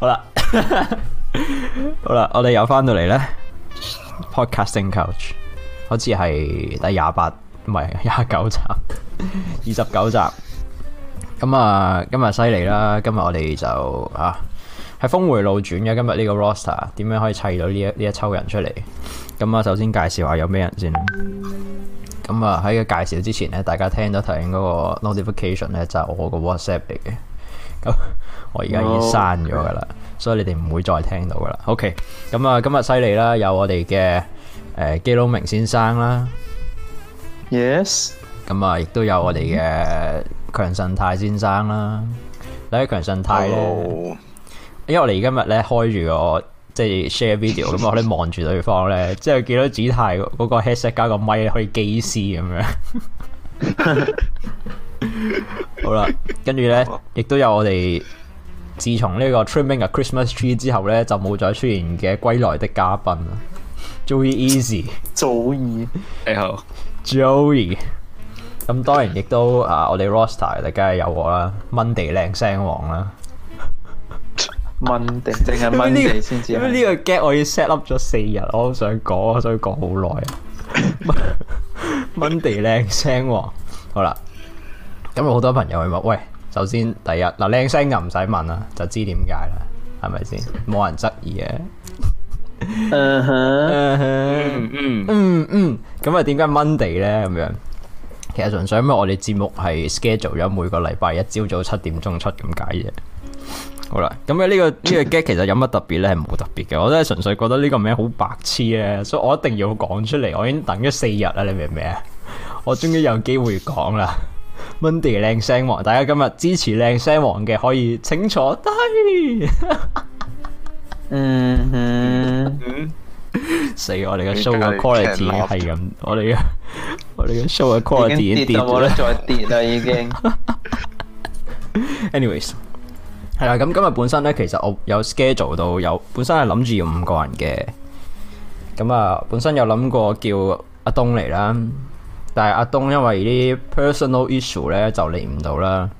好啦， 好啦，我哋又翻到嚟呢。Podcasting Coach 好似係第廿八，唔係，廿九集，二十九集。咁啊，今日犀利啦！今日我哋就啊，係峰回路轉嘅。今日呢個 Roster 點樣可以砌到呢一呢一抽人出嚟？咁啊，首先介紹下有咩人先。咁啊，喺個介紹之前呢，大家聽到提醒嗰個 Notification 呢，就係我個 WhatsApp 嚟嘅。咁 我而家已經刪咗噶啦，oh, okay. 所以你哋唔會再聽到噶啦。OK，咁啊，今日犀利啦，有我哋嘅誒基隆明先生啦，Yes，咁啊，亦都有我哋嘅強信泰先生啦。你嚟強信泰咧，oh. 因為我哋而今日咧開住個即係 share video，咁我哋望住對方咧， 即係見到子泰嗰個 headset 加個咪可以機師咁樣。 好啦，跟住咧，亦都有我哋。自從呢個 Trimming 嘅 Christmas Tree 之後咧，就冇再出現嘅歸來的嘉賓啦。Joey Eazy，Joey，你好，Joey。咁當然亦都啊，我哋 Roster 嚟計有我啦，Mandy 靚聲王啦。Mandy，淨係 Mandy 先知。因為呢個 get 我要 set up 咗四日，我好想講，我想講好耐。Mandy 靚聲王，好啦。咁有好多朋友會問，喂，首先第一嗱靚聲啊，唔使問啦，就知點解啦，係咪先？冇人質疑嘅、 uh。嗯嗯嗯嗯嗯，咁、huh. 啊、mm，點解 Monday 咧咁樣？其實純粹因為我哋節目係 schedule 咗每個禮拜一朝早七點鐘出咁解啫。好啦，咁啊呢個呢、這個 gag 其實有乜特別咧？係冇特別嘅，我都係純粹覺得呢個名好白痴咧，所以我一定要講出嚟。我已經等咗四日啦，你明唔明啊？我終於有機會講啦。 Monday 靚聲王，大家今日支持靚聲王嘅可以請坐低。嗯哼，死我哋嘅 show quality 係咁，我哋嘅我哋嘅 show 嘅 quality 已經跌就冇得再跌啦，已經。 anyways，係、嗯、啦，咁今日本身咧，其實我有 schedule 到有，本身係諗住要五個人嘅。咁、嗯、啊，本身有諗過叫阿東嚟啦。但係阿東因為啲 personal issue 咧就嚟唔到啦，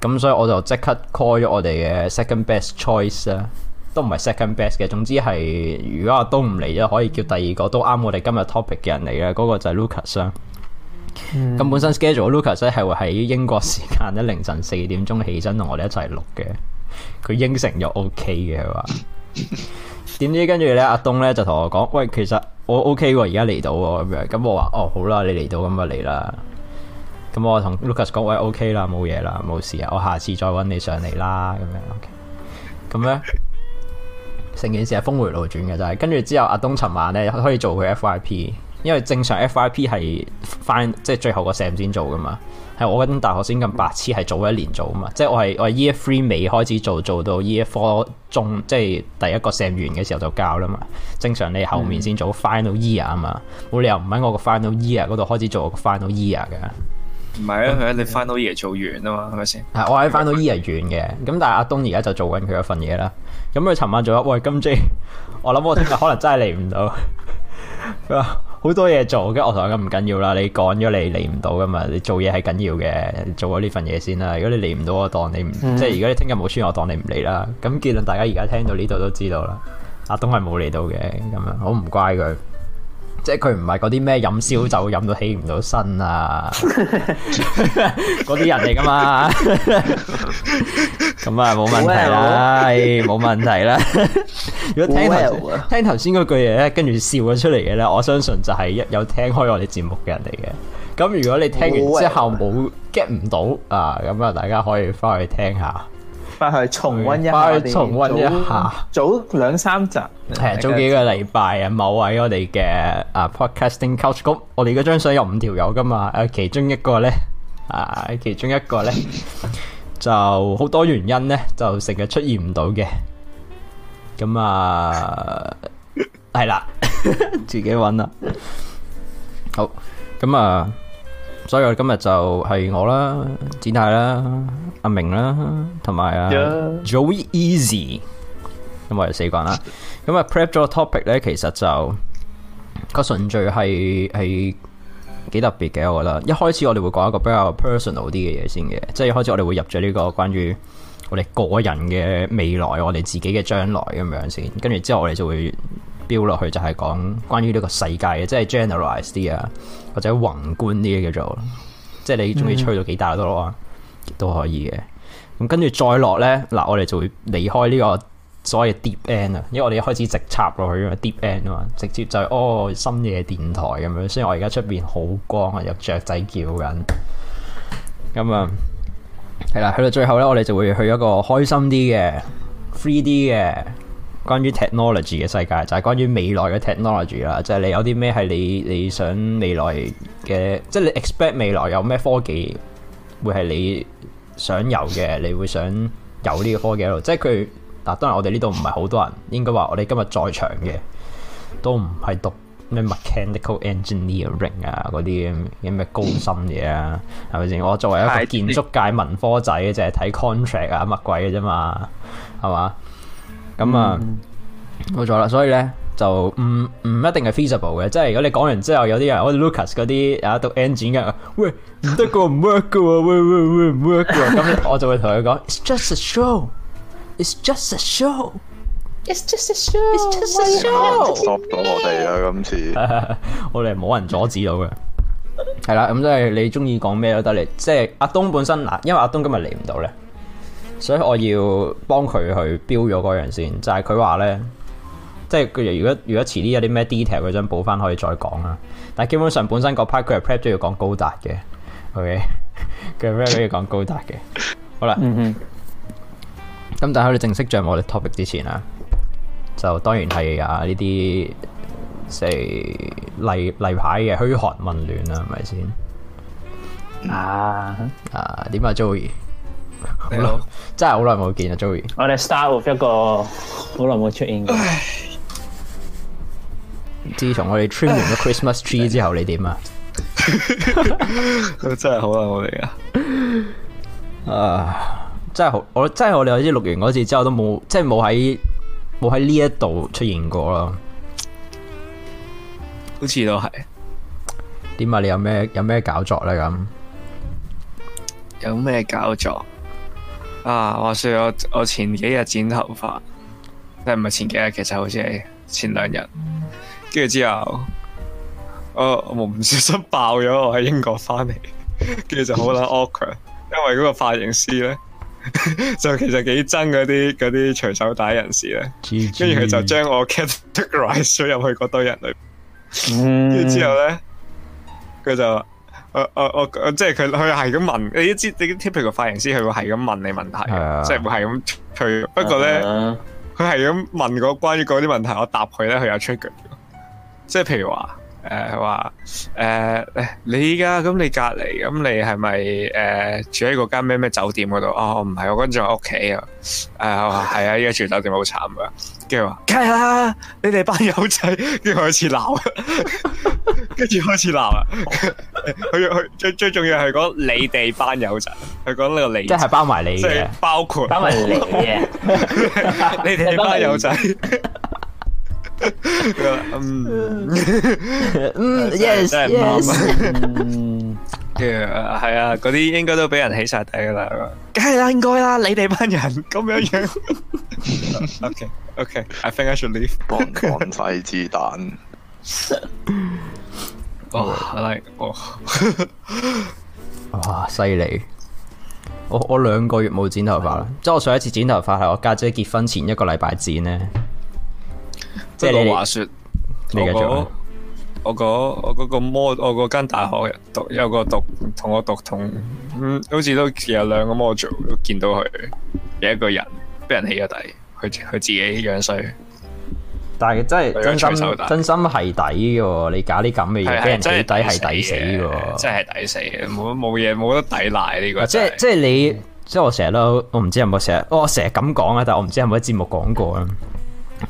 咁所以我就即刻 call 咗我哋嘅 second best choice 啦，都唔係 second best 嘅，總之係如果阿東唔嚟咗，可以叫第二個都啱我哋今日 topic 嘅人嚟嘅，嗰個就係 Lucas 啦。咁本身 schedule Lucas 係會喺英國時間咧凌晨四點鐘起身同我哋一齊錄嘅，佢應承咗 OK 嘅佢話，點知跟住咧阿東咧就同我講，喂其實。我 OK 喎，而家嚟到喎咁樣，咁我話哦好啦，你嚟到咁就嚟啦。咁我同 Lucas 講我 OK 啦，冇嘢啦，冇事啊，我下次再揾你上嚟啦咁樣。咁、OK、咧，成件事係峰回路轉嘅就係、是，跟住之後阿東尋晚咧可以做佢 FYP，因為正常 FYP 係翻即係、就是、最後個 sem 先做噶嘛。係我跟大學先咁白痴，係早一年做啊嘛，即係我係我 year three 未開始做，做到 year four 中，即係第一個 sem 完嘅時候就交啦嘛。正常你後面先做 final year 啊嘛，冇理由唔喺我個 final year 嗰度開始做我個 final year 嘅。唔係啊，佢你 final year 做完啊嘛，係咪先？係我喺 final year 完嘅，咁但係阿東而家就在做緊佢一份嘢啦。咁佢尋晚做咗，喂、哎、今 J，我諗我聽日可能真係嚟唔到。好多嘢做，咁我同佢咁唔緊要啦。你講咗你嚟唔到噶嘛？你做嘢係緊要嘅，做咗呢份嘢先啦。如果你嚟唔到我當，你唔即係如果你聽日冇穿，我當你唔嚟啦。咁結論，大家而家聽到呢度都知道啦。阿東係冇嚟到嘅，咁樣好唔怪佢，即係佢唔係嗰啲咩飲燒酒飲到起唔到身啊，嗰啲人嚟噶嘛？咁啊冇問題啦，冇問題啦。如果聽頭 Well. 聽頭先嗰句嘢咧，跟住笑咗出嚟嘅咧，我相信就係一有聽開我哋節目嘅人嚟嘅。咁如果你聽完之後冇 get 唔到啊，咁啊大家可以翻去聽下，翻去重温一下，翻去重温一下，一下早，早兩三集，誒是，早幾個禮拜啊，某位我哋嘅啊 podcasting coach。咁我哋嗰張相有五條友噶嘛，其中一個咧啊，其中一個咧就好多原因咧，就成日出現唔到嘅。咁啊，係啦， 自己揾啦。好，咁啊，所以我哋今日就係我啦，展太啦，阿明啦，同埋啊 Yeah.，Joey Eazy，咁我哋四個人。咁啊 prepare 咗個 topic 咧，其實就個順序係係幾特別嘅，我覺得。一開始我哋會講一個比較 personal 啲嘅嘢先嘅，即係一開始我哋會入咗呢個關於。我哋個人嘅未來，我哋自己嘅將來咁樣先，跟住之後我哋就會標落去，就係講關於呢個世界嘅，即係 generalize 啲啊，或者宏觀啲嘅叫做，即係你中意吹到幾大都得啊，都、mm hmm. 可以嘅。咁跟住再落咧，嗱我哋就會離開呢個所謂嘅 deep end 啊，因為我哋一開始直插落去啊嘛，deep end 啊嘛，直接就係，哦深夜電台咁樣。雖然我而家出邊好光啊，有雀仔叫緊，咁啊。係啦，去到最後咧，我哋就會去一個開心啲嘅 free 啲嘅，關於 technology 嘅世界，就係關於未來嘅 technology 啦，即係你有啲咩係你你想未來嘅，即係你 expect 未來有咩科技會係你想有嘅，你會想有呢個科技喺度，即係佢嗱，當然我哋呢度唔係好多人，應該話我哋今日在場嘅都唔係讀。咩 mechanical engineering 啊，嗰啲咁，有咩高深嘢啊？係咪先？我作為一個建築界文科仔，淨係睇 contract 啊，乜鬼嘅啫嘛，係嘛？咁啊，冇錯啦。所以咧，就唔唔一定係 feasible 嘅。即係如果你講完之後，有啲人好似 Lucas 嗰啲啊讀 engine 嘅，喂，唔得，個唔 work 嘅喎，喂，喂，喂唔 work 嘅。咁咧我就會同佢講，it's just a show，it's just a show。It's just a show. It's just a show. Stop 咗我哋啊！今次我哋冇人阻止到嘅，係啦。 咁即係你中意講咩都得，你即係阿東本身嗱，因為阿東今日嚟唔到咧，所以我要幫佢去標咗嗰樣先。就係佢話咧，即係佢如果如果遲啲有啲咩 detail，佢想補翻可以再講啊。但係基本上本身嗰 part 佢係 prep 都要講高達嘅，OK？佢係咩都要講高達嘅。好啦，嗯嗯，咁但係喺你正式進入我哋 topic 之前啊。就當然係啊！呢啲即係例例牌嘅噓寒問暖啦，係咪先？啊啊！點啊，Joey！你好， 真係好耐冇見啊，Joey！我哋 start 一個好耐冇出現嘅。 自從我哋 trim 完咗 Christmas tree 之後， 你點 啊？真係好耐冇嚟啊！啊，真係好！我真係我哋好似錄完嗰次之後都冇，即係冇喺冇喺呢一度出現過咯，好似都係。點啊？你有咩有咩搞作咧？咁有咩搞作啊？話說我我前幾日剪頭髮，即係唔係前幾日，其實好似係前兩日。跟住之後，我唔小心爆咗我喺英國翻嚟，跟住就好啦 awkward， 因為嗰個髮型師咧。 就其實幾憎嗰啲嗰啲隨手打人士咧，跟住佢就將我 categorize 輸入去嗰堆人裏，跟住、嗯、之後咧，佢就，我我我，即係佢佢係咁問，你知你啲 typical 髮型師佢會係咁問你問題，即係會係咁去，不過咧，佢係咁問我關於嗰啲問題，我答佢咧，佢有 trigger，即係譬如話。誒話誒你依家咁你隔籬咁你係咪誒住喺嗰間咩咩酒店嗰度？哦唔係我跟、呃、住喺屋企啊！誒話係啊，依家住酒店好慘啊！跟住話梗係啦， 你哋班友仔跟住開始鬧跟住開始鬧啊！佢佢最最重要係講你哋班友仔，佢講呢個你即係包埋你，即係包括包埋你嘅，你哋班友仔。他說 嗯嗯 ，yes yes 係啊，嗰啲應該都俾人起晒底噶啦，梗係啦，應該啦，你哋班人咁樣樣。Okay okay，I think I should leave 哇。放放飛子彈。哇！ 哇！哇！犀利！我我兩個月冇剪頭髮啦， 即係我上一次剪頭髮係我家姐，姐結婚前一個禮拜剪呢。即係我話說，你繼續我個我個我嗰個模，我嗰間大學讀有個讀同我讀同，好似都有兩個 model 都見到佢，有一個人俾人起咗底，佢佢自己樣衰。但係真係真心真心係抵嘅，你搞啲咁嘅嘢，俾人起底係抵死嘅，真係抵死嘅，冇冇嘢，冇得抵賴呢個，這個即。即係即係你，即係我成日都，我唔知有冇成日，我成日咁講啊，但我唔知有冇喺節目講過啊。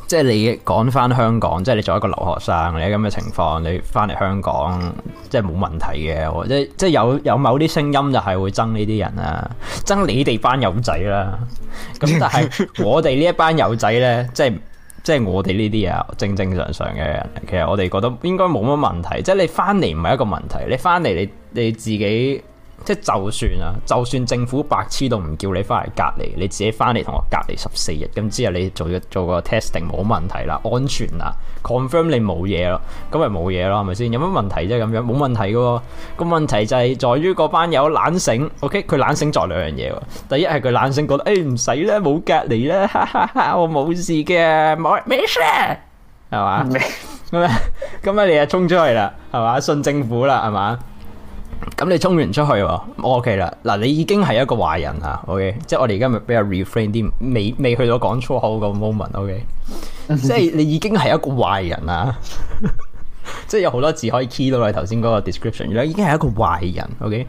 即係你講翻香港，即係你作為一個留學生，你咁嘅情況，你翻嚟香港即係冇問題嘅，或者即係有有某啲聲音就係會憎呢啲人啊，憎你哋班友仔啦、啊。咁但係我哋呢一班友仔咧， 即係即係我哋呢啲啊正正常常嘅人，其實我哋覺得應該冇乜問題。即係你翻嚟唔係一個問題，你翻嚟你你自己。即係就算啊，就算政府白痴都唔叫你翻嚟隔離，你自己翻嚟同我隔離十四日咁之後，你做咗做個 testing 冇問題啦，安全啦，confirm 你冇嘢咯，咁咪冇嘢咯，係咪先？有乜問題啫？咁樣冇問題嘅喎、哦，個問題就係在於嗰班友懶醒，OK，佢懶醒咗兩樣嘢喎。第一係佢懶醒覺得，哎，唔使啦，冇隔離啦，哈哈，我冇事嘅，冇事嘅。」係嘛？ 咁啊，咁啊，你就衝出去啦，係嘛？信政府啦，係嘛？咁你衝完出去喎，O K 啦。嗱、OK、你已經係一個壞人啊。O K，即係我哋而家咪比較 refrain 啲，未未去到講粗口個 moment。O K，即係你已經係一個壞人啊。即係有好多字可以 key 到你頭先嗰個 description，已經係一個壞人。O K，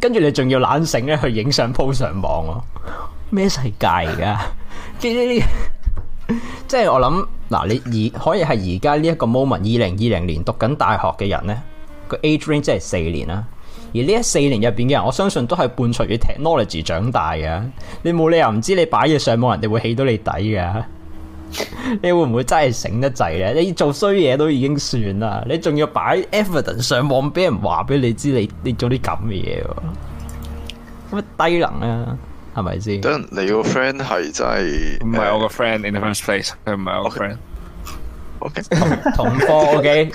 跟住你仲要懶醒咧，去影相鋪上網喎，咩世界嚟㗎？ 即係我諗嗱，你而可以係而家呢一個 moment，二零二零年讀緊大學嘅人咧。個 age range 即係四年啦，而呢一四年入邊嘅人，我相信都係伴隨住 technology 長大嘅。你冇理由唔知你擺嘢上網，人哋會起到你底嘅。 你會唔會真係醒得滯咧？你做衰嘢都已經算啦，你仲要擺 evidence 上網俾人話俾你知你你，你做啲咁嘅嘢，咁低能啊？係咪先？等你個 friend 係就係唔係我個 friend？In the first place，唔係我個 friend。同科嘅，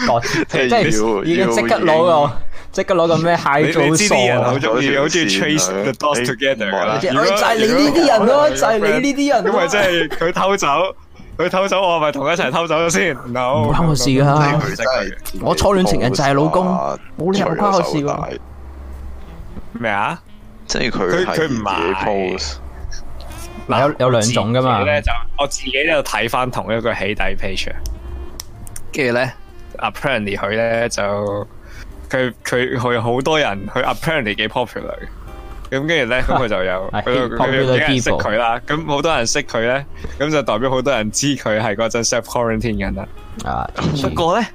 即係已經即刻攞個，即刻攞個咩蟹做？你知啲人好似 chase the dog together 噶啦。就係你呢啲人咯，就係你呢啲人。因為即係佢偷走，佢偷走我，咪同一齊偷走咗先。唔關我事噶，我初戀情人就係老公，冇理由關我事噶。咩啊？即係佢，佢唔係。嗱，有兩種噶嘛。我自己度睇翻同一個起底 picture。跟住咧，apparently 佢咧就佢佢佢好多人，佢 apparently 幾 popular。咁跟住咧，咁佢就有佢佢已經識佢啦。咁好多人識佢咧，咁就代表好多人知佢係嗰陣 self-quarantine 嘅啦。啊，不過咧，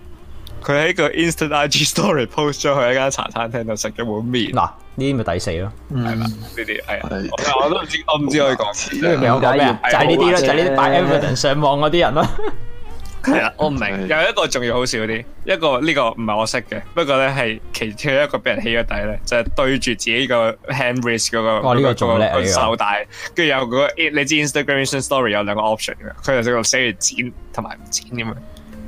佢喺個 instant IG story post 咗佢喺間茶餐廳度食一碗麵。嗱，呢啲咪抵死咯。嗯，呢啲係啊，我都唔知，我唔知佢講咩，我講咩，就係呢啲啦，就係呢啲擺 evidence 上網嗰啲人咯。係啦，我唔明。 有一個仲要好笑啲，一個呢、這個唔係我識嘅，不過咧係其中一個俾人起咗底咧，就係、是、對住自己個 handwrist 嗰個手帶，跟住、這個、有嗰、那個你知 Instagram story 有兩個 option 嘅，佢就寫住剪同埋唔剪咁樣，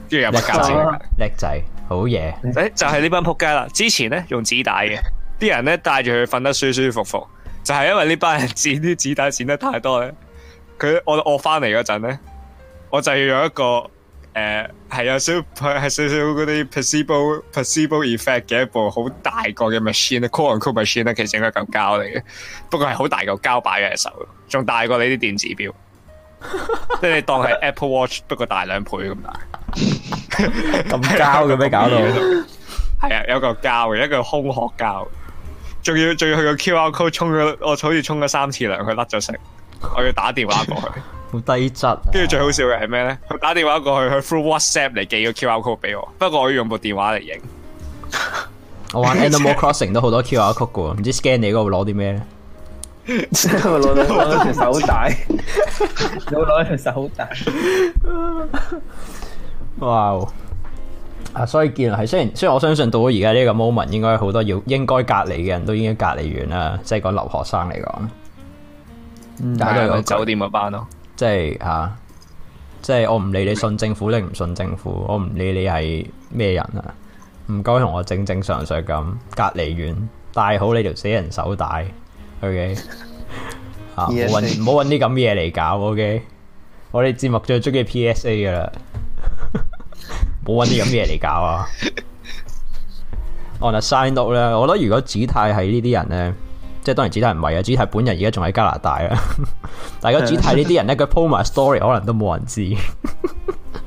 跟住有夾剪，叻仔氣好嘢、 欸。就係呢班扑街啦。之前咧用紙帶嘅，啲人咧帶住佢瞓得舒舒服服，就係、是、因為呢班人剪啲紙帶剪得太多咧。佢我我翻嚟嗰陣咧，我就要用一個。誒，係、uh, 有少，是少少嗰啲 placebo placebo effect 嘅一部好大個嘅 machine，quote unquote machine 咧，其實應該嚿膠嚟嘅，不過係好大嚿膠擺喺手的，仲大過你啲電子錶，即係 當係 Apple Watch，不過大兩倍咁大，咁膠嘅咩搞到？係啊，有嚿膠，一個空殼膠，仲要仲要去個 QR code 沖咗，我好似沖咗三次涼，佢甩咗成，我要打電話過去。 好低質，跟住、啊、最好笑嘅係咩呢？打電話過去，佢 through WhatsApp 嚟寄個 QR code 俾我。不過我要用部電話嚟影。 我玩 Animal Crossing 都好多 QR code 嘅，唔知 Scan 你嗰度攞啲咩呢？我攞咗條手帶，我攞條手帶。 哇！啊，所以見係雖然雖然我相信到而家呢個 moment 應該好多要應該隔離嘅人都已經隔離完啦，即係講留學生嚟講，大概講酒店嘅班咯。即係吓、啊，即係我唔理你信政府定唔信政府，我唔理你係咩人啊！唔該同我正正常常咁隔離遠，戴好你條死人手帶，OK？Yes, they 啊，唔好搵唔好搵啲咁嘅嘢嚟搞，OK？我哋節目最中意 PSA 噶啦，唔好搵啲咁嘅嘢嚟搞啊！ On the, 我哋刪到啦，我覺得如果主太係呢啲人咧。即係當然 Gtai 唔係啊？Gtai 本人而家仲喺加拿大啊！但係個 Gtai 呢啲人咧，佢 post 埋 story 可能都冇人知。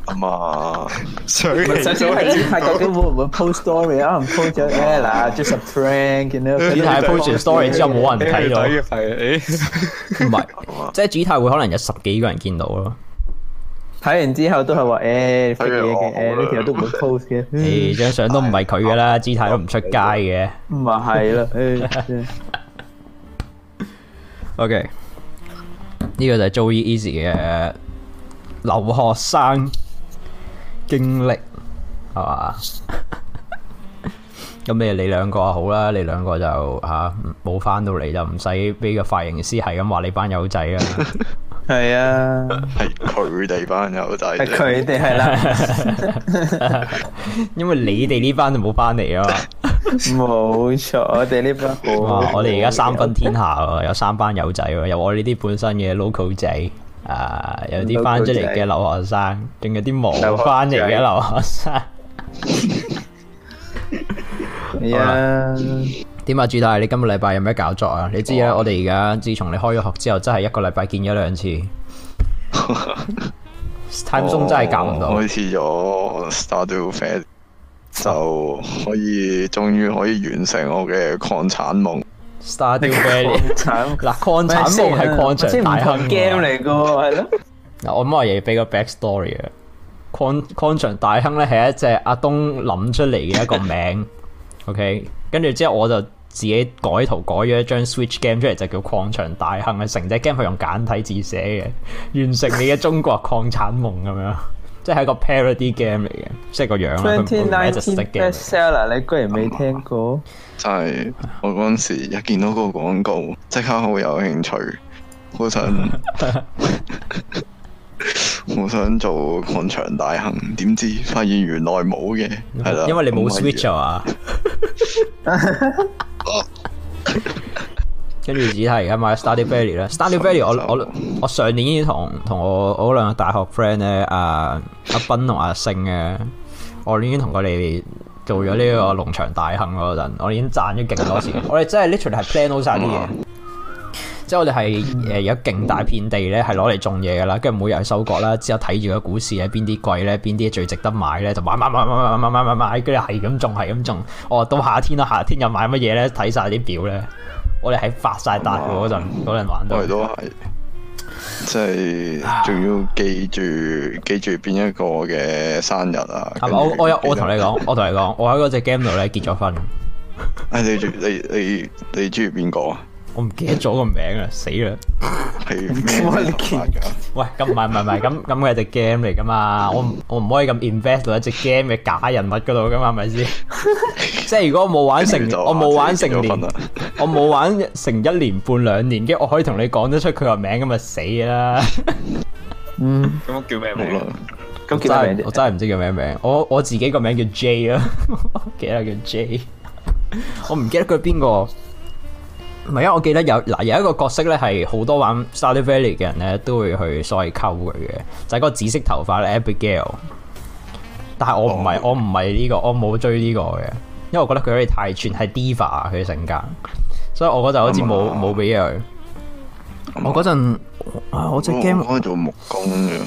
啊嘛，所以 Gtai 究竟會唔會 post story 啊，唔 post 就誒啦，just a prank 咁樣。Gtai post 完 story 之後冇人睇咯，係誒，唔係，即係 Gtai 會可能有十幾個人見到咯。睇完之後都係話誒，做嘢嘅，誒其實都唔會 post 嘅，誒張相都唔係佢噶啦，Gtai 都唔出街嘅，唔係啦。O K，呢個就係 Joey Eazy 嘅留學生經歷，係嘛？咁你 你兩個好啦，你兩個就吓冇翻到嚟就唔使俾個髮型師係咁話你班友仔啊！係啊， 係佢哋班友仔，係佢哋係啦，因為你哋呢班就冇翻嚟啊。冇錯， 我哋呢班好。我哋而家三分天下喎， 有三班友仔喎，有我呢啲本身嘅 local 仔，誒，有啲翻出嚟嘅留學生，仲有啲冇翻嚟嘅留學生。 Yeah. 好啦，點啊，朱大，你今個禮拜有咩搞作啊？你知啦、啊，oh. 我哋而家自從你開咗學之後，真係一個禮拜見咗兩次、oh. ，time zone 真係搞唔到。我、oh. 開始咗就可以，終於可以完成我嘅礦產夢。Stardew Valley。礦產嗱，礦產 夢係礦場大亨 game 嚟嘅喎，係咯。 嗱，我咁話要俾個 back story 啊。礦礦場大亨咧係一隻阿東諗出嚟嘅一個名。 OK，跟住之後我就自己改圖改咗一張 Switch game 出嚟，就叫礦場大亨啊！成隻 game 係用簡體字寫嘅，完成你嘅中國礦產夢咁樣。 即係一個 parody game 嚟嘅，即係個樣啦。Twenty nineteen best seller，你居然未聽過？就係我嗰陣時一見到嗰個廣告，即刻好有興趣，好想好想做礦場大亨，點知發現原來冇嘅，係啦，因為你冇 switch 啊嘛。跟住只係而家買 Stardew Valley 咧，Stardew Valley 我 我我上年已經同同我我兩個大學 friend 咧、啊，阿斌阿斌同阿勝嘅，我已經同佢哋做咗呢個農場大亨嗰陣，我已經賺咗勁多錢。 我哋真係 literally 係 plan 好晒啲嘢， 即係我哋係誒而家勁大片地咧，係攞嚟種嘢噶啦，跟住每日收割啦，之後睇住個股市喺邊啲貴咧，邊啲最值得買咧，就買買買買買買買買跟住係咁種係咁種，種。哦，到夏天啦、啊，夏天又買乜嘢咧？睇晒啲表咧。我哋喺發晒達嗰陣，嗰陣、嗯、玩我哋都係，即係仲要記住記住邊一個嘅生日啊！啊我我有我同你講，我同你講，我喺嗰隻 game 度咧結咗婚。哎，你你你你中意邊個啊？我唔記得咗個名啊！死啦！唔記得你叫喂，咁唔係唔係唔係，咁咁佢係隻 game 嚟噶嘛？我唔我唔可以咁 invest 到隻 game 嘅假人物嗰度噶嘛？係咪先？即係如果冇玩成我冇玩成年我冇玩成一年半兩年，即係我可以同你講得出佢個名，咁咪死啦！嗯，咁叫咩名咯？咁叫咩名？我真係唔知叫咩名。我我自己個名叫 Jay 啊，記得叫 Jay。我唔記得佢邊個。唔係啊！我記得有嗱、啊、有一個角色咧，係好多玩《Stardew Valley》嘅人咧，都會去所以溝佢嘅，就係、是、嗰個紫色頭髮嘅 Abigail。但係我唔係，oh. 我唔係呢個，我冇追呢個嘅，因為我覺得佢好似太串，係 diva 佢嘅性格，所以我嗰陣好似冇冇俾佢。我嗰陣、oh. 啊，我真驚。我做木工嘅。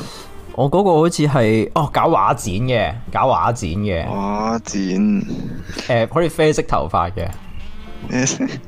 我嗰個好似係哦搞畫展嘅，搞畫展嘅。畫展誒，好似展、uh, 啡色頭髮嘅。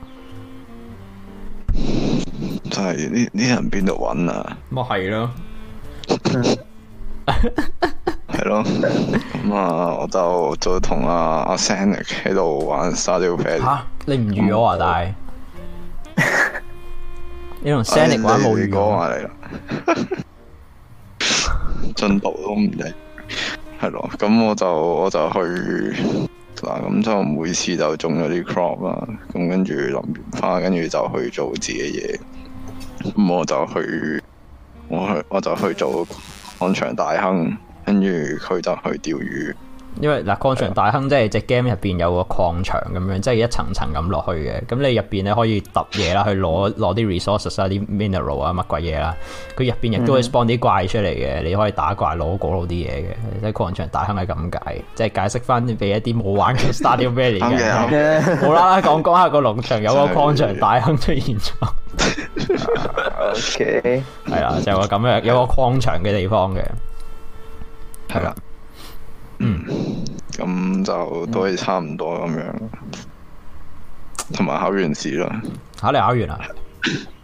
就係呢呢人邊度揾啊？咪係咯，係咯咁啊！我就再同阿阿 Senic 喺度玩沙雕牌。吓，你唔預我話大，你同 Senic 玩冇預講埋你啦。進度都唔定，係咯？咁我就我就去。嗱，咁就每次就種咗啲 crop 啦，咁跟住淋完花，跟住就去做自己嘢，咁我就去，我去，我就去做廣場大亨，跟住佢就去釣魚。因為嗱，礦場大亨對即係隻 game 入邊有個礦場咁樣，即係一層層咁落去嘅。咁你入邊咧可以揼嘢啦，去攞攞啲 resources 啊、啲 mineral 啊、乜鬼嘢啦。佢入邊亦都會 spawn 啲怪出嚟嘅，你可以打怪攞嗰啲嘢嘅。即係礦場大亨係咁解，即係解釋翻俾一啲冇玩嘅 star 掉咩嚟嘅。冇啦啦講講下個農場有個礦場大亨出現咗 ，OK，係啦、嗯、就係咁樣的，有個礦場嘅地方嘅，係啦。嗯，咁就都係差唔多咁樣，同埋、嗯、考完試啦。考、啊、你考完啦？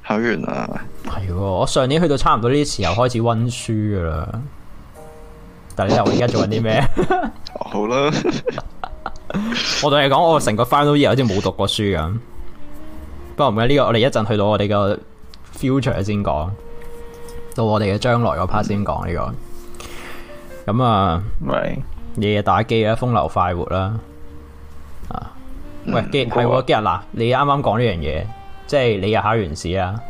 考完啦。係喎，我上年去到差唔多呢啲時候開始溫書噶啦。但係你睇我而家做緊啲咩？好啦，我同你講，我成個 final year 好似冇讀過書咁。不過唔緊要，呢、這個我哋一陣去到我哋個 future 先講，到我哋嘅將來嗰 part 先講呢個。咁、嗯、啊，喂。Right. 你又打機啊，風流快活啦，啊！喂，係喎、嗯，今日嗱，你啱啱講呢樣嘢，即係你又考完試啊，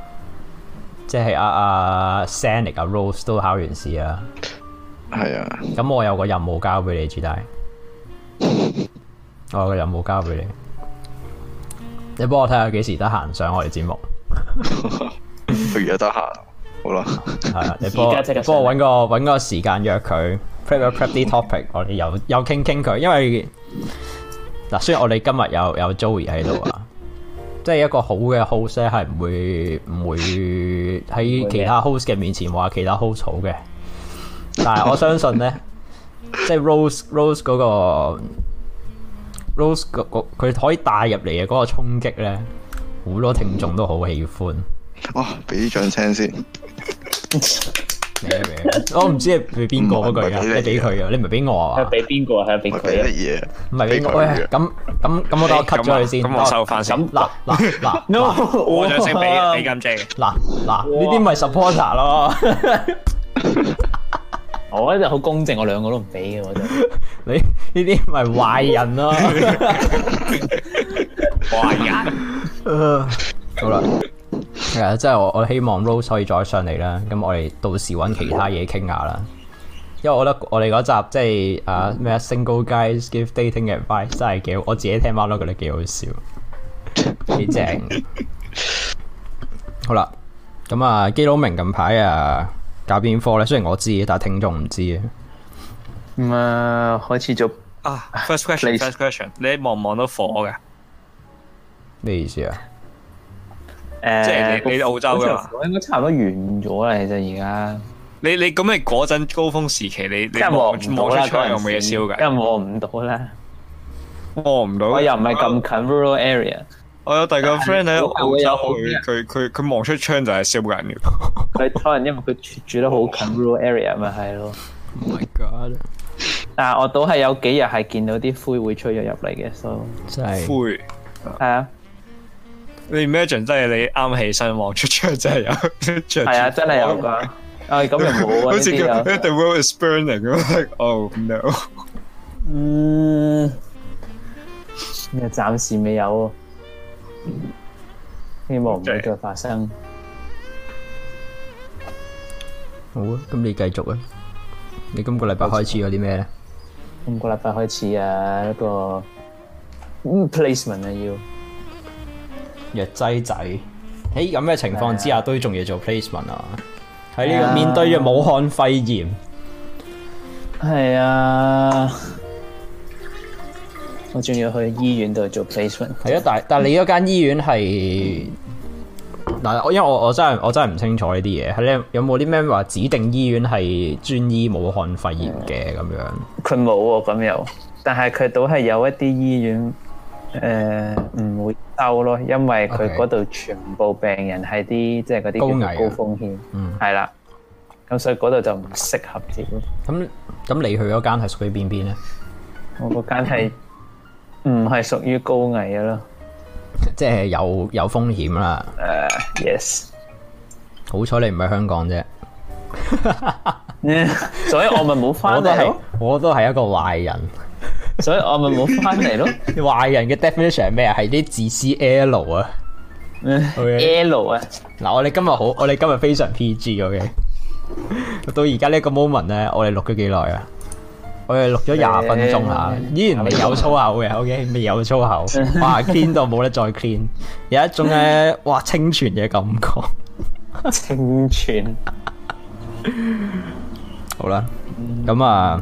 即係啊啊 Sandy 啊，Rose 都考完試啊，係啊。咁我有個任務交俾你，主大， 我有個任務交俾你，你幫我睇下幾時得閒上我哋節目，佢而家得閒。好咯，係啊，你幫我搵個個時間約佢 prep prep 啲 topic，我哋又又傾傾佢，因為嗱雖然我哋今日有有 Joey 喺度啊， 即係一個好嘅 host 咧，係唔會唔會喺其他 host 嘅面前話其他 Host 好嘅，的但係我相信呢， 即係 Rose、嗰個、Rose 嗰、嗰個 Rose 佢可以帶入嚟嘅嗰個衝擊呢，好多聽眾都好喜歡，哇、哦！俾掌聲先。我唔知係俾邊個嗰句嘅，你俾佢啊？你唔係俾我啊？係俾邊個啊？係俾佢？乜嘢？唔係俾我。喂，咁咁咁，我等我 cut 咗佢先。咁我收飯先。咁嗱嗱嗱，我就先俾俾咁正。嗱嗱，呢啲咪 supporter 咯。我呢就好公正，我兩個都唔俾嘅。我就你呢啲咪壞人咯。壞人。好啦。係啊，yeah, 即係我我希望 Rose 可以再上嚟啦。咁我哋到時揾其他嘢傾下啦。因為我覺得我哋嗰集即係啊咩 single guys give dating advice 真係幾好，我自己聽翻都覺得幾好笑，幾正的。 好啦，咁啊，基佬明近排啊搞邊科呢？雖然我知，但係聽眾唔知啊。我開始做啊。First question，first Place. question，你望唔望到火嘅？咩 意思啊？即係你你澳洲嘅，應該差唔多完咗啦。其實而家你你咁係嗰陣高峰時期，你望望出窗有冇嘢燒嘅？因為望唔到啦，望唔到。我又唔係咁近 rural area。我有第二個 friend 喺澳洲，佢佢佢望出窗就係燒緊嘅。佢可能因為佢住得好近 rural area 咪係咯。My God！但係我倒係有幾日係見到啲灰會吹咗入嚟嘅，so 灰係啊。你 imagine 真係，你啱起身望出窗，即係有出係啊，真係有噶！唉，咁又冇啊啲啊！The world is burning 咯，哦，唔得，嗯，又暫時未有喎，希望唔會再發生。好啊，咁你繼續啊，你今個禮拜開始有啲咩咧？今個禮拜開始啊，一個 placement 啊要。藥劑仔喺咁嘅情況之下，係啊、都仲要做 placement 啊！喺呢個面對嘅武漢肺炎，係啊，我仲要去醫院度做 placement。係啊，但但你嗰間醫院係嗱，但我因為我我真係我真係唔清楚呢啲嘢，係咧，有冇啲咩話指定醫院係專醫武漢肺炎嘅，咁、啊、樣？佢冇喎，咁又，但係佢都係有一啲醫院。誒，唔、呃、會兜咯，因為佢嗰度全部病人係啲即係啲高危、高風險、啊，係、嗯、啦。咁所以嗰度就唔適合住咯。咁咁，咁你去嗰間係屬於邊邊咧？我嗰間係唔係屬於高危嘅咯，即係有有風險啦。誒、uh,，Yes，好彩你唔喺香港啫， 所以我咪冇翻都係，我都係一個壞人。所以我咪冇翻嚟咯。 壞人嘅 definition 係咩啊？係啲自私 L 啊、okay?L 啊。嗱，我哋今日好，我哋今日非常 PG 嘅。到而家呢個 moment 咧，我哋錄咗幾耐啊？我哋錄咗廿分鐘啊， 依然未有粗口嘅，OK 未有粗口，話 clean 到冇得再 clean， 有一種嘅、啊、嘩，清泉嘅感覺。 清泉。 好啦，咁啊。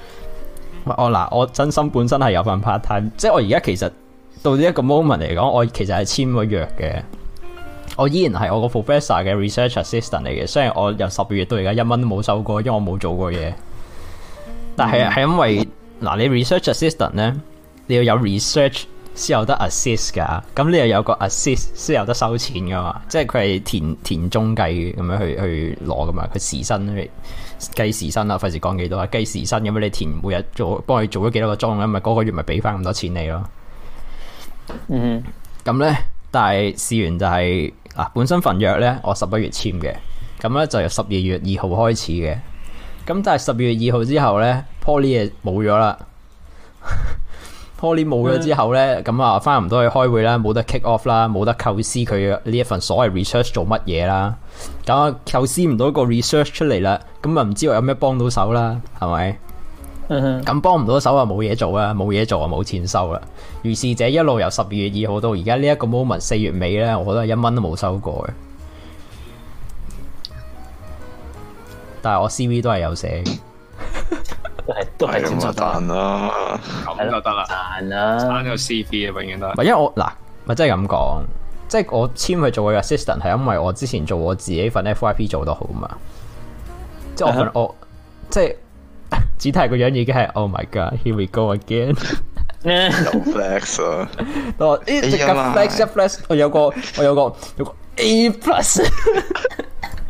我嗱、哦，我真心本身係有份 part time，即係我而家其實到呢一個 moment 嚟講，我其實係簽咗約嘅。我依然係我個 professor 嘅 research assistant 嚟嘅，雖然我由十二月到而家一蚊都冇收過，因為我冇做過嘢。但係係因為嗱，你 research assistant 咧，你要有 research 先有得 assist 噶，咁你又有個 assist 先有得收錢噶嘛，即係佢係填填中計咁樣去去攞噶嘛，佢時薪計時薪啦，費事講幾多啊，計時薪咁啊，因為你填每日做，幫佢做咗幾多個鐘咁，咪嗰個月咪俾翻咁多錢你咯。嗯，咁咧，但係試完就係、是、嗱、啊，本身份約咧，我十一月簽嘅，咁咧就由十二月二號開始嘅。咁但係十二月二號之後咧，Poly 嘢冇咗啦。 Poly 冇咗之後呢，咁啊翻唔到去開會啦，冇得 kick off 啦，冇得構思佢呢一份所謂 research 做乜嘢啦，咁構思唔到個 research 出嚟啦，咁啊唔知我有咩幫到手啦，係咪？咁、uh huh. 幫唔到手啊，冇嘢做啊，冇嘢做啊，冇錢收啦。如是者一路由十二月二號到而家呢一個 moment 四月尾呢，我覺得一蚊都冇收過嘅。但係我 CV 都係有寫。 都係都係千七蛋啦，咁就得啦。賺啦了，爭個 CP 啊，永遠都唔係因為我嗱，咪真係咁講，即係我簽佢做我 assistant，係因為我之前做我自己份 FYP 做得好嘛。即係我份了我，即係只睇個樣已經係。Oh my god，here we go again。No flex。我 我有個，我有個，有個 A plus。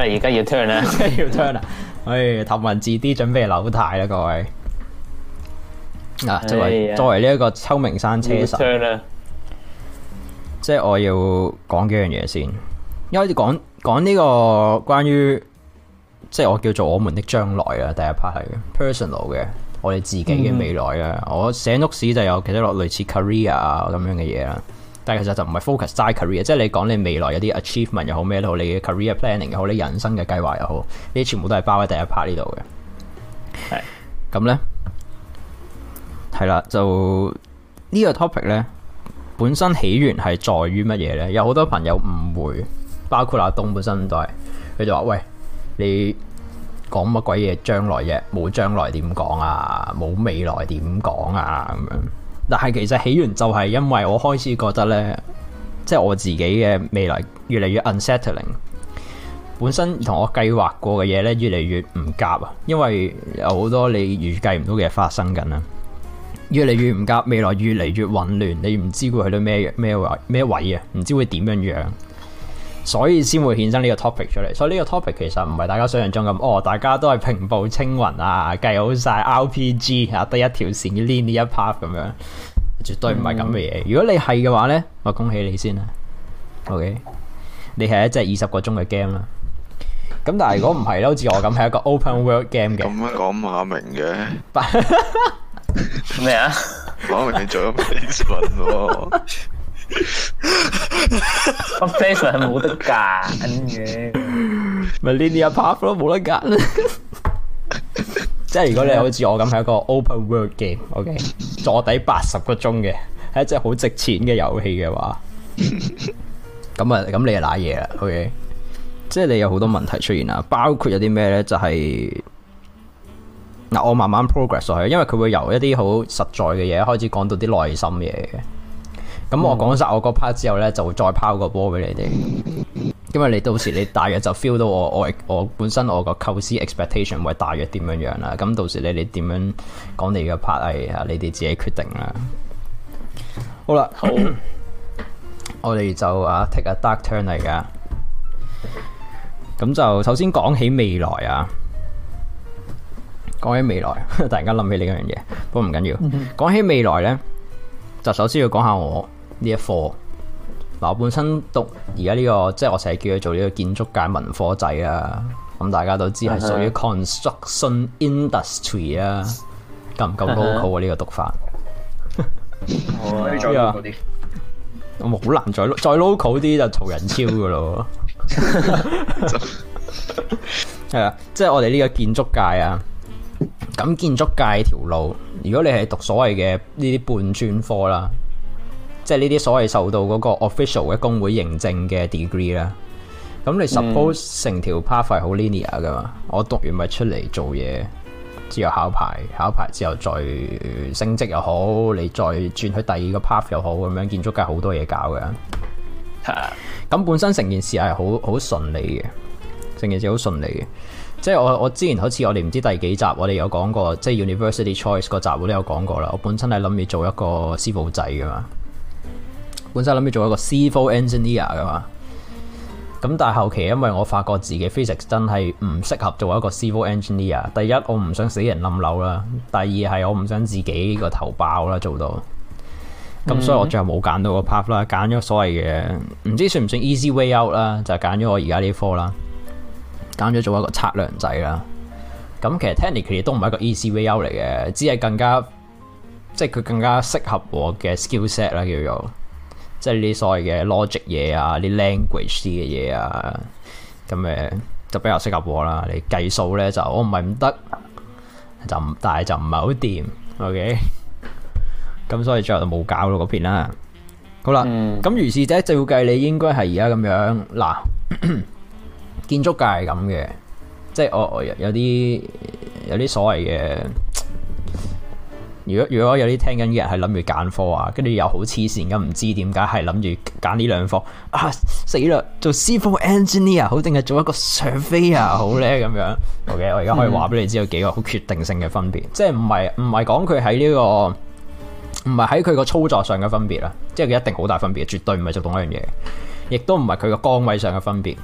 而家要 turn 啦、 哎，要 turn 啦！唉，頭文字 D 準備扭軚啦，各位。嗱、啊，就是、作為作為呢一個秋名山車神，即係我要講幾樣嘢先。一開始講講呢個關於，即係我叫做我們的將來啊，第一 part 係 personal 嘅，我哋自己嘅未來，嗯，寫啊。我寫屋史就有提到類似 career 啊咁樣嘅嘢啦。但係其實就唔係 focus 齋 career，即係你講你未來有啲 achievement 又好咩都好，你嘅 career planning 又好，你人生嘅計劃又好，呢啲全部都係包喺第一 part 是呢度嘅。係，咁咧，係啦，就呢個 topic 咧，本身起源係在於乜嘢咧？有好多朋友誤會，包括阿東本身都係佢就話：喂，你講乜鬼嘢將來嘅？冇將來點講啊？冇未來點講啊？咁樣。但係其實起源就係因為我開始覺得呢，即係我自己嘅未來越嚟越 unsettling。本身同我計劃過嘅嘢呢，越嚟越唔夾啊，因為有好多你預計唔到嘅嘢發生緊啊，越嚟越唔夾，未來越嚟越混亂，你唔知會去到咩咩位咩位啊，唔知會點樣樣。所以先會衍生呢個 topic 出嚟，所以呢個 topic 其實唔係大家想象中咁，哦，大家都係平步青雲啊，計好晒 RPG 啊，得一條線要連呢一 part 咁樣，絕對唔係咁嘅嘢。嗯、如果你係嘅話呢，我恭喜你先啦。OK，你係一隻二十個鐘嘅 game 啦。咁但係如果唔係咧，好似、嗯、我咁係一個 open world game 嘅，咁樣講下明嘅。咩啊？講明你做咗。 Confection 係冇得揀嘅，咪 Linear Park 咯，冇得揀。 即係如果你好似我咁係一個 Open World game，OK，、okay? 坐底八十個鐘嘅，係一隻好值錢嘅遊戲嘅話，咁啊咁你係瀨嘢啦，OK。即係你有好多問題出現啦，包括有啲咩咧，就係、是、嗱我慢慢 progress 落去，因為佢會由一啲好實在嘅嘢開始講到啲內心嘢嘅。咁、嗯、我講晒我嗰 part 之後咧，就會再拋個波俾你哋，因為你到時你大約就 feel 到我我我本身我個構思 expectation 會大約點樣樣啦。咁到時你講你點樣講你嘅 part 係啊，你哋自己決定啦。好啦，好， 我哋就啊、uh, take a dark turn 嚟噶。咁就首先講起未來啊，講起未來， 突然間諗起呢樣嘢，不過唔緊要,要。講起未來咧，就首先要講下我。呢一課，嗱、啊、我本身讀而家呢個，即係我成日叫佢做呢個建築界文科仔啊，咁大家都知係屬於 construction industry 啊，夠唔夠 local 啊？呢個讀法、啊，的 可以、這個、難再 local，再 local 啲就曹仁超噶咯。係啊，即係我哋呢個建築界啊，咁建築界條路，如果你係讀所謂嘅呢啲半專科啦。即係呢啲所謂受到嗰個 official 嘅工會認證嘅 degree 啦、嗯。咁你 suppose 成條 path 係好 linear 噶嘛？我讀完咪出嚟做嘢，之後考牌，考牌之後再升職又好，你再轉去第二個 path 又好，咁樣建築界好多嘢搞嘅。咁，本身成件事係好好順利嘅，成件事好順利嘅。即係我我之前好似我哋唔知第幾集，我哋有講過，即係 university choice 個集我都有講過啦。我本身係諗住做一個師傅仔噶嘛。本身諗住做一個 civil engineer 噶嘛，咁但係後期因為我發覺自己的 physics 真係唔適合做一個 civil engineer。第一，我唔想死人冧樓啦，第二係我唔想自己個頭爆啦。做到，咁所以我最後冇揀到個 path 啦，揀咗所謂嘅，唔知算唔算 easy way out 啦，就係揀咗我而家呢科啦，揀咗做一個測量仔啦。咁其實 technically 都唔係一個 easy way out 嚟嘅，只係更加即係佢更加適合我嘅 skill set 啦，叫做。即係啲所謂嘅 logic 嘢啊，啲 language 啲嘅嘢啊，咁誒就比較適合我啦。你計數咧就我唔係唔得，就但係就唔係好掂。OK，咁 所以最後就冇搞到嗰邊啦。好啦，咁、嗯、如是者，照計你應該係而家咁樣嗱， 建築界係咁嘅，即係我，我有啲有啲所謂嘅。如果如果有啲聽緊嘅人係諗住揀科啊，跟住又好黐線，咁唔知點解係諗住揀呢兩科啊？死啦！做 civil engineer 好定係做一個 surveyor 好咧？咁樣 ，OK，我而家可以話俾你知有幾個好決定性嘅分別，即係唔係唔係講佢喺呢個唔係喺佢個操作上嘅分別啦，即係佢一定好大分別，絕對唔係做同一樣嘢，亦都唔係佢個崗位上嘅分別，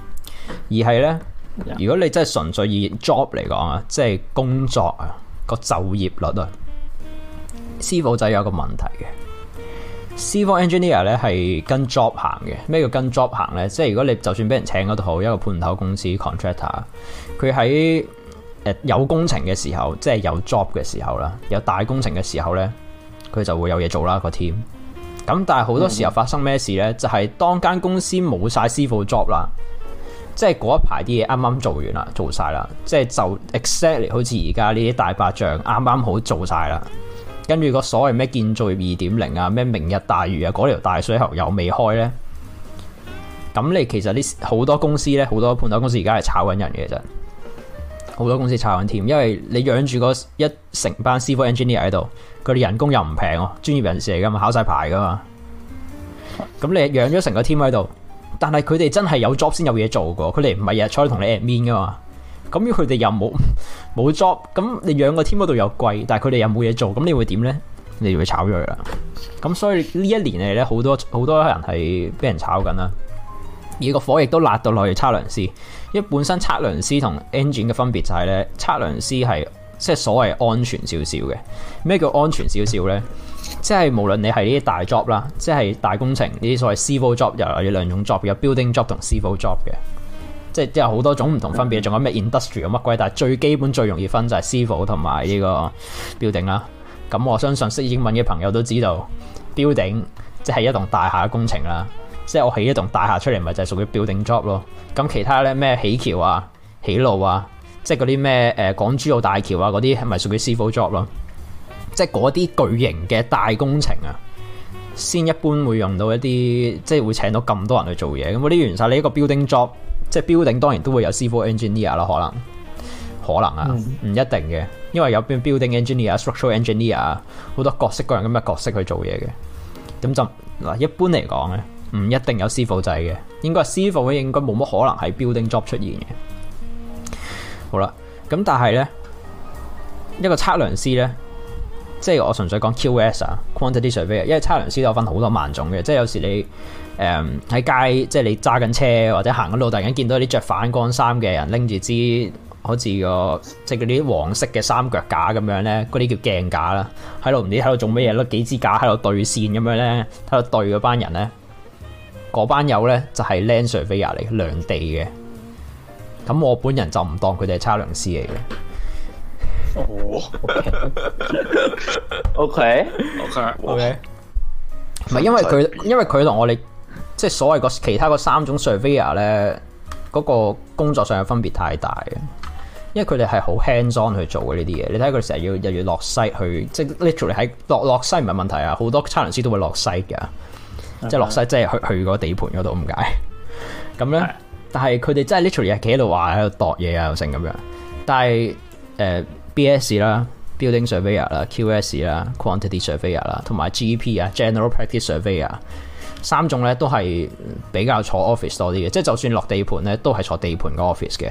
而係咧，如果你真係純粹以 job 嚟講啊，即係工作啊個就業率啊。師傅仔有一個問題嘅， Civil engineer 咧係跟 job 行嘅。咩叫跟 job 行呢？即係如果你就算俾人請嗰度好一個判頭公司 contractor，佢喺有工程嘅時候，即係有 job 嘅時候啦，有大工程嘅時候呢，佢就會有嘢做啦個 team。咁但係好多時候發生咩事呢？ 就係當間公司冇晒師傅 job 啦，即係嗰一排啲嘢啱啱做完啦，做晒啦，即係就 exactly 好似而家呢啲大白象啱啱好做晒啦。跟住個所謂咩建造業二點零啊，咩明日大嶼啊，嗰條大水喉又未開呢。咁你其實啲好多公司呢，好多判頭公司而家係炒緊人嘅，啫好多公司炒緊添。因為你養住個一成班 civil engineer 喺度，佢哋人工又唔平喎，專業人士嚟㗎嘛，考晒牌㗎嘛。咁你養咗成個 team 喺度，但係佢哋真係有 job 先有嘢做嘅，佢哋唔係日日同你 admin 㗎嘛。咁要佢哋又冇冇 job，咁你養個 team 嗰度又貴，但係佢哋又冇嘢做，咁你會點呢？你就會炒咗佢啦。咁所以呢一年嚟咧，好多好多人係俾人炒緊啦。而個火亦都辣到落去測量師，因為本身測量師同 engine 嘅分別就係咧，測量師係即係所謂安全少少嘅。咩叫安全少少呢？即係無論你係呢啲大 job 啦，即係大工程呢啲所謂 civil job，又有呢兩種 job，有 building job 同 civil job 嘅。即係即係好多種唔同分別，仲有咩 industry 啊，乜鬼？但係最基本最容易分就係 civil 同埋呢個 building 啦。咁我相信識英文嘅朋友都知道 building 即係一棟大廈嘅工程啦。即係我起一棟大廈出嚟，咪就係屬於 building job 咯。咁其他咧，咩起橋啊、起路啊，即係嗰啲咩誒港珠澳大橋啊嗰啲，係咪屬於 civil job 咯？即係嗰啲巨型嘅大工程啊，先一般會用到一啲即係會請到咁多人去做嘢。咁嗰啲完曬，你一個 building job。即係 building 當然都會有 civil engineer 啦，可能可能啊，唔、mm. 一定嘅，因為有邊 building engineer、structural engineer 啊，好多角色各樣咁嘅角色去做嘢嘅。咁就嗱，一般嚟講咧，唔一定有師傅制嘅，應該師傅咧，應該冇乜可能喺 building job 出現嘅。好啦，咁但係咧，一個測量師咧，即係我純粹講 QS 啊，quantity survey，因為測量師都有分好多萬種嘅，即係有時你。誒喺、um，街，即係你揸緊車或者行緊路，突然間見到啲着反光衫嘅人拎住支好似個即係啲黃色嘅三腳架咁樣咧，嗰啲叫鏡架啦，喺度唔知喺度做乜嘢，甩幾支架喺度對線咁樣咧，喺度對嗰班人咧，嗰班友咧就係 land surveyor 嚟，量地嘅。咁我本人就唔當佢哋係測量師嚟嘅。OK, OK, OK，唔係因為佢，因為佢同我哋。即係所謂個其他個三種 surveyor 咧，嗰、嗰個工作上有分別太大，因為佢哋係好 hands-on 去做嘅呢啲嘢。你睇佢成日要又要落 site 去，即係 literally 喺落落 site 唔係問題啊！好多測量師都會落 site 嘅，吧即係落 site 即係去去個地盤嗰度。唔解咁咧，但係佢哋真係 literally 企喺度話喺度度嘢啊，成咁樣。但係誒 BS 啦、building surveyor 啦、QS 啦、quantity surveyor 啦，同埋 GP 啊、general practice surveyor。三種咧都係比較坐 office 多啲嘅，即係就算落地盤咧都係坐地盤個 office 嘅，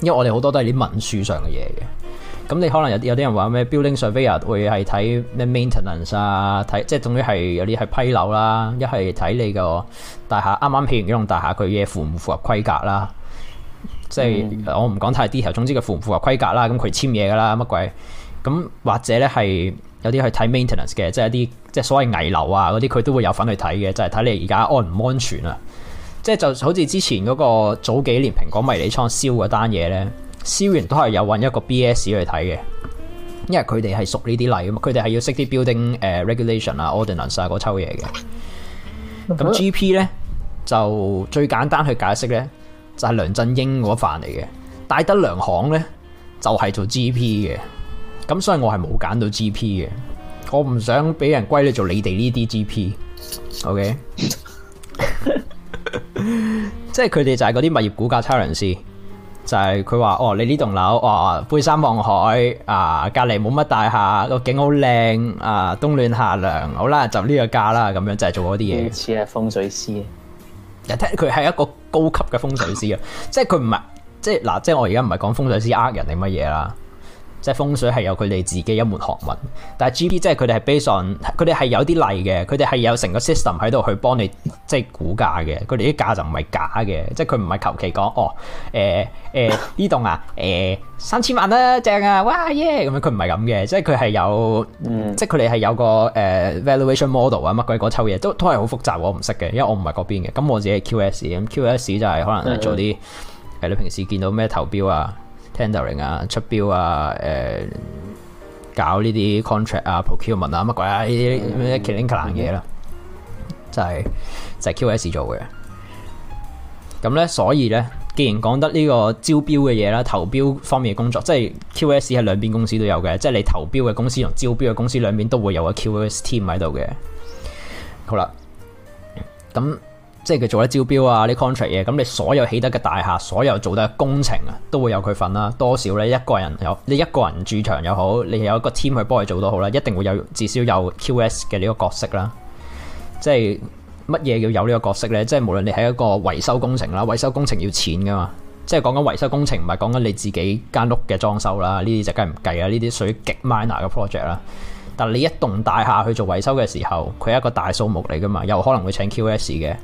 因為我哋好多都係啲文書上嘅嘢嘅。咁你可能有啲有啲人話咩 building surveyor 會係睇咩 maintenance 啊，睇即係總之係有啲係批樓啦，一係睇你個大廈啱啱起完棟大廈佢嘢符唔符合規格啦。嗯、即係我唔講太 detail，總之佢符唔符合規格啦，咁佢簽嘢㗎啦乜鬼？咁或者咧係。有啲去睇 maintenance 嘅，即係一啲即係所謂危樓啊嗰啲，佢都會有份去睇嘅，就係睇你而家安唔安全啊！即係就好似之前嗰個早幾年蘋果迷你倉燒嗰單嘢咧，燒完都係有揾一個 BS 去睇嘅，因為佢哋係熟呢啲例啊嘛，佢哋係要識啲 building regulation 啊 ordinance 啊嗰抽嘢嘅。咁 GP 咧就最簡單去解釋咧，就係、是、梁振英嗰飯嚟嘅，戴德梁行咧就係、是、做 GP 嘅。咁所以我係冇揀到 G P 嘅，我唔想俾人歸類做你哋呢啲 G P，OK？ 即係佢哋就係嗰啲物業估價差餉師，就係佢話哦，你呢棟樓哦，背山望海啊，隔離冇乜大廈個景好靚啊，冬暖夏涼，好啦，就呢個價啦，咁樣就係做嗰啲嘢。似係風水師，你睇佢係一個高級嘅風水師啊，即係佢唔係即係嗱，即係我而家唔係講風水師呃人定乜嘢啦。即係風水係有佢哋自己一門學問，但係 GP 即係佢哋係 based on，佢哋係有啲例嘅，佢哋係有成個 system 喺度去幫你即係估價嘅，佢哋啲價就唔係假嘅，即係佢唔係求其講哦誒誒呢棟啊誒、欸、三千萬啦、啊、正啊哇耶咁樣佢唔係咁嘅，即係佢係有即係佢哋係有個誒、嗯 uh, valuation model 啊乜鬼嗰抽嘢都都係好複雜嘅，我唔識嘅，因為我唔係嗰邊嘅，咁我自己係 QS 咁 QS 就係可能係做啲係你平時見到咩投標啊。tendering、嗯、啊、出標啊、誒搞呢啲 contract 啊、procurement 啊、乜鬼啊呢啲咩 technical 嘢啦，就係、是、就係 QS 做嘅。咁咧，所以咧，既然講得呢個招標嘅嘢啦、投標方面嘅工作，即係 QS 喺兩邊公司都有嘅，即係你投標嘅公司同招標嘅公司兩邊都會有個 QS team 喺度嘅。好啦，咁。即係佢做得招標啊，啲 contract 嘢，咁你所有起得嘅大廈，所有做得工程啊，都會有佢份啦。多少咧，一個人有你一個人駐場又好，你有一個 team 去幫佢做都好啦，一定會有至少有 QS 嘅呢個角色啦。即係乜嘢叫有呢個角色咧？即係無論你係一個維修工程啦，維修工程要錢噶嘛。即係講緊維修工程，唔係講緊你自己間屋嘅裝修啦。呢啲就梗係唔計啊，呢啲屬於極 minor 嘅 project 啦。但你一棟大廈去做維修嘅時候，佢係一個大數目嚟噶嘛，有可能會請 Q S 嘅。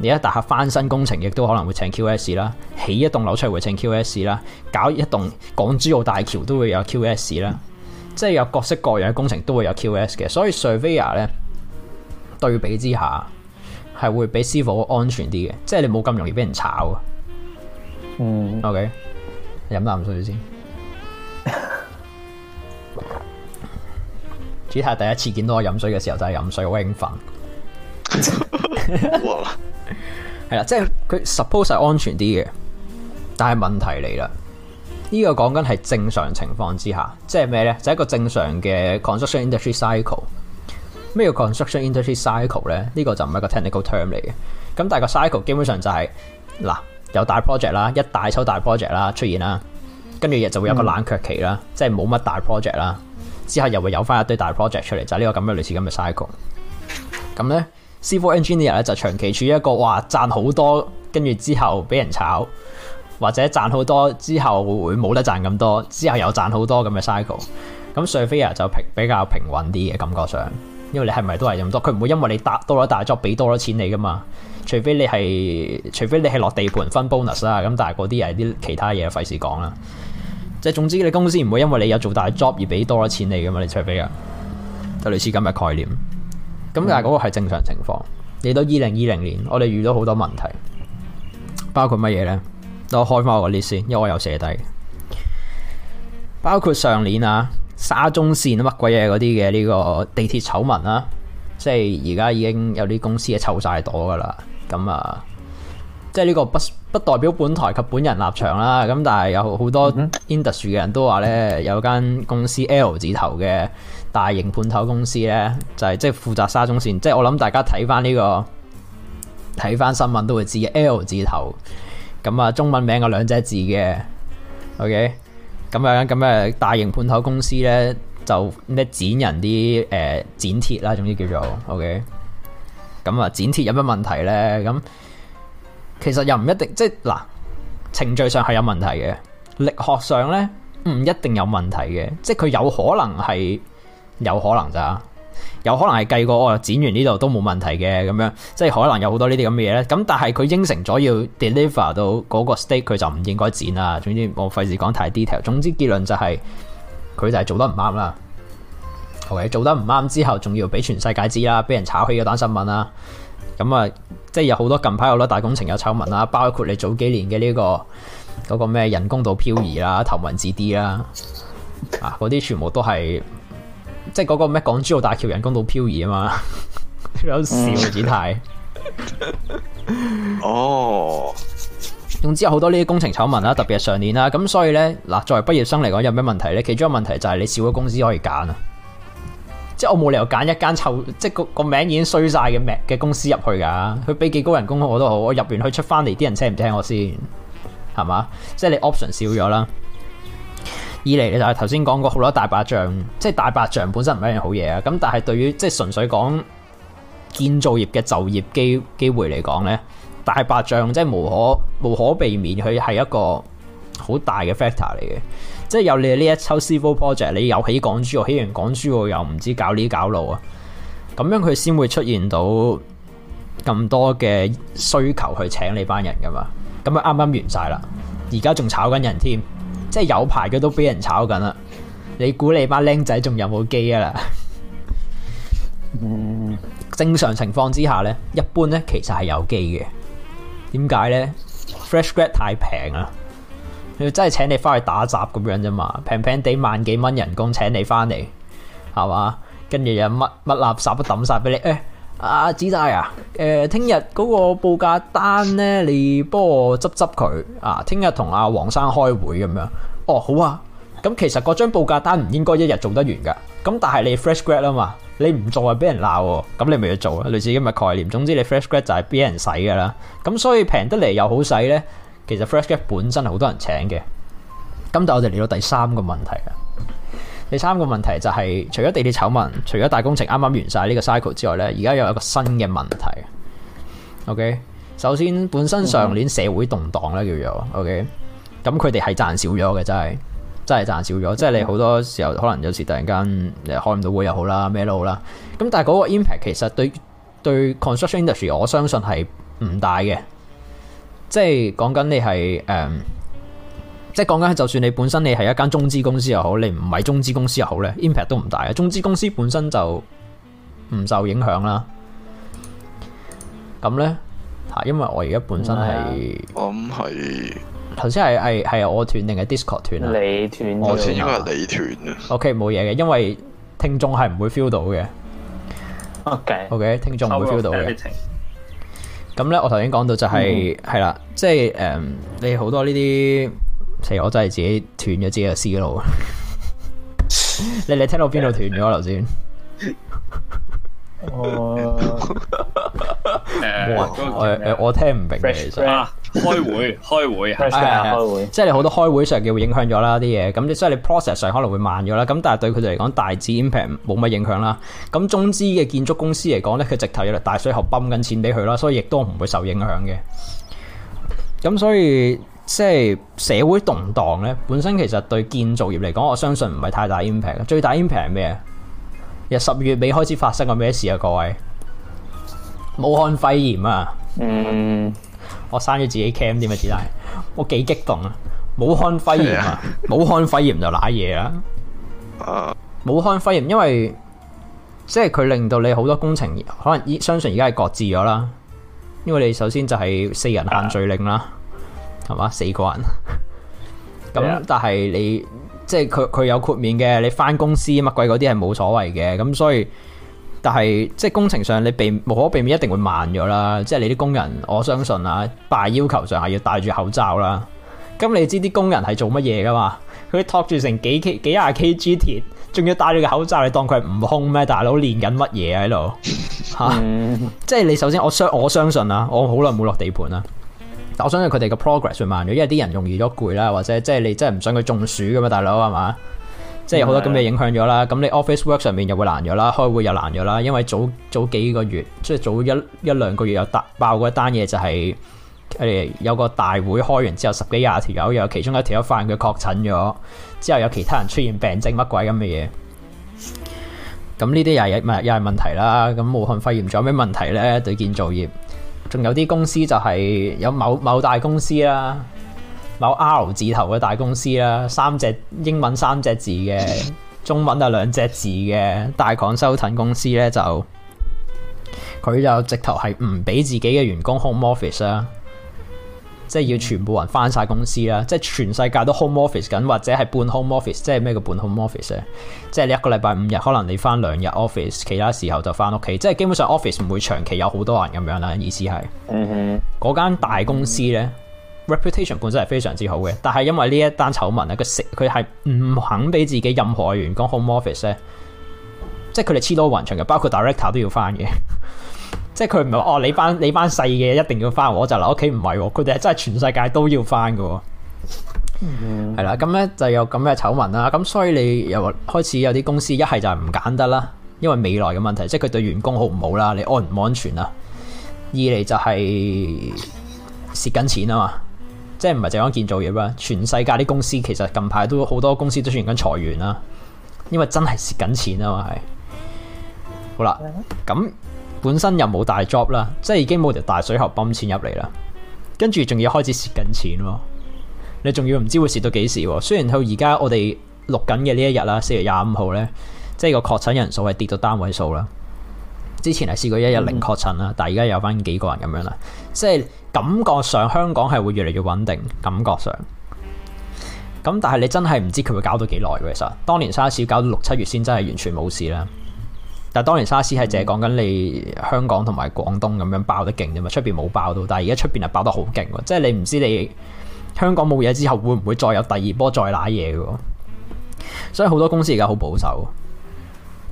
你一大廈翻新工程，亦都可能會請 Q S 啦。起一棟樓出嚟會請 Q S 啦。搞一棟港珠澳大橋都會有 Q S 啦。即係有各式各樣嘅工程都會有 Q S 嘅。所以 Surveyor 咧，對比之下係會比師傅安全啲嘅，即係你冇咁容易俾人炒啊。嗯、okay？O K。飲啖水先。主要係第一次見到我飲水嘅時候，就係飲水好興奮。係啦，即係佢 suppose 係安全啲嘅，但係問題嚟啦。呢、這個講緊係正常情況之下，即係咩呢？就是、一個正常嘅 construction industry cycle。咩叫 construction industry cycle 呢？呢、這個就唔係一個 technical term 嚟嘅。咁但係個 cycle 基本上就係、是、嗱，有大 project 啦，一大抽大 project 啦出現啦，跟住日就會有個冷卻期啦，嗯、即係冇乜大 project 啦。之後又會有翻一堆大 project 出嚟，就係、是、呢個咁嘅類似咁嘅 cycle。咁咧 Civil Engineer 咧就長期處於一個哇賺好多，跟住之後俾人炒，或者賺好多之後會冇得賺咁多，之後又賺好多咁嘅 cycle。咁 Surveyor 就平比較平穩啲嘅感覺上，因為你係咪都係咁多，佢唔會因為你搭多咗大作俾多咗錢你噶嘛，除非你係除非你係落地盤分 bonus 啊，咁但係嗰啲係啲其他嘢，費事講啦。即係總之，你公司唔會因為你有做大 job 而俾多咗錢你噶嘛？你除非啊，就類似咁嘅概念。咁但係嗰個係正常情況。嚟到二零二零年，我哋遇到好多問題，包括乜嘢呢？就開翻我啲先，因為我有寫低。包括上年啊，沙中線乜鬼嘢嗰啲嘅呢個地鐵醜聞啊。即係而家已經有啲公司啊臭晒檔噶啦。咁啊，即係呢個不。不代表本台及本人立場啦，咁但係有好多 industry 嘅人都話咧，有間公司 L 字頭嘅大型判頭公司咧，就係即係負責沙中線，即、就、係、是、我諗大家睇翻呢個睇翻新聞都會知，L 字頭咁啊中文名有兩隻字嘅，OK，咁樣咁誒大型判頭公司咧就咩剪人啲誒、呃、剪鐵啦，總之叫做 OK，咁啊剪鐵有乜問題咧咁？其實又唔一定，即係嗱、啊，程序上係有問題嘅，力學上咧唔一定有問題嘅，即係佢有可能係有可能咋，有可能係計過我剪完呢度都冇問題嘅咁樣，即係可能有好多呢啲咁嘅嘢咧。咁但係佢應承咗要 deliver 到嗰個 state，佢就唔應該剪啦。總之我費事講太 detail。總之結論就係佢就係做得唔啱啦。OK，做得唔啱之後，仲要俾全世界知啦，俾人炒起嗰單新聞啦。咁啊，嗯，即係有好多近排有好多大工程有醜聞啦，包括你早幾年嘅、呢、呢個、嗰、嗰個咩人工島漂移啦、頭文字 D 啦、啊，啊嗰啲全部都係即係嗰個咩港珠澳大橋人工島漂移啊嘛，有、mm. 笑展子哦，總之有好多呢啲工程醜聞啦，特別係上年啦，咁所以呢，嗱，作為畢業生嚟講有咩問題呢？其中一個問題就係你少咗公司可以揀啊。即係我冇理由揀一間臭，即係個個名已經衰晒嘅名嘅公司入去噶。佢俾幾高人工我都好，我入完去出翻嚟，啲人聽唔聽我先，係嘛？即係你 option 少咗啦。二嚟你就係頭先講過好多大白象，即係大白象本身唔係一樣好嘢啊。咁但係對於即係純粹講建造業嘅就業機機會嚟講咧，大白象即係無可無可避免，佢係一個好大嘅 factor 嚟嘅。即係有你呢一抽 civil project，你又起港珠，又起完港珠，又唔知搞呢搞路啊！咁樣佢先會出現到咁多嘅需求去請你班人噶嘛？咁啊啱啱完晒啦，而家仲炒緊人添，即係有排嘅都俾人炒緊啦。你估你班僆仔仲有冇機啊？嗯， 正常情況之下呢，一般呢其實係有機嘅。點解呢？Fresh grad 太平啊！佢真係請你翻去打雜咁樣啫嘛，平平地萬幾蚊人工請你翻嚟，係嘛？跟住又乜乜垃圾都抌晒俾你。誒、欸，阿子大啊，誒、啊，聽日嗰個報價單咧，你幫我執執佢啊。聽日同阿黃生開會咁樣。哦，好啊。咁其實嗰張報價單唔應該一日做得完噶。咁但係你 fresh grad 啊嘛，你唔做啊俾人鬧喎。咁你咪要做啊。類似咁嘅概念。總之你 fresh grad 就係俾人使噶啦。咁所以平得嚟又好使咧。其實 fresh gap 本身係好多人請嘅，咁但我哋嚟到第三個問題啦。第三個問題就係除咗地鐵醜聞、除咗大工程啱啱完晒呢個 cycle 之外咧，而家有一個新嘅問題。OK，首先本身上年社會動盪咧叫做 OK，咁佢哋係賺少咗嘅，真係真係賺少咗。嗯、即係你好多時候可能有時突然間你開唔到會又好啦，咩都好啦。咁但係嗰個 impact 其實對對 construction industry 我相信係唔大嘅。即係講緊你係誒、嗯，即係講緊就算你本身你係一間中資公司又好，你唔係中資公司又好咧，impact 都唔大啊！中資公司本身就唔受影響啦。咁咧，吓因為我而家本身係，咁係頭先係係係我斷定係 Discord 斷啊，你斷咗，我先有，應該係你斷。OK，冇嘢嘅，因為聽眾係唔會 feel 到嘅。OK，OK，OK，聽眾唔會 feel 到嘅。咁咧，我頭先講到就係係啦，即係誒，你好多呢啲，其實我都係自己斷咗自己嘅思路。 你你聽到邊度斷咗，頭先。哦？誒，誒誒，我聽唔明嘅。其實啊，開會，開會啊， 開會， 啊、即係你好多開會上嘅 會影響咗啦啲嘢，咁即係你 process 上可能會慢咗啦，咁但係對佢哋嚟講，大致 impact 冇乜影響啦。咁中資嘅建築公司嚟講咧，佢直頭有大水喉泵緊錢俾佢啦，所以亦都唔會受影響嘅。咁所以即係社會動蕩咧，本身其實對建造業嚟講，我相信唔係太大 impact。最大 impact 係咩？由十月尾開始發生過咩事啊，各位？武漢肺炎啊！嗯，我刪咗自己 cam 點樣知，我幾激動啊！武漢肺炎啊！ 武漢肺炎就瀨嘢啦。啊！武漢肺炎，因為即係佢令到你好多工程，可能相信而家係擱置咗啦。因為你首先就係四人限聚令啦，係嘛？ 四個人。咁 但係你即係佢佢有豁免嘅，你翻公司乜鬼嗰啲係冇所謂嘅，咁所以。但係即係工程上，你避無可避免，一定會慢咗啦。即係你啲工人，我相信啊，大要求上係要戴住口罩啦。咁你知啲工人係做乜嘢噶嘛？佢托住成幾 K 幾廿 KG 鐵，仲要戴住個口罩，你當佢係悟空咩？大佬練緊乜嘢喺度？吓、啊，啊、 即係你首先，我相我相信啊，我好耐冇落地盤啦。但我相信佢哋嘅 progress 會慢咗，因為啲人容易咗攰啦，或者即係你真係唔想佢中暑噶嘛，大佬係嘛？是即係好多咁嘅影響咗啦，咁你 Office Work 上面又會難咗啦，開會又難咗啦，因為早早幾個月，即係早一一兩個月有爆過一單嘢就係、是、誒有個大會開完之後十幾廿條友，又有其中一條友發現佢確診咗，之後有其他人出現病症乜鬼咁嘅嘢，咁呢啲又係唔係又係問題啦？咁武漢肺炎仲有咩問題咧？對建造業，仲有啲公司就係、是、有某某大公司啦。某 R 字頭嘅大公司啦，三隻英文三隻字嘅， 中文就兩隻字嘅大港收騰公司咧，就佢就直頭係唔俾自己嘅員工 home office 啦，即係要全部人翻晒公司啦，即係全世界都 home office 緊，或者係半 home office，即係咩叫半 home office 啊？即係你一個禮拜五日，可能你翻兩日 office，其他時候就翻屋企，即係基本上 office 唔會長期有好多人咁樣啦。意思係，嗰間大公司咧。Reputation 本身係非常之好嘅，但係因為呢一單醜聞咧，佢食佢係唔肯俾自己任何嘅員工 home office 咧，即係佢哋黐到雲長嘅，包括 director 都要翻嘅，即係佢唔係哦，你班你班細嘅一定要翻，我就留屋企唔係。佢哋係真係全世界都要翻嘅，係啦、嗯。咁咧就有咁嘅醜聞啦。咁所以你又開始有啲公司一係就係唔揀得啦，因為未來嘅問題，即係佢對員工好唔好啦，你安唔安全啦。二嚟就係蝕緊錢啊嘛。即係唔係淨係講建造業啦，全世界啲公司其實近排都好多公司都出現緊裁員啦，因為真係蝕緊錢啊嘛係。好啦，咁本身又冇大 job 啦，即係已經冇條大水喉泵錢入嚟啦，跟住仲要開始蝕緊錢喎，你仲要唔知會蝕到幾時？雖然到而家我哋錄緊嘅呢一日啦，四月廿五號咧，即係個確診人數係跌到單位數啦。之前係試過一日零確診啦，但係而家有翻幾個人咁樣啦，即係感覺上香港係會越嚟越穩定，感覺上。咁但係你真係唔知佢會，會搞到幾耐嘅，其實。當年沙士搞到六七月先真係完全冇事啦。但係當年沙士係淨係講緊你香港同埋廣東咁樣爆得勁啫嘛，出邊冇爆到。但係而家出邊係爆得好勁喎，即係你唔知你香港冇嘢之後會唔會再有第二波再攋嘢喎。所以好多公司而家好保守。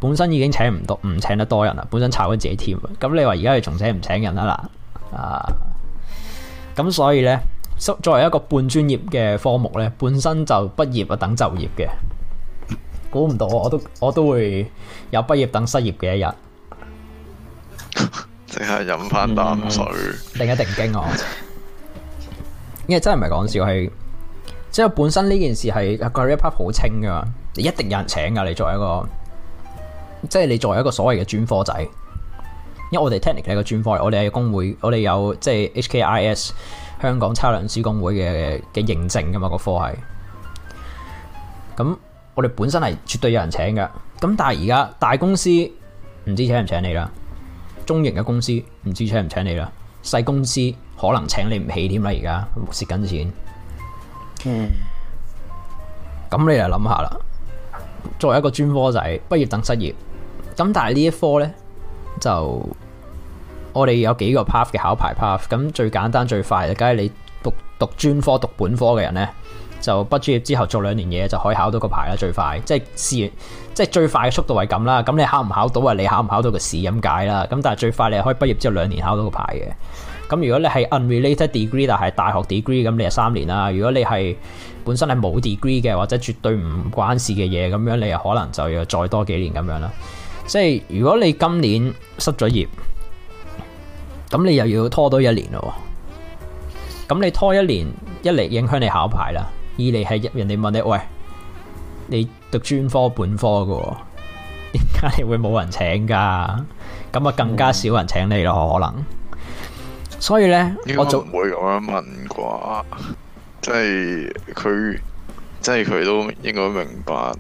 本身已經請唔到，唔請得多人啦。本身炒咗自己添，咁你話而家佢仲請唔請人了啊？嗱啊，咁所以咧，作作為一個半專業嘅科目咧，本身就畢業啊，等就業嘅，估唔到我我都我都會有畢業等失業嘅一日，淨係飲翻啖水、嗯，定一定驚啊！ 因為真係唔係講笑，係即係本身呢件事係個 career path 好清噶嘛，一定有人請噶。你作為一個即係你作為一個所謂嘅專科仔，因為我哋 technic 係一個專科，我哋係工會，我哋有即係 HKIS 香港差餉師工會嘅嘅認證噶嘛，個科係。咁我哋本身係絕對有人請嘅，咁但係而家大公司唔知請唔請你啦，中型嘅公司唔知請唔請你啦，細公司可能請你唔起添啦，而家蝕緊錢。嗯。咁你就諗下啦，作為一個專科仔，畢業等失業。咁但係呢一科呢，就我哋有幾個 path 嘅考牌 path。咁最簡單最快就梗係你讀讀專科讀本科嘅人呢，就畢業之後做兩年嘢就可以考到個牌啦，最快即係試，即係最快嘅速度係咁啦。咁你考唔考到啊？你考唔考到個試咁解啦。咁但係最快你可以畢業之後兩年考到個牌嘅。咁如果你係 unrelated degree 但係大學 degree，咁你就三年啦。如果你係本身係冇 degree 嘅，或者絕對唔關事嘅嘢，咁樣你又可能就要再多幾年咁樣啦。即係如果你今年失咗業，咁你又要拖多一年咯。咁你拖一年，一嚟影響你考牌啦，二嚟係人哋問你喂，你讀專科本科嘅，點解你會冇人請噶？咁啊更加少人請你咯，可能。所以呢，應該我做唔會咁樣問啩。即係佢，即係佢都應該明白。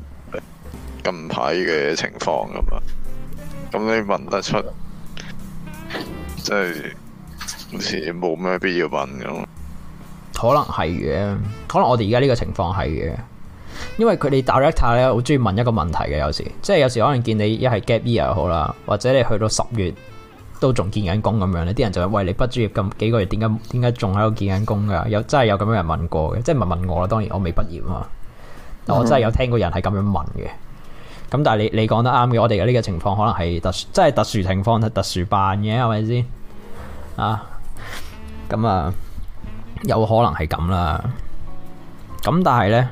近排嘅情況咁啊，咁你問得出，即係好似冇咩必要問咁。可能係嘅，可能我哋而家呢個情況係嘅，因為佢哋 director 咧好中意問一個問題嘅，有時即係有時可能見你一係 gap year 好啦，或者你去到十月都仲見緊工咁樣咧，啲人就喂你畢業咁幾個月，點解點解仲喺度見緊工噶？有真係有咁樣人問過嘅，即係問問我啦，當然我未畢業啊，但我真係有聽過人係咁樣問嘅。嗯咁但係你你講得啱嘅，我哋嘅呢個情況可能係特殊，即係特殊情況特特殊辦嘅，係咪先？啊，咁啊，有可能係咁啦。咁但係咧，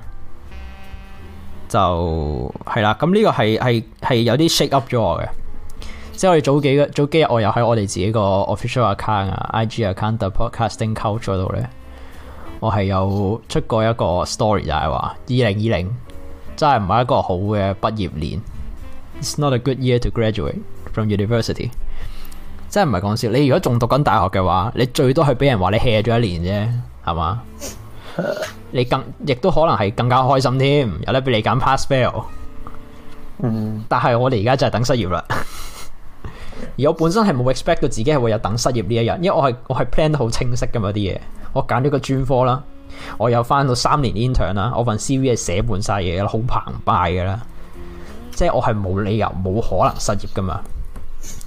就係啦。咁呢個係係係有啲 shake up 咗我嘅。即係我哋早幾日早幾日，幾日我又喺我哋自己個 official account 啊、IG account、The Podcasting Culture 度咧，我係有出過一個 story 就係話二零二零。真係唔係一個好嘅畢業年，It's not a good year to graduate from university。真係唔係講笑，你如果仲讀緊大學嘅話，你最多係俾人話你 hea 咗一年啫，係嘛？你更亦都可能係更加開心添，有得俾你揀 pass fail。嗯，但係我哋而家就係等失業啦。 而我本身係冇 expect 到自己係會有等失業呢一日，因為我係我係 plan 得好清晰㗎嘛啲嘢，我揀咗個專科啦。我有翻到三年 intern 啦，我份 C.V. 係寫滿晒嘢啦，好澎湃嘅啦，即係我係冇理由、冇可能失業噶嘛。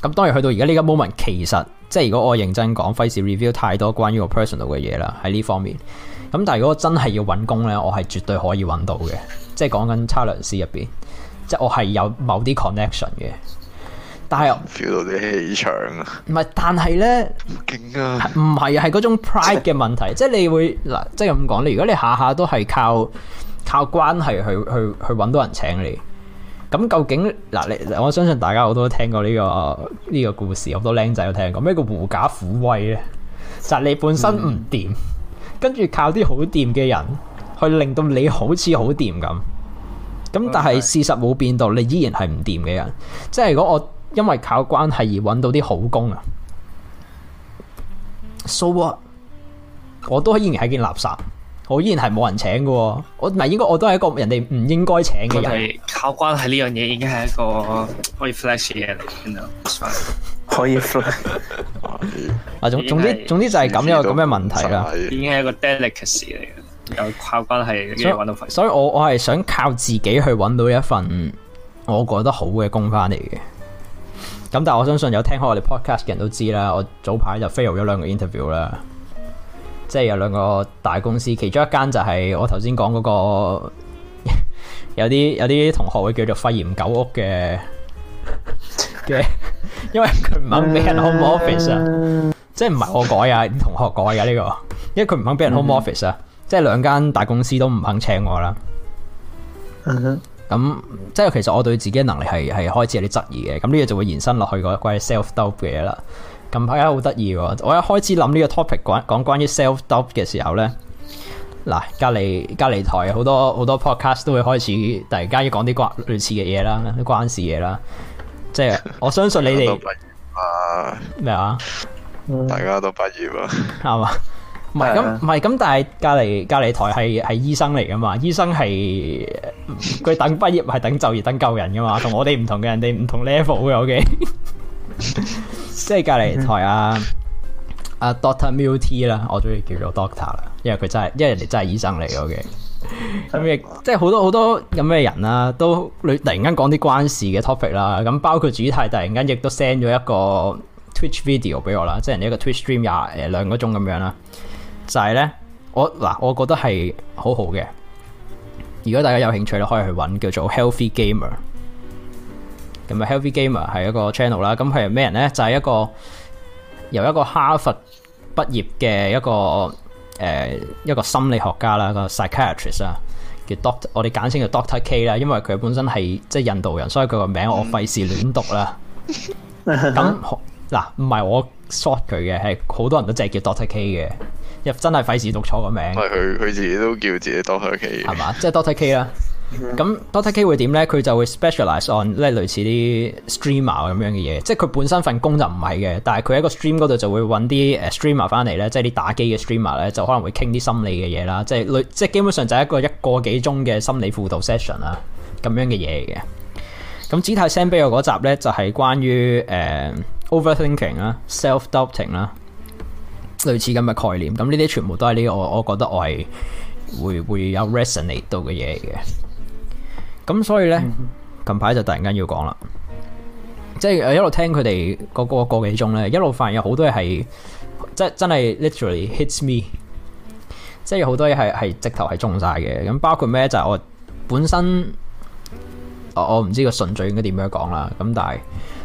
咁當然去到而家呢個 moment，其實即係如果我認真講，費事 review 太多關於我 personal 嘅嘢啦，喺呢方面。咁但係如果真係要揾工呢，我係絕對可以揾到嘅，即係講緊測量師入邊，即係我係有某啲 connection 嘅。但係 feel 到啲氣場唔係， S S S 但係呢，唔勁啊！唔係，係嗰種 pride 嘅問題，是 S 即係你會嗱，即係咁講，你如果你下下都係靠靠關係去去揾到人請你，咁究竟嗱你，我相信大家好多都聽過呢、呢個呢、呢個故事，好多靚仔都聽過咩叫狐假虎威呢？嗯、就係你本身唔掂，跟住靠啲好掂嘅人去令到你好似好掂咁，咁但係事實冇變到，你依然係唔掂嘅人。嗯、即係如果我。因為靠關係而揾到啲好工啊，so what？我都依然係件垃圾，我依然係冇人請嘅。我唔係應該我都係一個人哋唔應該請嘅人。係，靠關係呢樣嘢已經係一個可以 flash 嘅嘢嚟，知道？可以 flash 啊！總總之總之就係咁一個咁樣嘅問題啦。已經係一個 delicacy 嚟嘅，有靠關係而揾到所，所以我我係想靠自己去揾到一份我覺得好嘅工翻嚟嘅。咁但係我相信有聽開我哋 podcast 嘅人都知啦，我早排就 fail 咗兩個 interview 啦，即係有兩個大公司，其中一間就係我頭先講嗰個有啲有啲同學會叫做肺炎狗屋嘅嘅， 因為佢唔肯俾人 home office 啊， 即係唔係我改啊，啲同學改噶、啊、呢、這個，因為佢唔肯俾人 home office 啊、mm，hmm。即係兩間大公司都唔肯請我啦。嗯哼、mm。Hmm. 咁即係其實我對自己嘅能力係係開始有啲質疑嘅，咁呢個就會延伸落去嗰個關於 self doubt 嘅嘢啦。近排家好得意喎，我一開始諗呢個 topic 講講關於 self doubt 嘅時候呢，嗱隔籬隔籬台好多好多 podcast 都會開始突然間要講啲關類似嘅嘢啦，啲關事嘢啦。即係我相信你哋，都畢業啦。咩話？大家都畢業啦。啱嘛？啊？ 唔係咁，唔係咁，但係隔籬隔籬台係係醫生嚟噶嘛？醫生係佢等畢業係等就業等救人噶嘛？我同我哋唔同嘅，人哋唔同 level 嘅，okay? 即係隔籬台啊 Doctor Multi 啦， uh, i, 我中意叫做 Doctor 啦，因為佢真係，因為人哋真係醫生嚟嘅。咁、okay? 亦 即係好多好多咁嘅人啦，都你突然間講啲關事嘅 topic 啦，咁包括主題，突然間亦都 send 咗一個 Twitch video 俾我啦，即係人哋一個 Twitch stream 廿誒兩個鐘咁樣啦。就係咧，我嗱，我覺得係好好嘅。如果大家有興趣咧，可以去揾叫做 Healthy Gamer 咁嘅 Healthy Gamer 係一個 channel 啦。咁佢係咩人咧？就係、是、一個由一個哈佛畢業嘅一個誒、呃、一個心理學家啦，一個 psychiatrist 啊，叫 Doctor。我哋簡稱叫 Doctor K 啦，因為佢本身係即係印度人，所以佢個名字我費事亂讀啦。咁嗱， 唔、啊、係我 short 佢嘅，係好多人都凈係叫 Doctor K 嘅。若真係費事讀錯個名，佢佢自己都叫自己 Doctor K，係嘛？即係 Doctor K 啦。咁、mm hmm. Doctor K 會點咧？佢就會 specialize on 咧類似啲 streamer 咁樣嘅嘢。即係佢本身份工就唔係嘅，但係佢喺個 stream 度就會揾啲誒 streamer 翻嚟咧，即係啲打機嘅 streamer 咧，就可能會傾啲心理嘅嘢啦。即係類即係基本上就係一個一個幾鐘嘅心理輔導 session 啦，咁樣嘅嘢嘅。咁 Gtai send 俾我嗰集咧，就係、是、關於誒、呃、overthinking 啦，self doubting 啦。類似咁嘅概念，咁呢啲全部都係呢個，我覺得我係會會有 resonate 到嘅嘢嚟嘅。咁所以呢，嗯、哼近排就突然間要講啦，即係一路聽佢哋個個個幾鐘呢，一路發現有好多嘢係即係真係 literally hits me，即係有好多嘢係係直頭係中晒嘅。咁包括咩就係我本身，我我唔知個順序應該點樣講啦。咁但係。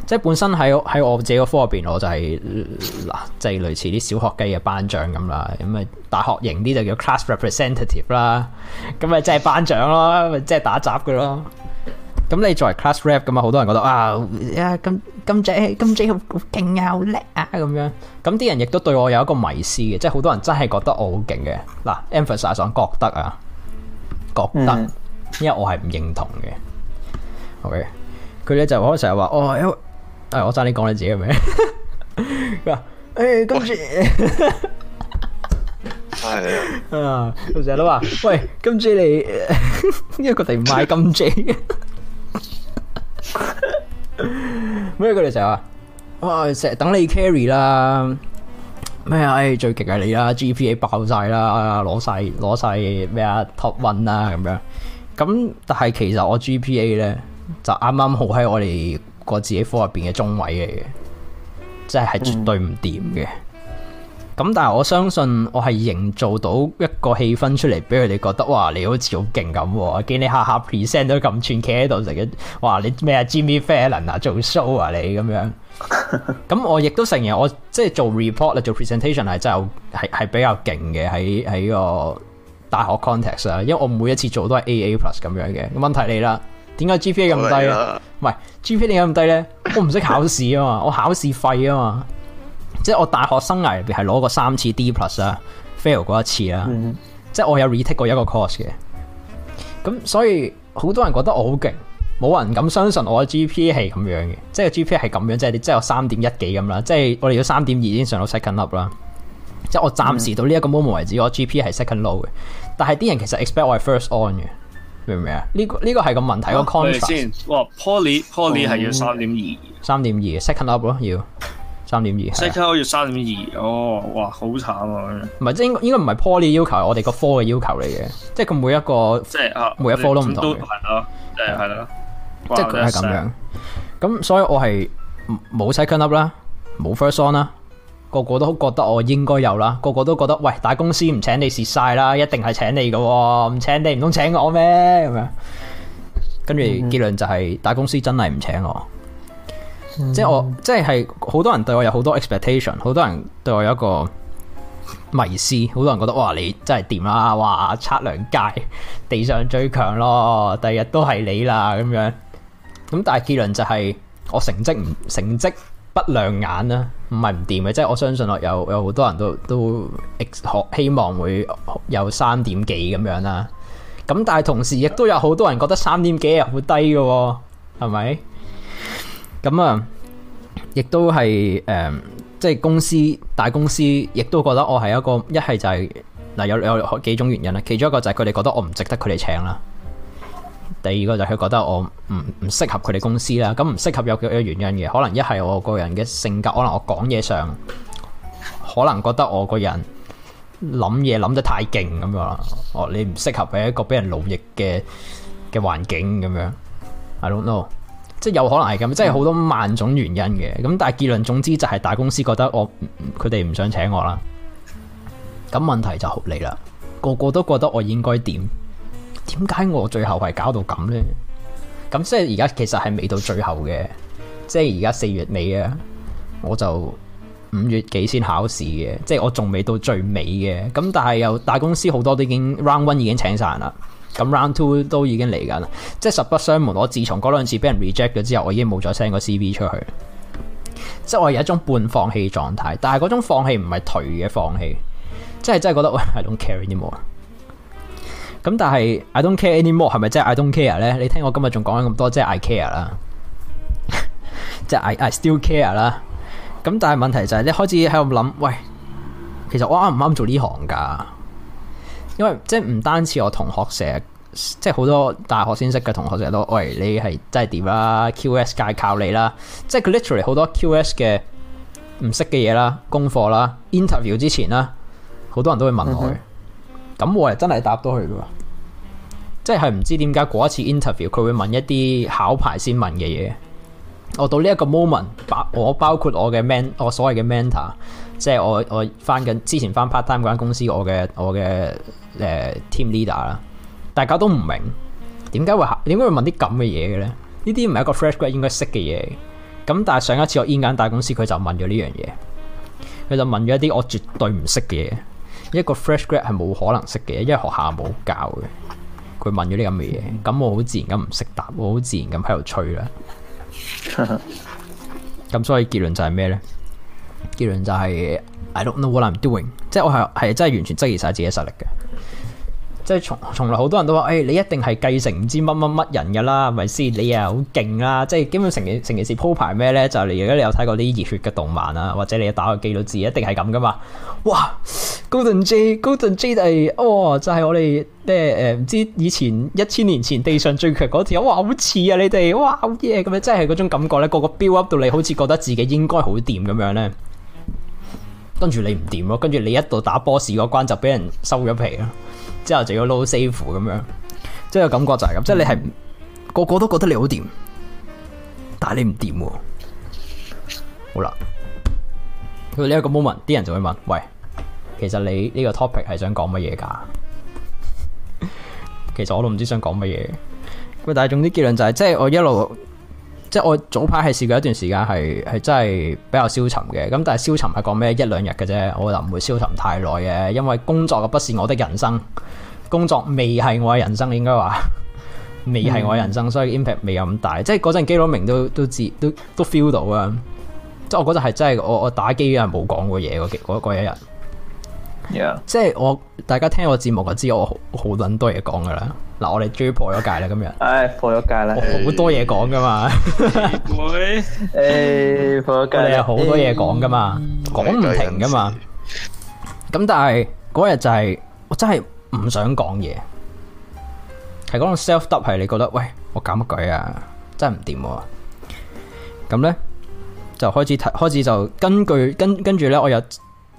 即係本身喺喺我自己個科入邊，我就係、是、嗱，即係類似啲小學雞嘅班長咁啦。咁啊，大學型啲就叫 class representative 啦。咁啊，即係班長咯，即係打雜嘅咯。咁你作為 class rep 咁啊，好多人覺得啊，啊咁咁姐咁姐好勁啊，好叻啊咁樣。咁啲人亦都對我有一個迷思嘅，即係好多人真係覺得我好勁嘅。嗱，emphasize 上覺得啊，覺得，因為我係唔認同嘅。嗯、OK，佢咧就可成日話哦。係、哎、我爭你講你自己嘅名，嗱， 誒、哎、今次，係啊，老細都話，喂，今次你因為佢哋唔買金正，咩佢哋成日啊？哇，成日等你 carry 啦，咩、哎、啊？最勁係你啦，GPA 爆晒啦，攞晒攞晒咩啊？Top one 啊，咁樣，咁但係其實我 GPA 咧就啱啱好喺我哋過自己科入邊嘅中位嚟嘅，即係絕對唔掂嘅。咁但係我相信我係營造到一個氣氛出嚟，俾佢哋覺得哇，你好似好勁咁。見你下下 present 都咁串企喺度，成日哇你咩 Jimmy Fallon 啊，做 show 啊你咁樣。咁 我亦都承認我即係做 report 咧，做 presentation 係真係係係比較勁嘅，喺喺個大學 context 啊。因為我每一次做都係 A A plus 咁樣嘅，問題你啦。點解 GPA 咁低？對啊唔係？唔係 GPA 點解咁低咧？我唔識考試啊嘛， 我考試廢啊嘛，即係我大學生涯入邊係攞過三次 D plus 啊，fail 過 一次啦，啊， 即係我有 retake 過一個 course 嘅。咁所以好多人覺得我好勁，冇人敢相信我嘅 GPA 係咁樣嘅，即係 GPA 係咁樣，即係你即係有三點一幾咁啦，即係我哋要三點二已經上到 second up 啦。即係我暫時到呢一個 moment 為止，我 GPA 係 second low 嘅，但係啲人其實 expect 我係 first on 嘅。明唔明啊？呢個呢個係個問題，個 con 先。哇，poly poly 係要三點二，三點二 second up 咯，2, 啊、up 要三點二，second 要三點二。哦，哇，好慘啊！唔係，即係應應該唔係 poly 要求，係我哋個科嘅要求嚟嘅。即係佢每一個，即係啊，每一科我們 都唔同。係咯，係咯，即係佢係咁樣。咁所以我係冇 second up 啦，冇 first on 啦。個個都覺得我應該有啦，個個都覺得，喂，大公司唔請你蝕晒啦，一定係請你嘅，唔請你唔通請我咩？咁樣，跟住結論就係大公司真係唔請我，即係我即係好多人對我有好多 expectation，好多人對我有一個迷思，好多人覺得哇，你真係掂啦，哇，測量界地上最強咯，第日都係你啦咁樣，咁但係結論就係我成績唔成績。不亮眼啦，唔係唔掂嘅，即係我相信我有有好多人都都學希望會有三點幾咁樣啦。咁但係同時亦都有好多人覺得三點幾又好低嘅，係咪？咁啊，亦都係誒，即係公司大公司亦都覺得我係一個一係就係嗱有有幾種原因啦，其中一個就係佢哋覺得我唔值得佢哋請啦。第二個就係佢覺得我唔唔適合佢哋公司啦，咁唔適合有幾個原因嘅，可能一係我個人嘅性格，可能我講嘢上，可能覺得我個人諗嘢諗得太勁咁樣，哦你唔適合俾一個俾人勞役嘅嘅環境咁樣，I don't know，即係有可能係咁，即係好多萬種原因嘅，咁但係結論總之就係大公司覺得我佢哋唔想請我啦，咁問題就嚟啦，個個都覺得我應該點？點解我最後係搞到咁呢？咁即係而家其實係未到最後嘅，即係而家四月尾啊，我就五月幾先考試嘅，即係我仲未到最尾嘅。咁但係又大公司好多都已經 round one 已經請晒人啦，咁 round two 都已經嚟緊啦。即係實不相瞞，我自從嗰兩次俾人 reject 咗之後，我已經冇再 send 個 CV 出去。即係我有一種半放棄狀態，但係嗰種放棄唔係頹嘅放棄，即係真係覺得喂，I don't care anymore。咁但係 I don't care anymore 係咪即係 I don't care 咧？你聽我今日仲講咗咁多，即係 I care 啦， 即係 I I still care 啦。咁但係問題就係，你開始喺度諗，喂，其實我啱唔啱做呢行噶？因為即係唔單止我同學成日，即係好多大學先識嘅同學成日都，喂，你係真係點啦？QS 界靠你啦，即係佢 literally 好多 QS 嘅唔識嘅嘢啦，功課啦，interview 之前啦，好多人都會問我。Mm hmm. 咁我係真係答到佢噶，即係唔知點解嗰一次 interview，佢會問一啲考牌先問嘅嘢。我到呢一個 moment，我包括我嘅 man，我所謂嘅 mentor，即係我我翻緊之前翻 part time 嗰間公司，我嘅我嘅誒、呃、team leader 啦，大家都唔明點解會點解會問啲咁嘅嘢嘅咧？呢啲唔係一個 fresh grad 應該識嘅嘢。咁但係上一次我 in 間大公司，佢就問咗呢樣嘢，佢就問咗一啲我絕對唔識嘅嘢。一個 fresh grad 係冇可能識嘅，因為學校冇教嘅。佢問咗啲咁嘅嘢，咁我好自然咁唔識答，我好自然咁喺度吹啦。咁 所以結論就係咩呢？結論就係、是、I don't know what I'm doing，即係我係係真係完全質疑晒自己實力嘅。即係從從嚟好多人都話，誒、欸，你一定係繼承唔知乜乜乜人噶啦，咪先，你又好勁啦，即係基本成件成件事鋪排咩咧，就是、你而家你有睇過啲熱血嘅動漫啊，或者你一打個機都知，一定係咁噶嘛。哇，Golden J，Golden J 就係，哦，就係、是、我哋咩誒、唔、呃、知以前一千年前地上最強嗰條，哇，好似啊你哋，哇，好嘢咁樣，真係嗰種感覺咧，個個 build up 到你好似覺得自己應該好掂咁樣咧，跟住你唔掂咯，跟住你一到打 boss 嗰關就俾人收咗皮啦。之後就要撈 safe 咁樣，即係感覺就係咁，嗯、即係你係個個都覺得你好掂，但係你唔掂喎。好啦，佢呢一個 moment，啲人就會問，喂，其實你呢個 topic 係想講乜嘢噶？ 其實我都唔知想講乜嘢。喂，但係總之結論就係、是，即係我一路。即係我早排係試過一段時間係係真係比較消沉嘅，咁但係消沉係講咩一兩日嘅啫，我就唔會消沉太耐嘅，因為工作嘅不是我的人生，工作未係我嘅人生該，你應該話未係我嘅人生，所以 impact 未咁大。嗯、即係嗰陣基佬明都都知都都 feel 到啊。即係我嗰陣係真係我我打機人冇講過嘢嗰幾嗰嗰一日，Yeah. 即係我大家聽我節目就知我好好捻多嘢講噶啦。嗱，我哋追破咗戒啦，今日。唉，破咗戒啦，好多嘢講噶嘛。會誒，破咗戒喇，有好多嘢講噶嘛，講唔停噶嘛。咁但係嗰日就係我真係唔想講嘢，係嗰種 self-doubt 係你覺得喂，我搞乜鬼啊？真係唔掂。咁咧就開始睇，開始就根據跟跟住咧，我有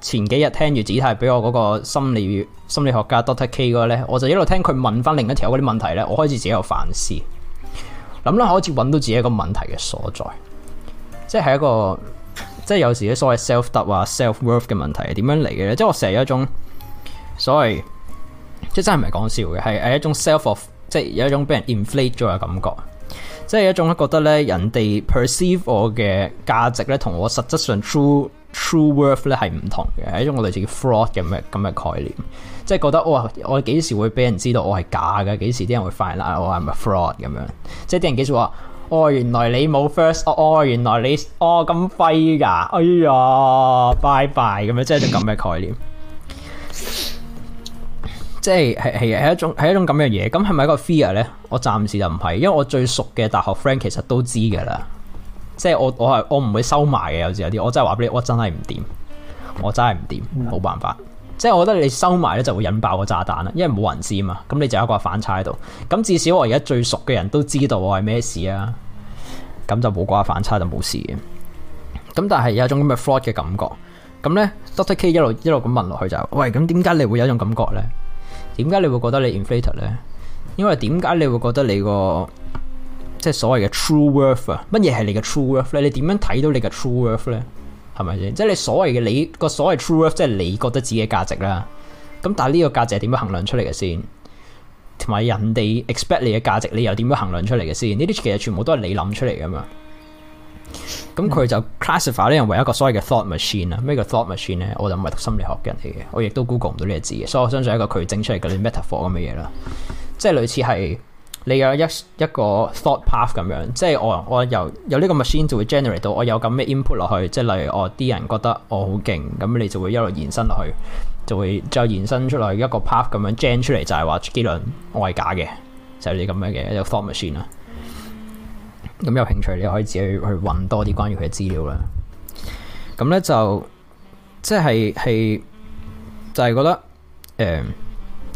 前幾日聽住 Gtai 俾我嗰個心理。心理學家 Doctor K 嗰個咧，我就一路聽佢問翻另一條嗰啲問題咧，我開始自己有反思，諗諗，開始揾到自己一個問題嘅所在，即係一個即係有時啲所謂 self-doubt 得話 self worth 嘅問題係點樣嚟嘅咧？即係我成日有一種所謂即真係唔係講笑嘅，係係一種 self of 即係有一種俾人 inflate 咗嘅感覺，即係一種覺得咧人哋 perceive 我嘅價值咧同我實質上 true true worth 咧係唔同嘅，係一種我類似叫 fraud 咁嘅咁嘅概念。即係覺得，哇、哦！我幾時會俾人知道我係假嘅？幾時啲人會發現啦？我係咪 fraud 咁樣？即係啲人幾時話，哦，原來你冇 first，哦，原來你，哦咁廢噶，哎呀，拜拜咁樣，即係啲咁嘅概念。 即係係係係一種係一種咁嘅嘢，咁係咪一個 fear 咧？我暫時就唔係，因為我最熟嘅大學 friend 其實都知噶啦。即係我我係我唔會收埋嘅，有時有啲我真係話俾你，我真係唔掂，我真係唔掂，冇辦法。即係我覺得你收埋咧就會引爆個炸彈啦，因為冇人知嘛，咁你就有一個反差喺度。咁至少我而家最熟嘅人都知道我係咩事啊，咁就冇個反差就冇事嘅。咁但係有一種咁嘅 fraud 嘅感覺。咁咧，Doctor K 一路一路咁問落去就是，喂，咁點解你會有一種感覺咧？點解你會覺得你 inflated 咧？因為點解你會覺得你個即係所謂嘅 true worth 啊？乜嘢係你嘅 true worth 咧？你點樣睇到你嘅 true worth 咧？係咪先？即係你所謂嘅你個所謂 truth，即係你覺得自己嘅價值啦。咁但係呢個價值係點樣衡量出嚟嘅先？同埋人哋 expect 你嘅價值，你又點樣衡量出嚟嘅先？呢啲其實全部都係你諗出嚟噶嘛。咁佢就 classify 呢樣為一個所謂嘅 thought machine 啊。咩叫 thought machine 咧？我就唔係讀心理學嘅人嚟嘅，我亦都 google 唔到呢個字嘅。所以我相信係一個佢整出嚟啲 metaphor 咁嘅嘢啦，即係類似係。你有一一,一個 thought path 咁樣，即係我我由有呢個 machine 就會 generate 到我有咁咩 input 落去，即係例如我啲人覺得我好勁，咁你就會一路延伸落去，就會再延伸出嚟一個 path 咁樣 gen 出嚟，就係話呢輪我係假嘅，就係你咁樣嘅一個 thought machine 啦。咁有興趣你可以自己去揾多啲關於佢嘅資料啦。咁咧就即係係就係、是就是、覺得誒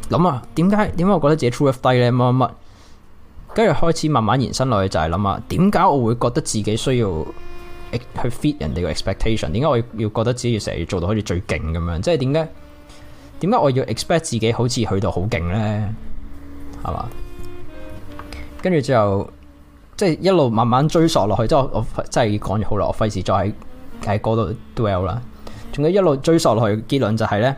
諗、嗯、啊，點解點解我覺得自己 true of 低咧？乜乜乜？跟住開始慢慢延伸落去，就係、是、諗下點解我會覺得自己需要去 fit 人哋嘅 expectation？點解我要要覺得自己要成日要做到好似最勁咁樣？即係點解點解我要 expect 自己好似去到好勁呢？係嘛？跟住之後即係一路慢慢追索落去，即係我真即係講咗好耐，我費事再喺喺嗰度 dwell 啦。仲有一路追索落去，結論就係、是、呢。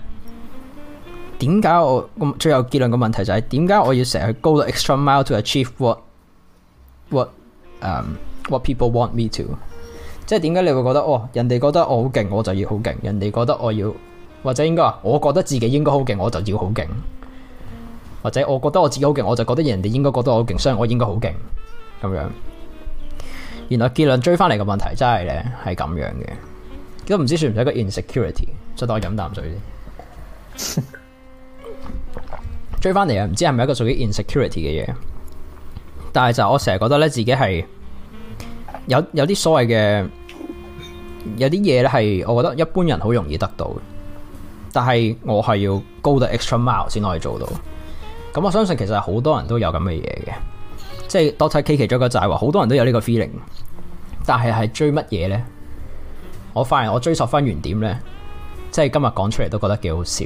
點解我個最後結論嘅問題就係點解我要成日去 go the extra mile to achieve what, what, um, what people want me to？即係點解你會覺得哦，人哋覺得我好勁，我就要好勁；人哋覺得我要，或者應該話，我覺得自己應該好勁，我就要好勁；或者我覺得我自己好勁，我就覺得人哋應該覺得我好勁，所以我應該好勁咁樣。原來結論追翻嚟嘅問題真係咧係咁樣嘅，都唔知算唔算一個 insecurity？再等我飲啖水先。 追翻嚟啊！唔知係咪一個屬於 insecurity 嘅嘢，但係就我成日覺得咧，自己係有有啲所謂嘅，有啲嘢咧係，我覺得一般人好容易得到，但係我係要 go the extra mile 先可以做到。咁我相信其實好多人都有咁嘅嘢嘅，即係 Doctor K K 講個債話，好多人都有呢個 feeling，但係係追乜嘢咧？我發現我追溯翻原點咧，即係今日講出嚟都覺得幾好笑。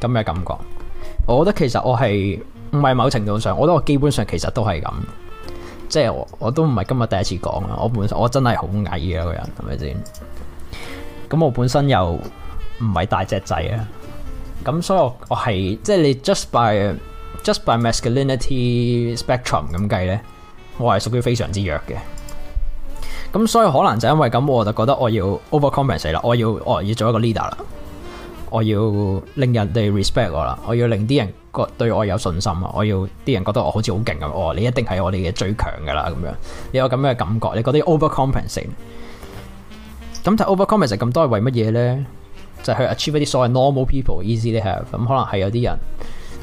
咁嘅感覺，我覺得其實我係唔係某程度上，我覺得我基本上其實都係咁，即係我，我都唔係今日第一次講啊！我本身我真係好矮嘅一個人，係咪先？咁我本身又唔係大隻仔啊！咁所以我我係即係你 just by just by masculinity spectrum 咁計咧，我係屬於非常之弱嘅。咁所以可能就因為咁，我就覺得我要 overcompensate 啦，我要我要做一個 leader 啦。我要令人哋 respect 我啦，我要令啲人覺對我有信心啊，我要啲人覺得我好似好勁咁，哦，你一定係我哋嘅最強噶啦咁樣，你有咁樣嘅感覺，你覺得 overcompensing，咁但 overcompensing 咁多係為乜嘢呢？就係去 achieve 啲所謂 normal people easily have，咁可能係有啲人，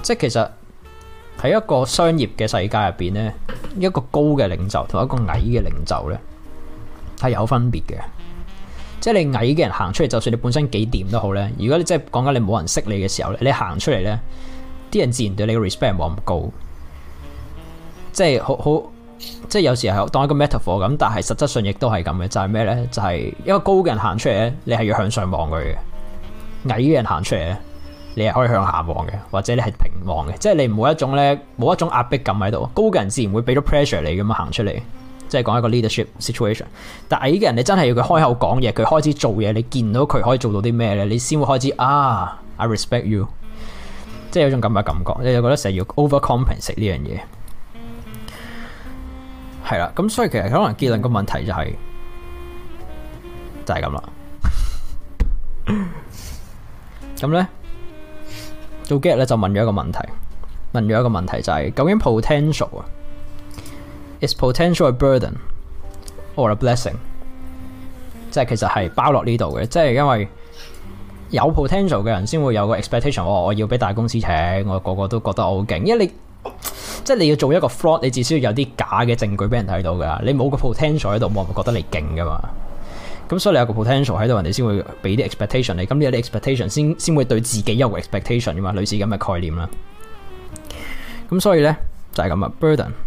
即係其實喺一個商業嘅世界入邊呢，一個高嘅領袖同一個矮嘅領袖呢，係有分別嘅。即係你矮嘅人行出嚟，就算你本身幾掂都好咧。如果你即係講緊你冇人識你嘅時候咧，你行出嚟咧，啲人自然對你嘅 respect 冇咁高。即係好好，即係有時係當一個 metaphor 咁，但係實質上亦都係咁嘅。就係咩咧？就係、是、一個高嘅人行出嚟咧，你係要向上望佢嘅；矮嘅人行出嚟咧，你係可以向下望嘅，或者你係平望嘅。即係你唔會一種咧，冇一種壓迫感喺度。高嘅人自然會俾到 pressure 你咁行出嚟。即係講一個 leadership situation，但呢個人你真係要佢開口講嘢，佢開始做嘢，你見到佢可以做到啲咩咧，你先會開始啊，I respect you，即係有種咁嘅感覺，你就覺得成日要 overcompensate 呢樣嘢，係啦，咁所以其實可能結論個問題就係、是、就係咁啦，咁咧 到幾日咧就問咗一個問題，問咗一個問題就係、是、究竟 potential 啊？Is potential a burden or a blessing，即係其實係包落呢度嘅，即係因為有 potential 嘅人先會有個 expectation，我我要俾大公司請，我個個都覺得我好勁，因為你即係你要做一個 fraud，你至少要有啲假嘅證據俾人睇到噶，你冇個 potential 喺度，冇人會覺得你勁噶嘛。咁所以你有個 potential 喺度，人哋先會俾啲 expectation 你，咁呢啲 expectation 先先會對自己有個 expectation 噶嘛，類似咁嘅概念啦。咁所以呢就係咁啊，burden。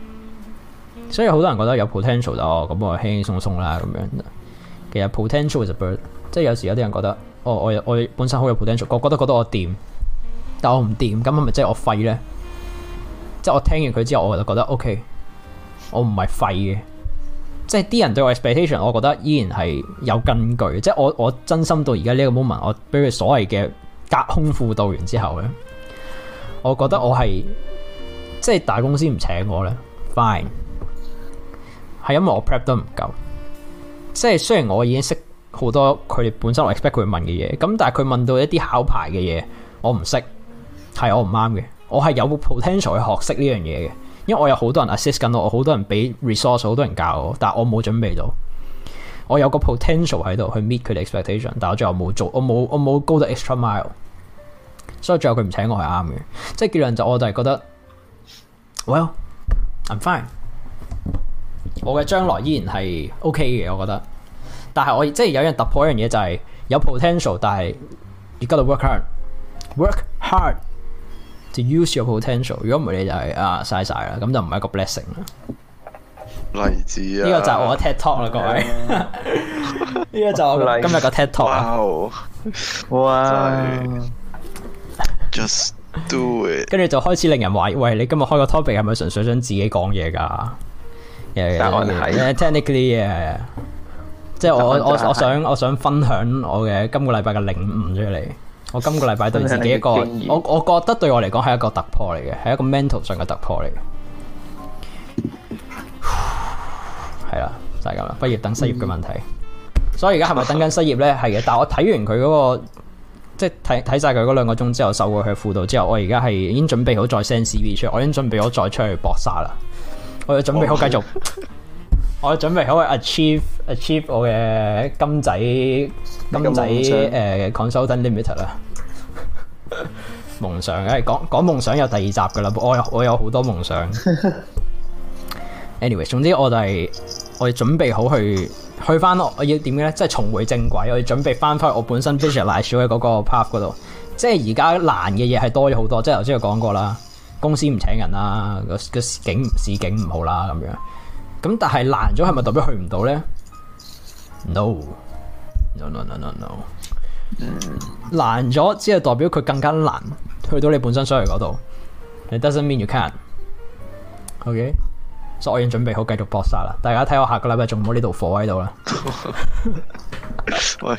所以好多人覺得有 potential 就、哦、咁我輕輕鬆鬆啦。咁樣其實 potential is a bird，即係有時有啲人覺得，哦、我我我本身好有 potential，我覺得覺得我掂，但我唔掂，咁係咪即係我廢咧？即係我聽完佢之後，我就覺得 OK，我唔係廢嘅。即係啲人對我 expectation，我覺得依然係有根據。即係我我真心到而家呢個 moment，我俾佢所謂嘅隔空輔導完之後咧，我覺得我係即係大公司唔請我咧，fine。係因為我 prep 都唔夠，即係雖然我已經識好多佢哋本身我 expect 佢問嘅嘢，咁但係佢問到一啲考牌嘅嘢，我唔識，係我唔啱嘅。我係有個 potential 去學識呢樣嘢嘅，因為我有好多人 assist 緊我，好多人俾 resource，好多人教我，但我冇準備到。我有個 potential 喺度去 meet 佢哋 expectation，但係我最後冇做，我冇我冇 go the extra mile，所以最後佢唔請我係啱嘅。即係結論就我就係覺得，Well，I'm fine。我嘅將來依然係 OK 嘅，我覺得。但係我即係有樣突破，一樣嘢就係有 potential，但係而家就 work hard，work hard to use your potential。如果唔係，你就係、是、啊晒晒啦，咁就唔係一個 blessing 啦。例子啊！呢個就我嘅 talk e d t 啦，各位。呢個就今日個 talk。哇！j u s,、就是、 t do it。跟住就開始令人話：喂，你今日開個 topic 係咪純粹想自己講嘢噶？嘅，yeah, yeah, 但我哋誒 technically 嗰啲嘢，即係 yeah ,、yeah. 我我我,、就是、我想我想分享我嘅今個禮拜嘅領悟出嚟。我今個禮拜對自己一個，我我覺得對我嚟講係一個突破嚟嘅，係一個 mental 上嘅突破嚟嘅。係 啦，就係咁啦。畢業等失業嘅問題，嗯、所以而家係咪等緊失業咧？係嘅， 但係我睇完佢嗰、那個，即係睇睇曬佢嗰兩個鐘之後，受過佢輔導之後，我而家係已經準備好再 send CV 出嚟，我已經準備好再出去搏殺啦。我要準備好繼續，oh、my. 我要準備好去 achieve achieve 我嘅金仔金仔誒 consultant limiter 啦，夢、呃、 想誒講講夢想有第二集噶啦，我有我有好多夢想。Anyway 總之我哋、就是、我哋準備好去去翻我要點樣咧，即係重回正軌，我哋準備翻翻我本身 visualize 嘅嗰個 path 嗰度，即係而家難嘅嘢係多咗好多，即係頭先佢講過啦。公司唔請人啦、啊，個個景市景唔好啦、啊、咁樣。咁但係難咗係咪代表去唔到咧？No，no no no no, no, no, no。嗯。難咗只係代表佢更加難去到你本身想去嗰度。It doesn't mean you can't。Okay 所以我已經準備好繼續搏殺啦。大家睇我下個禮拜仲唔好呢度火喺度啦。喂，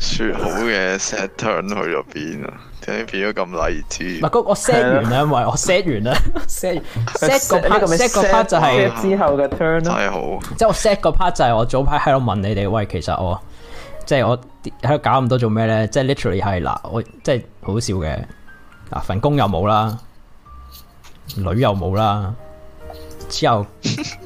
説好嘅 Saturn 去咗邊啊？聽你變咗咁勵志，唔係嗰我 set 完啦，對了 因為我 set 完啦，set set 個 part 咁 set 個 part 就係之後嘅 turn 咯，太好、啊。即係我 set 個 part 就係我早排喺度問你哋，喂，其實我即係、就是、我喺度搞咁多做咩咧？即、就、係、是、literally 係嗱，我即係、就是、好笑嘅，嗱份工又冇啦，又女又冇啦，之後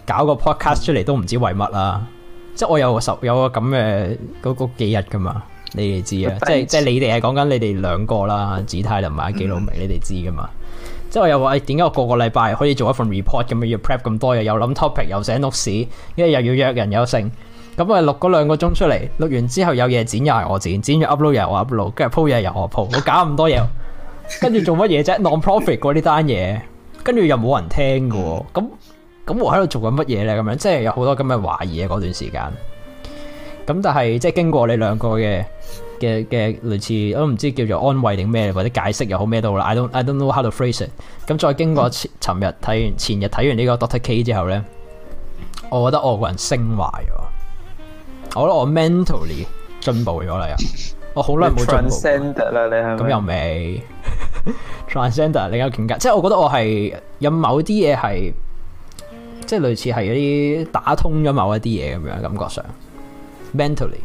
搞個 podcast 出嚟都唔知為乜啦。 即係我有個十有個咁嘅嗰嗰幾日噶嘛。你哋知啊，即係即係你哋係講緊你哋兩個啦。子泰又埋記錄老明，你哋知噶嘛？嗯、即係我又話點解我個個禮拜可以做一份 report 咁樣要 prep 咁多嘢，又諗 topic，又寫 notes，跟住又要約人又，又剩咁啊，錄嗰兩個鐘出嚟，錄完之後有嘢剪又係我剪，剪咗 upload 又，up 又我 upload，跟住鋪嘢又我鋪，我搞咁多嘢，跟住 做乜嘢啫？non-profit 呢單嘢，跟住 又冇人聽嘅。咁咁我喺度做緊乜嘢咧？咁樣即係有好多咁嘅懷疑啊。嗰段時間。咁但係即係經過你兩個嘅。嘅嘅類似，我都唔知叫做安慰定咩，或者解釋又好咩都好啦。I don't I don't know how to phrase it。咁再經過尋日睇完前日睇完呢個 Doctor K 之後咧，我覺得我個人升華咗，我覺得我 mentally 進步咗嚟啊！我好耐冇進步啦。咁又未 transcend e r 你有境界，即係我覺得我係有某啲嘢係，即係類似係嗰啲打通咗某一啲嘢咁樣，感覺上 mentally。Ment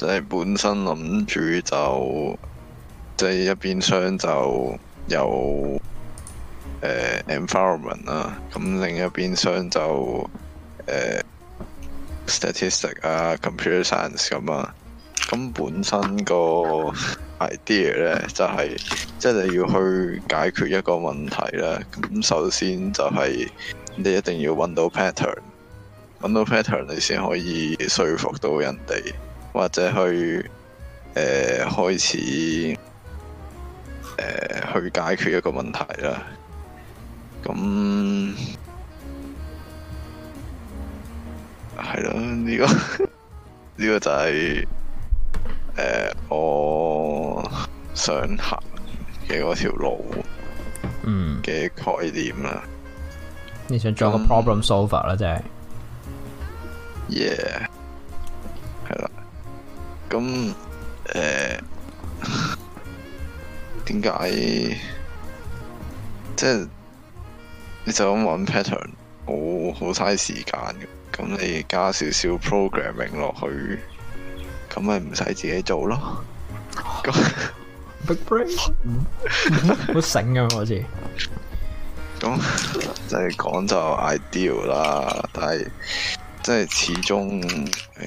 即係本身諗住就，即係一邊廂就有誒 environment 啦，咁另一邊廂就誒 statistics 啊，computer science 咁啊。咁本身個 idea 咧，就係即係你要去解決一個問題啦。咁首先就係你一定要揾到 pattern，揾到 pattern，你先可以說服到人哋。或者去誒、呃、開始誒、呃、去解決一個問題啦，咁係咯呢個呢、呢個就係、是、誒、呃、我想行嘅嗰條路，嘅概念啦、嗯。你想做一個 problem solver 啦、嗯，啫。y、yeah. e 咁誒點解？即係、呃就是、你想揾 pattern，好好嘥時間嘅。咁你加少少 programming 落去，咁咪唔使自己做咯。 Big brain，好醒嘅好似。咁即係講就，就 ideal 啦，但係即係始終。呃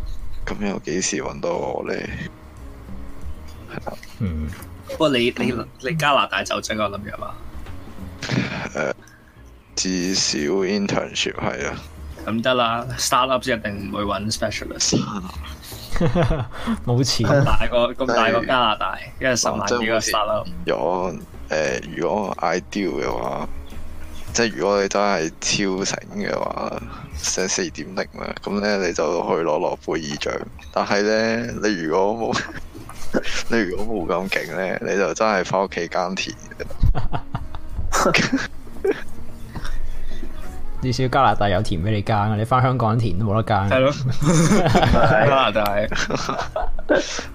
咁又幾時揾到我咧？係啦，嗯。不過你你你加拿大就真個諗住嘛？至少 internship 係啊。咁得啦，startup 一定唔會揾 specialist。冇 錢大個咁大個加拿大，欸、因為十萬幾個 startup。Up 有誒、呃，如果 idea 嘅話。即係如果你真係超醒嘅話，成四點零啦，咁咧你就去攞諾貝爾獎。但係咧，你如果冇， 你如果冇咁勁咧，你就真係翻屋企耕田。至 少加拿大有田俾你耕，你翻香港田都冇得耕。係咯了，加拿大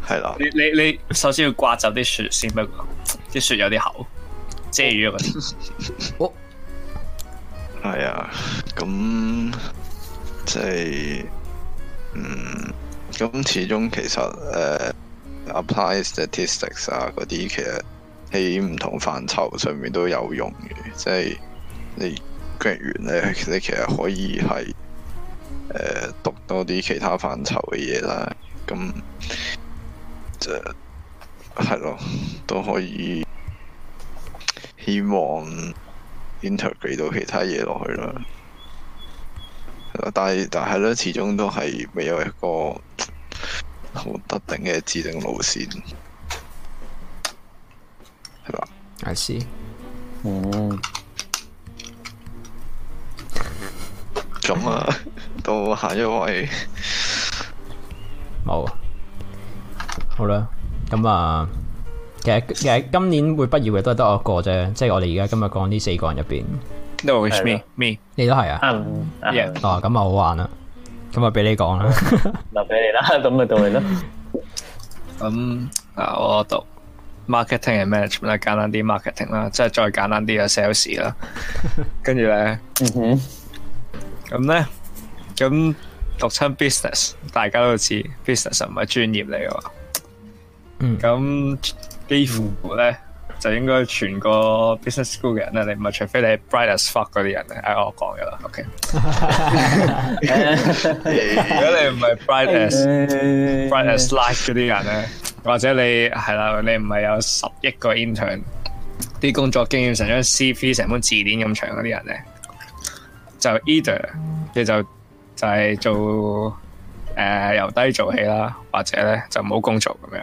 係咯。你你你，首先要刮走啲雪先，不過啲雪有啲厚，遮雨啊！我、哦、～、 哦係啊，咁即係，嗯，咁始終其實、呃、apply statistics 啊嗰啲其實喺唔同範疇上面都有用嘅，即係你 get 完咧，你其實可以係誒、呃、讀多啲其他範疇嘅嘢啦，咁即係咯，都可以希望。integrate 到其他嘢落去啦，但係但係咧，始終都係未有一個好特定嘅指定路線，係嘛？I see. Mm. 哦，咁啊， 到下一位冇啊，好啦，咁啊。其實其實今年會畢業嘅都係得我一個啫，即係我哋而家今日講呢四個人入邊。都係我，你都係啊。啊，咁啊好玩啦，咁啊俾你講啦，留俾你啦，咁咪到你啦。咁啊，我讀 marketing 嘅 management，簡單啲 marketing 啦，即係再簡單啲嘅 sales 啦。跟住咧，咁咧，咁讀親 business，大家都知 business 係唔係專業嚟嘅嘛。嗯。咁。幾乎咧就應該全個 business school 嘅人咧，你唔係除非你係 bright as fuck 嗰啲人咧，哎我講嘅啦。OK，如果你唔係 bright as bright as life 嗰啲人咧，或者你係啦，你唔係有十億個 intern 啲工作經驗成張 CV 成本字典咁長嗰啲人咧，就 either 你就就係做誒由低做起啦，或者咧就冇工作咁樣。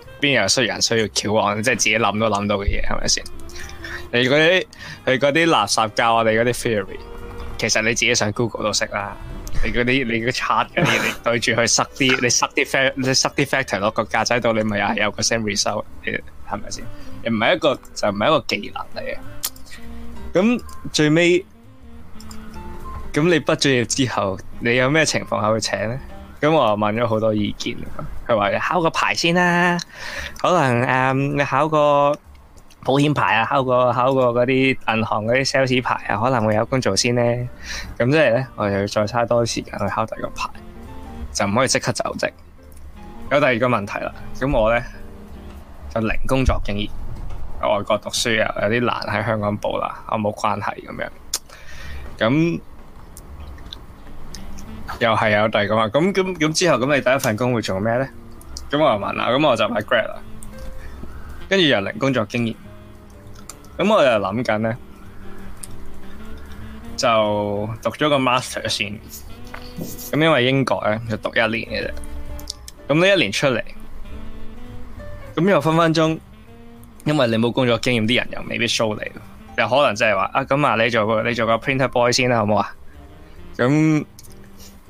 邊有需要人需要橋案，即係自己諗都諗到嘅嘢，係咪先？你嗰啲你啲垃圾教我哋嗰啲 theory，其實你自己上 Google 都識啦。你嗰啲你個 chat 嗰啲，你對住佢塞啲， 你塞啲 fact 你塞啲 factor 落個架仔度，你咪又係有個 same result，係咪先？你唔係一個就唔係一個技能嚟嘅。咁最尾，咁你畢咗業之後，你有咩情況下會請呢？咁我問咗好多意見，佢話：考個牌先啦，可能誒你、嗯、考個保險牌啊，考個考個嗰啲銀行嗰啲 sales 牌啊，可能會有工做先呢。咁即係呢，我又要再嘥多時間去考第二個牌，就唔可以即刻就職。有第二個問題啦，咁我呢，就零工作經驗，外國讀書啊，有啲難喺香港報啦，我冇關係咁樣，咁。又係有第二個嘛？咁咁咁之後咁，你第一份工會做咩咧？咁我又問啦，咁我就係 grad 啦，跟住又零工作經驗。咁我又諗緊咧，就讀咗個 master 先。咁因為英國咧就讀一年嘅啫。咁呢一年出嚟，咁又分分鐘，因為你冇工作經驗，啲人又未必 show 你，又可能真係話啊，咁啊，你做你做個 printer boy 先啦，好唔好啊？咁。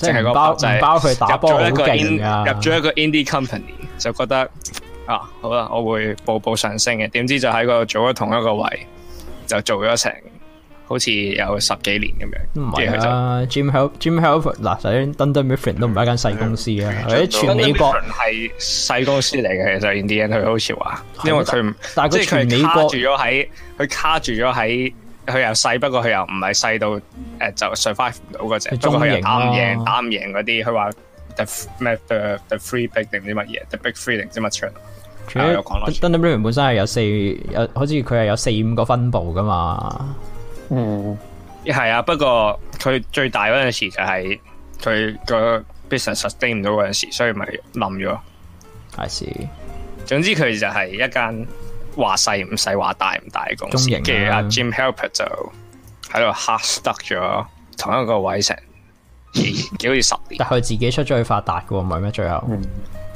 即係個包，就、那個、包佢入咗一個 in, 入咗一個 indie Company，就覺得啊，好啦，我會步步上升嘅。點知就喺嗰度做咗同一個位，就做咗成好似有十幾年咁樣。唔係啊，Jim Hel，Jim Hel 嗱，首先 Dunder Mifflin 都唔係一間細公司啊，或者、嗯、全美國係細公司嚟嘅，其實 Indian 佢好似話，因為佢，唔，但係佢全美國住咗喺，佢卡住咗喺。佢又細，不過佢又唔係細到誒就 survive 唔到嗰隻。不過佢又打唔贏，打唔贏嗰啲。佢話 the the the free big 定唔知乜嘢，the big free 定唔知乜嘢出。仲有又講落去。Donald Trump 本身係有四，有好似佢係有四五個分部噶嘛。嗯，係啊。不過佢最大嗰陣時就係佢個 business sustain 唔到嗰陣時，所以咪冧咗。係先。總之佢就係一間。話細唔細，話大唔大公司。嘅。阿 Jim Halpert 就喺度卡 stuck 咗同一個位成幾好似十年，但佢自己出咗去發達嘅喎，唔係咩？最後。嗯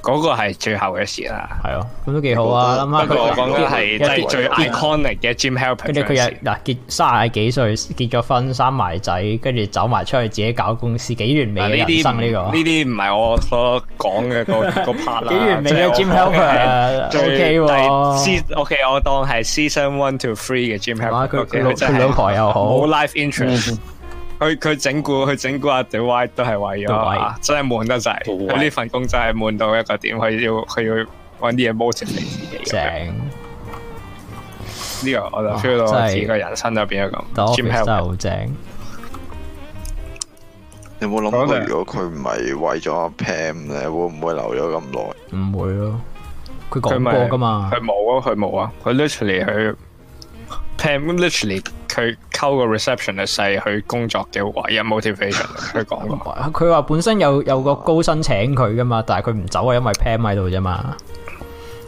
嗰個係最後嘅事啦，係咯，咁都幾好啊！不過佢講啲係最 iconic 嘅 gym helper。佢哋佢又嗱結三十幾歲結咗婚，生埋仔，跟住走埋出去自己搞公司，幾完美人生呢個？呢啲唔係我所講嘅個 part 啦。幾完美嘅 gym helper 我當係 season one to three 嘅 gym helper。佢老佢老婆又好，冇 life interest。佢佢整蠱佢整蠱阿 Dwight 都係為咗 The White.、啊，真係悶得滯。呢 The White. 份工真係悶到一個點，佢要佢要揾啲嘢 motivate 自己。正，呢、這個我就 feel 到自己嘅人生就變咗咁、啊。真係好正。有冇諗過如果佢唔係為咗阿、啊、Pam 咧，會唔會留咗咁耐？唔會咯，佢講過噶嘛。佢冇啊，佢冇啊，佢 literally 佢。Pam literally 佢溝個 receptionist 係佢工作嘅唯一 motivation，佢講嘅嘛。佢話 本身有有個高薪請佢㗎嘛，但係佢唔走係因為 Pam 喺度啫嘛。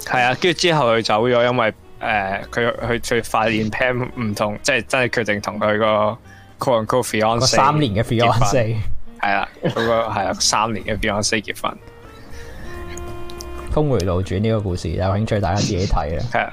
係啊，跟住之後佢走咗，因為誒佢佢佢發現 Pam 唔同，即係真係決定同佢個 call and call fiance 三年嘅 fiance，係啦，嗰、 那個係啊，三年嘅 fiance 結婚。峰回路轉呢個故事，有興趣大家自己睇啦。係啊。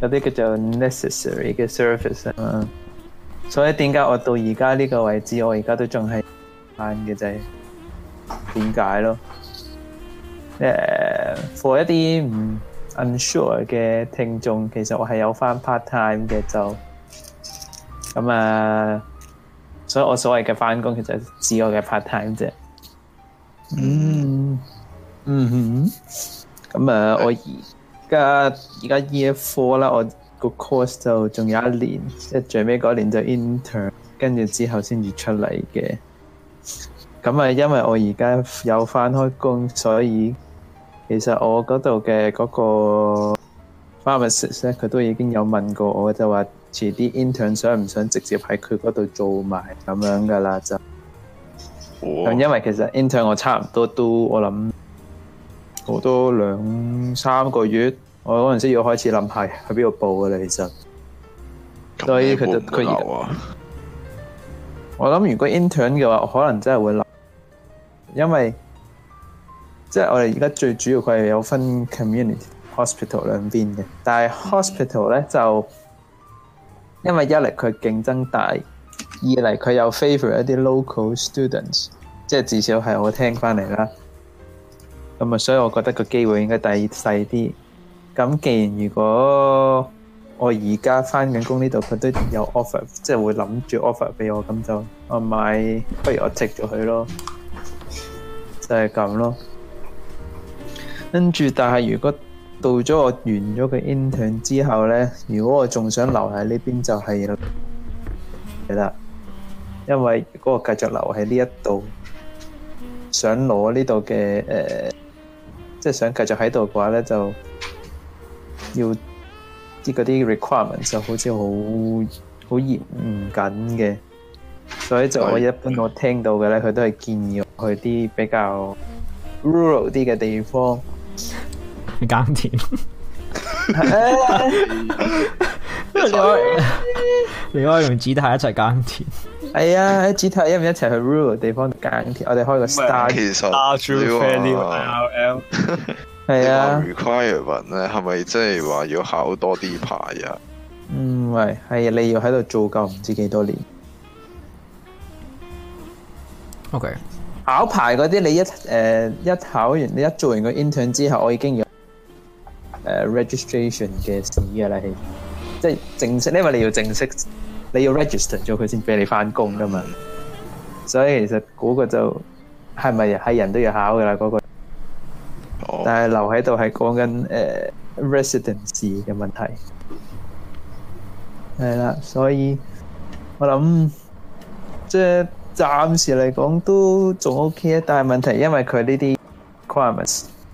有啲叫做 necessary 嘅 service 啊，所以點解我到而家呢個位置，我而家都仲係返嘅就係點解咯？誒，for 一啲唔 unsure 嘅聽眾，其實我係有翻 part time 嘅就咁啊，所以我所謂嘅翻工其實係指我嘅 part time 啫。嗯嗯哼，咁啊，我而。而家 year four 啦，我個 course 就仲有一年，即係最尾嗰年就 intern，跟住之後先至出嚟嘅。咁啊，因為我而家有翻開工，所以其實我嗰度嘅嗰個 pharmacist 咧，佢都已經有問過我，就話遲啲 intern，想唔想直接喺佢嗰度做埋咁樣噶啦，就咁、oh. 因為其實 intern 我差唔多都我諗。好多兩三個月，我嗰陣時要開始諗係去邊度報嘅、啊、啦。其實，所以佢就佢而家，我諗如果 intern 嘅話，我可能真係會諗，因為即係我哋而家最主要佢係有分 community、mm. hospital 兩邊嘅，但係 hospital 咧就因為一嚟佢競爭大，二嚟佢有 favourite 一啲 local students，即係至少係我聽翻嚟啦。咁啊，所以我覺得個機會應該大細啲。咁既然如果我而家翻緊工呢度，佢都有 offer，即係會諗住 offer 俾我，咁就我買，不如我 take 咗佢咯，就係咁咯。跟住，但係如果到咗我完咗個 intern 之後呢，如果我仲想留喺呢邊，就係啦，因為如果我繼續留喺呢一度，想攞呢度嘅誒。呃即係想繼續喺度嘅話咧，就要啲嗰啲 requirement 就好似好好嚴謹嘅，所以就我一般我聽到嘅咧，佢都係建議我去啲比較 rural 啲嘅地方耕田。 更甜笑你可以 你可以用吉他一齊耕田。係啊 、哎，喺吉他一唔一齊去 rule 嘅地方耕田。我哋開個 star，其實需要啊。係啊，requirement 係咪即係話要考多啲牌啊？唔係、嗯，喂，係啊，你要喺度做夠唔知幾多年。OK，考牌嗰啲你一誒、呃、一考完，你一做完個 intern 之後，我已經有。誒，registration 嘅事宜、啊、啦，即、就、係、是、正式，因為你要正式你要 register 咗佢先俾你翻工噶嘛，所以其實嗰個就係咪係人都要考噶啦，嗰、那個，oh. 但係留喺度係講緊誒、呃、residence 嘅問題，係啦，所以我諗即係暫時嚟講都仲 ok 啊，但係問題因為佢呢啲 requirements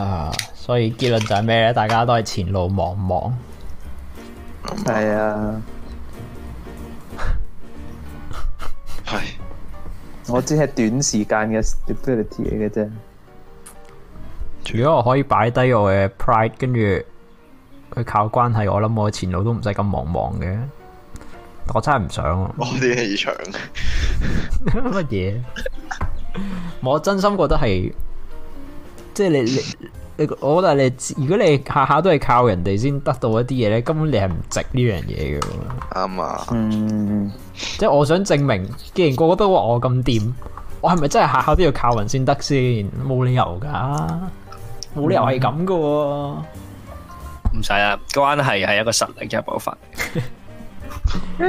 啊！Uh, 所以結論就係咩咧？大家都係前路茫茫，係啊，係。 我只係短時間嘅 stability 嚟嘅啫。如果我可以擺低我嘅 pride，跟住佢靠關係，我諗我嘅前路都唔使咁茫茫嘅。我真係唔想啊！我點起長乜嘢？我真心覺得係。即係你你你，我覺得你，如果你下下都係靠人哋先得到一啲嘢咧，根本你係唔值呢樣嘢嘅。啱啊吧，嗯，即係我想證明，既然個個都話我咁掂，我係咪真係下下都要靠人先得先？冇理由噶，冇、嗯、理由係咁噶。唔使啦，關係係一個實力嘅一部分。 我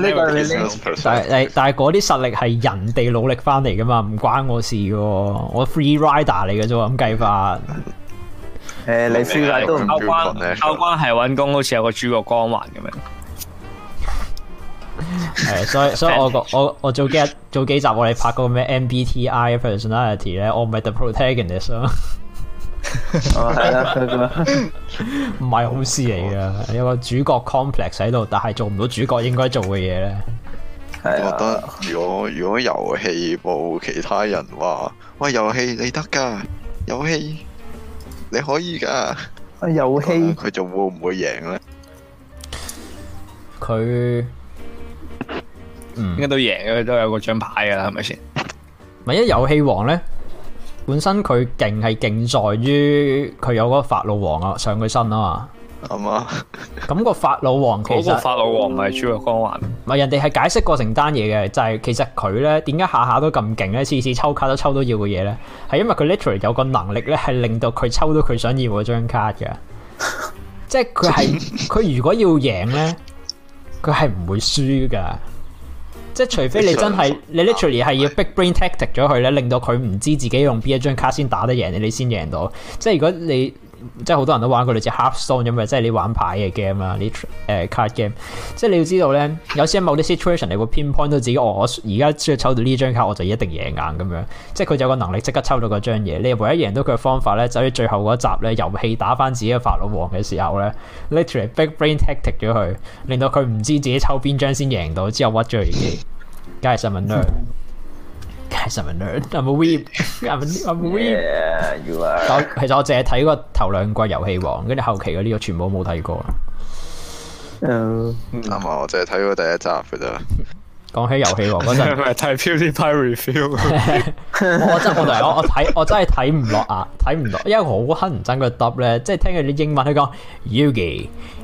呢個但是你但係嗰啲實力係人哋努力翻嚟噶嘛，唔關我事噶。我 free rider 嚟嘅啫，咁計法。誒，你都靠關係揾工，好似有個主角光環咁樣。係，所以所以我 我我，我做幾做幾集我哋拍個咩 MBTI personality 咧，我唔係 the protagonist 啊。 係啦，唔係 好事嚟噶。有個主角 complex 喺度，但係做唔到主角應該做嘅嘢咧。我覺得如果如果遊戲冇其他人話，喂，遊戲你得噶，遊戲你可以噶。喂，遊戲佢仲會唔會贏咧？佢、嗯、應該都贏啊，佢都有一個獎牌噶啦，係咪先？萬一遊戲王咧？本身佢勁係勁在於佢有嗰個法老王啊上佢身啊嘛，係嘛嗎？咁個法老王其實嗰個法老王唔係主要光環，唔係人哋係解釋過成單嘢嘅，就係、是、其實佢咧點解下下都咁勁咧，次次抽卡都抽到要嘅嘢咧，係因為佢 literally 有個能力咧，係令到佢抽到佢想要嗰張卡嘅， 即係佢係佢如果要贏咧，佢係唔會輸噶。即除非你真係，你 literally 係要 big brain tactic 咗佢咧，令到佢唔知自己用邊一張卡先打得贏你，你先贏到。即係如果你。即係好多人都玩過類似 Hearthstone 咁嘅，即係你玩牌嘅 game 啦，你誒 card game。即係你要知道咧，有時喺某啲 situation，你會 pinpoint 到自己，我而家只要抽到呢張卡，我就一定贏硬咁樣。即係佢有個能力，即刻抽到嗰張嘢。你唯一贏到佢嘅方法咧，就喺最後嗰一集咧，遊戲打返自己嘅法老王嘅時候咧，literally big brain tactic 咗佢，令到佢唔知自己抽邊張先贏到，之後屈咗佢自己。梗係十蚊兩。I'm a weeb, I'm a, I'm a weeb. 其實我淨係睇過頭兩季遊戲王，跟住後，後期嘅嗰啲我全部都冇睇過。Uh, 嗯，啱啊 我淨係睇過第一集噶咋。講起遊戲王，我真係咪睇《PewDiePie Review》？我真係我我睇我真係睇唔落啊，睇唔落，因為好乞人憎嘅 Dub 咧，即係聽佢啲英文，佢講 Yugi。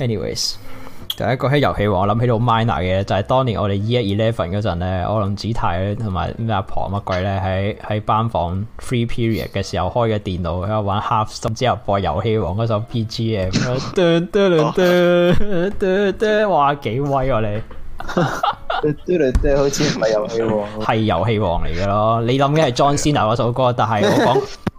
anyways，第一講喺遊戲王，我諗起到 miner 嘅，就係、是、當年我哋 Year Eleven 嗰陣咧，我林子太咧同埋咩阿婆乜鬼咧喺喺班房 free period 嘅時候開嘅電腦，喺度玩 Half，之後播遊戲王嗰首 BGM 哇幾威我、啊、哋，嘟嚟嘟好似唔係遊戲王，係遊戲王嚟嘅咯，你諗緊係 John Cena 嗰首歌，但係我講。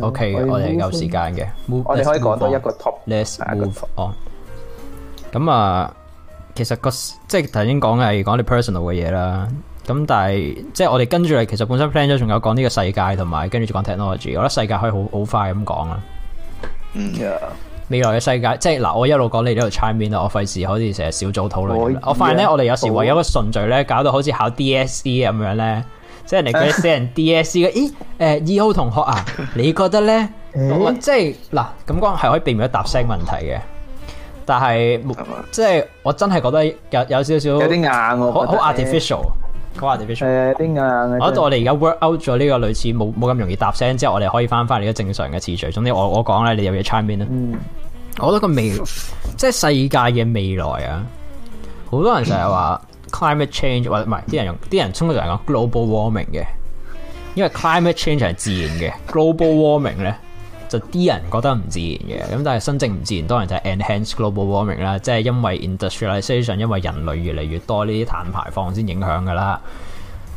O Okay , K，我哋有時間嘅。我哋可以講多 move on, 一個 top。Let's move on。咁啊，其實個即係頭先講嘅係講你 personal 嘅嘢啦。咁但係即係我哋跟住嚟，其實本身 plan 咗仲有講呢個世界，同埋跟住就講 technology。我覺得世界可以好好快咁講啊。Yeah. 未來嘅世界，即係嗱，我一路講，你呢度 chime in 參與啦。我費事好似成日小組討論咁，我發現咧，我哋有時為咗個順序咧，搞到好似考 D S E 咁樣咧。即係你哋啲死人 D S C 嘅、 欸，咦、欸？誒二號同學啊，你覺得咧？咁、欸、即係嗱，咁講係可以避免咗搭聲問題嘅，但係即係我真係覺得有有少少有啲硬，好好 artificial，好 artificial。有啲硬。我覺得我哋而家 work out 咗呢個類似冇冇咁容易搭聲之後，我哋可以翻翻嚟啲正常嘅次序。總之我我講咧，你有嘢 chime in 咧。嗯，我覺得個未 即係世界嘅未來啊，好多人成日話。climate change 或者唔係啲人用，啲人通常就係講 global warming 嘅，因為 climate change 係自然嘅，global warming 咧就啲人覺得唔自然嘅，咁但係真正唔自然當然就係 enhanced global warming 啦，即係因為 industrialization 因為人類越嚟越多呢啲碳排放先影響噶啦。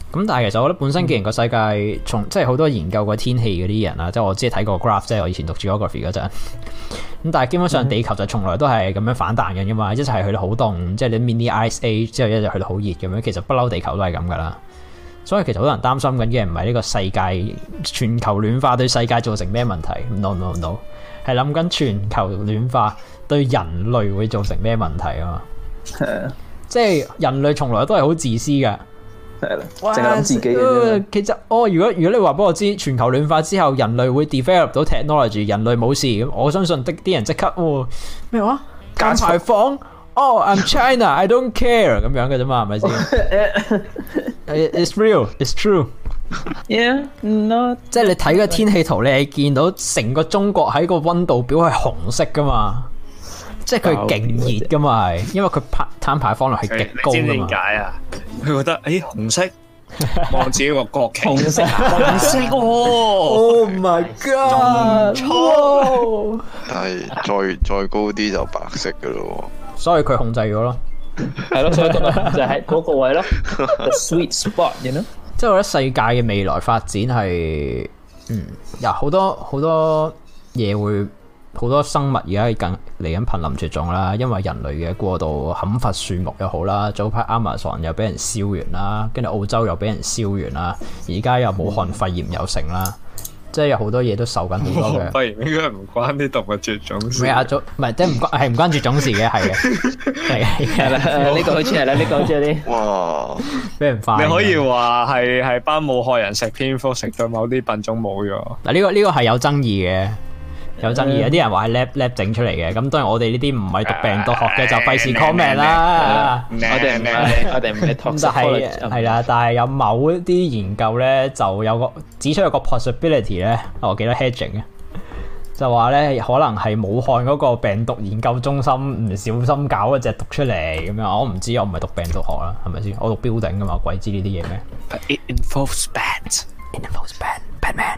咁但係其實我覺得本身既然個世界從，即係好多研究過天氣嗰啲人啊，即係我之前睇過 graph，即係我以前讀 geography 嗰陣。咁但係基本上地球就從來都係咁樣反彈嘅嘛，一齊去到好凍，即係你 mini ice age 之後一齊去到好熱咁樣，其實不嬲地球都係咁噶啦。所以其實好多人擔心緊嘅唔係呢個世界全球暖化對世界造成咩問題，no no no，係諗緊全球暖化對人類會造成咩問題啊嘛。 即係人類從來都係好自私嘅。係啦，淨係諗自己。其實哦，如果如果你話俾我知，全球暖化之後人類會 develop 到 technology，人類冇事，咁我相信啲啲人即刻我咩話？麼加柴房哦 I'm China，I don't care，咁 樣嘅啫嘛，係咪先。It's real，It's true yeah, no。Yeah，嗯咯。即係你睇個天氣圖，你係見到成個中國喺個溫度表係紅色噶嘛？即係佢勁熱噶嘛，因為佢碳排放量係極高啊嘛。你知唔知點解啊？佢覺得誒紅色望住個國旗，紅色紅色，Oh my God！聰哇但係再再高啲就白色噶咯，所以佢控制咗咯，係咯，所以今日就喺嗰個位咯 ，sweet spot 咯 you know？即係我覺得世界嘅未來發展係，嗯，有好多好多嘢會。好多生物而家係近嚟緊瀕臨絕種啦，因為人類嘅過度砍伐樹木又好啦，早排 Amazon 又俾人燒完啦，跟住澳洲又俾人燒完啦，而家又武漢肺炎又成啦，即係有好多嘢都受緊好多嘅。肺炎應該唔關啲動物絕種事，咩啊？唔係即係唔關係唔關絕種事嘅，係嘅 的，係嘅啦。呢個好似係啦，呢、這個好似啲。哇！俾人快，你可以話係係班武漢人食蝙蝠食到某啲品種冇咗。嗱呢、這個呢、這個係有爭議嘅。有爭議，有啲人話係 lab lab 整出嚟嘅。咁當然我哋呢啲唔係讀病毒學嘅，uh, 就費事 comment 啦。我哋我哋咁係係啦，但係有某啲研究咧，就有個指出有個 possibility 咧、哦，我記得 hedging，就話咧可能係武漢嗰個病毒研究中心唔小心搞一隻毒出嚟咁樣，我唔知，我唔係讀病毒學啦，係咪先？我讀 building 噶嘛，鬼知呢啲嘢咩？It involves bats. It involves bats. Batman.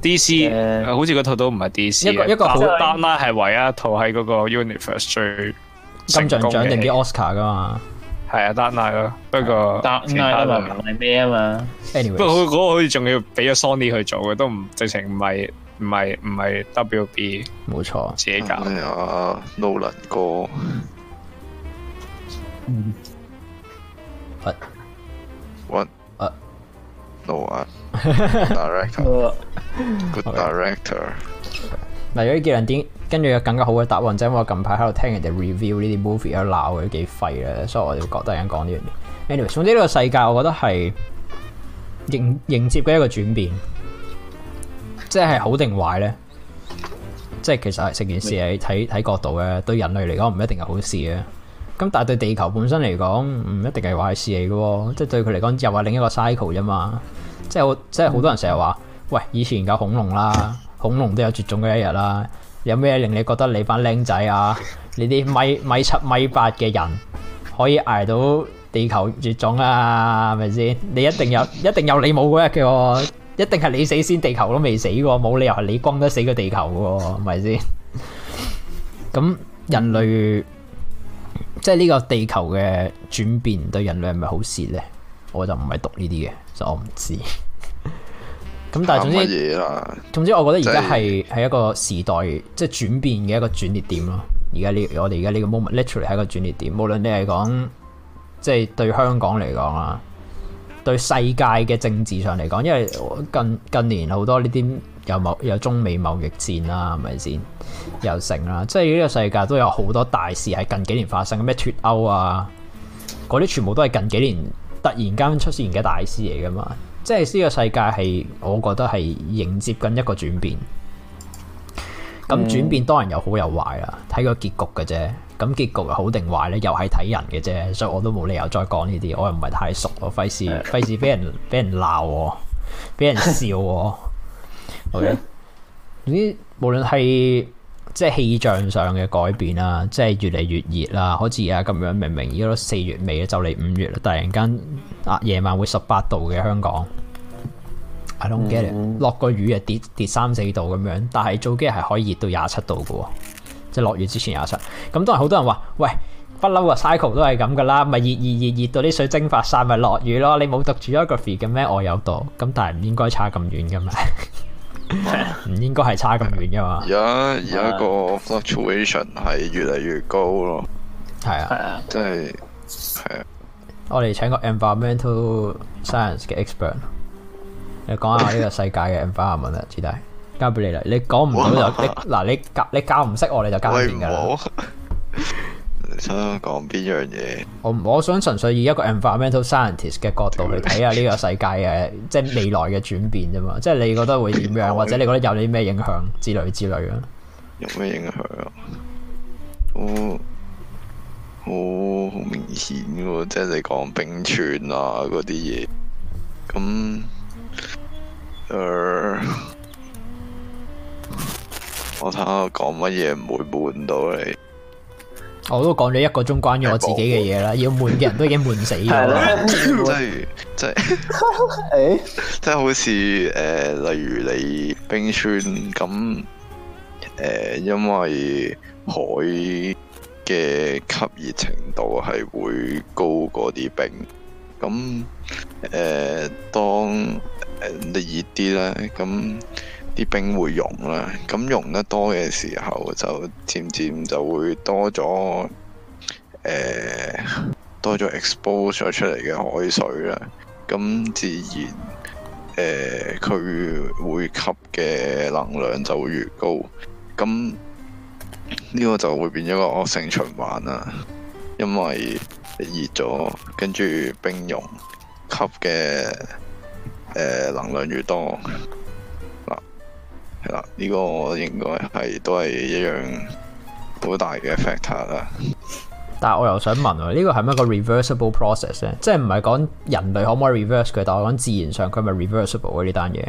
D.C.、Uh，好似嗰套都唔係 D.C. 一個一個好，Danai 係唯一一套喺嗰個 Universe 最金像獎定啲 Oscar 噶嘛？係啊，Danai 咯。不過 Danai 咩啊嘛？Anyways 不過嗰個好似仲要俾咗 Sony 去做嘅，都唔直情唔係唔係唔係 W.B. 冇錯，B, 錯自己搞啊，Nolan 哥。What？What？ 導演、no, uh.，good director。嗱，如果結論點？跟住有更加好嘅答案。即、就、係、是、我近排喺度聽人哋 review 呢啲 movie，喺度鬧佢幾廢咧，所以我就覺得而家講呢樣嘢。Anyway，總之呢個世界，我覺得係迎迎接嘅一個轉變，即係好定壞咧？即係其實係成件事係睇睇角度咧，對人類嚟講唔一定係好事嘅。咁但係對地球本身嚟講，唔一定係壞事嚟嘅，即係對佢嚟講又係另一個 cycle 啫嘛。即係即係好多人成日話，喂，以前有恐龍啦，恐龍都有絕種嘅一日啦。有咩令你覺得你班靚仔啊，你啲米米七米八嘅人可以捱到地球絕種啊？係咪先？你一定有，一定有你冇嗰日嘅，一定係你死先，地球都未死過，冇理由係你光得死個地球嘅，係咪先？咁人類。即係呢個地球嘅轉變對人類係咪好事呢？我就唔係讀呢啲嘅，所以我唔知。咁 但係總之，啊、總之我覺得而家係係一個時代即係轉變嘅一個轉捩點咯。而家呢，我哋而家呢個 moment literally 係一個轉捩點。無論你係講即係對香港嚟講啊，對世界嘅政治上嚟講，因為近近年好多呢啲。有貿有中美貿易戰啦，係咪先？又成啦，即係呢個世界都有好多大事係近幾年發生，咩脫歐啊，嗰啲全部都係近幾年突然間出現嘅大事嚟噶嘛。即係呢個世界係我覺得係迎接緊一個轉變。咁轉變當然有好有壞啦，睇個結局嘅啫。咁結局好定壞咧，又係睇人嘅啫。所以我都冇理由再講呢啲，我又唔係太熟咯，費事費事俾人俾人鬧，俾人笑。好 k 啲無論係即係氣象上嘅改變啦，即係越嚟越熱啦。好似家咁樣，明明而家四月未嘅就嚟五月啦，突然間啊夜晚會十八度嘅香港。I don't get it，落個雨啊跌跌三四度咁樣，但係早日係可以熱到廿七度喎。即係落雨之前廿七。咁都然好多人話，喂，不嬲啊，cycle 都係咁噶啦，咪熱熱熱熱到啲水蒸發晒咪落雨咯。你冇讀 h y 嘅咩？我有度咁，但係唔應該差咁遠噶嘛。唔應該係差咁遠噶嘛？而家而家個 fluctuation 係越嚟越高咯。係啊，即係，我哋請個 environmental science 嘅 expert 你講下呢個世界嘅 environment，Gtai，交俾你啦，你講唔到就，嗱，你教你教唔識我，你就交錢噶。想講邊樣嘢？我我想純粹以一個 environmental scientist 嘅角度去睇下呢個世界嘅知即係未來嘅轉變啫嘛，即係 你覺得會點樣，或者你覺得有啲咩影響之類之類嘅？有咩影響、oh, oh, oh, oh, 啊？哦，好明顯噶，即係你講冰川啊嗰啲嘢，咁誒，我睇下講乜嘢唔會悶到你。我都講咗一個鐘關於我自己嘅嘢啦，要悶嘅人都已經悶死咗。即係，即係，好似誒、呃，例如你冰川咁，誒、呃，因為海嘅吸熱程度係會高過啲冰，咁誒、呃，當你熱啲咧，咁、呃。啲冰會溶啦，咁溶得多嘅時候就漸漸就會多咗，誒、欸，多咗 expose 出嚟嘅海水啦，咁自然，誒、欸，佢會吸嘅能量就會越高，咁呢個就會變咗個惡性循環啦，因為熱咗，跟住冰溶，吸嘅，誒、欸，能量越多。呢個我應該係都係一樣好大嘅 factor 啦。但係我又想問啊，呢個係咪一個 reversible process 咧？即係唔係講人類可唔可以 reverse 佢？但我講自然上佢咪 reversible 呢單嘢？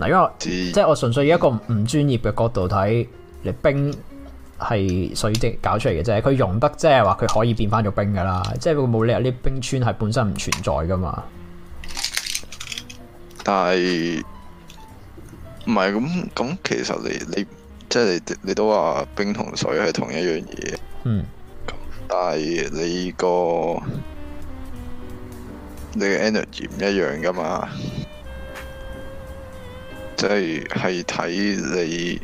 嗱然，因為即係我純粹以一個唔專業嘅角度睇，你冰係水以即搞出嚟嘅啫。佢溶得即係話佢可以變翻咗冰噶啦，即係冇理由啲冰川係本身唔存在噶嘛。但係唔係咁咁？其實你你即係你你都話冰同水係同一樣嘢，嗯。咁但係你個你嘅 energy 唔一樣噶嘛？即係係睇你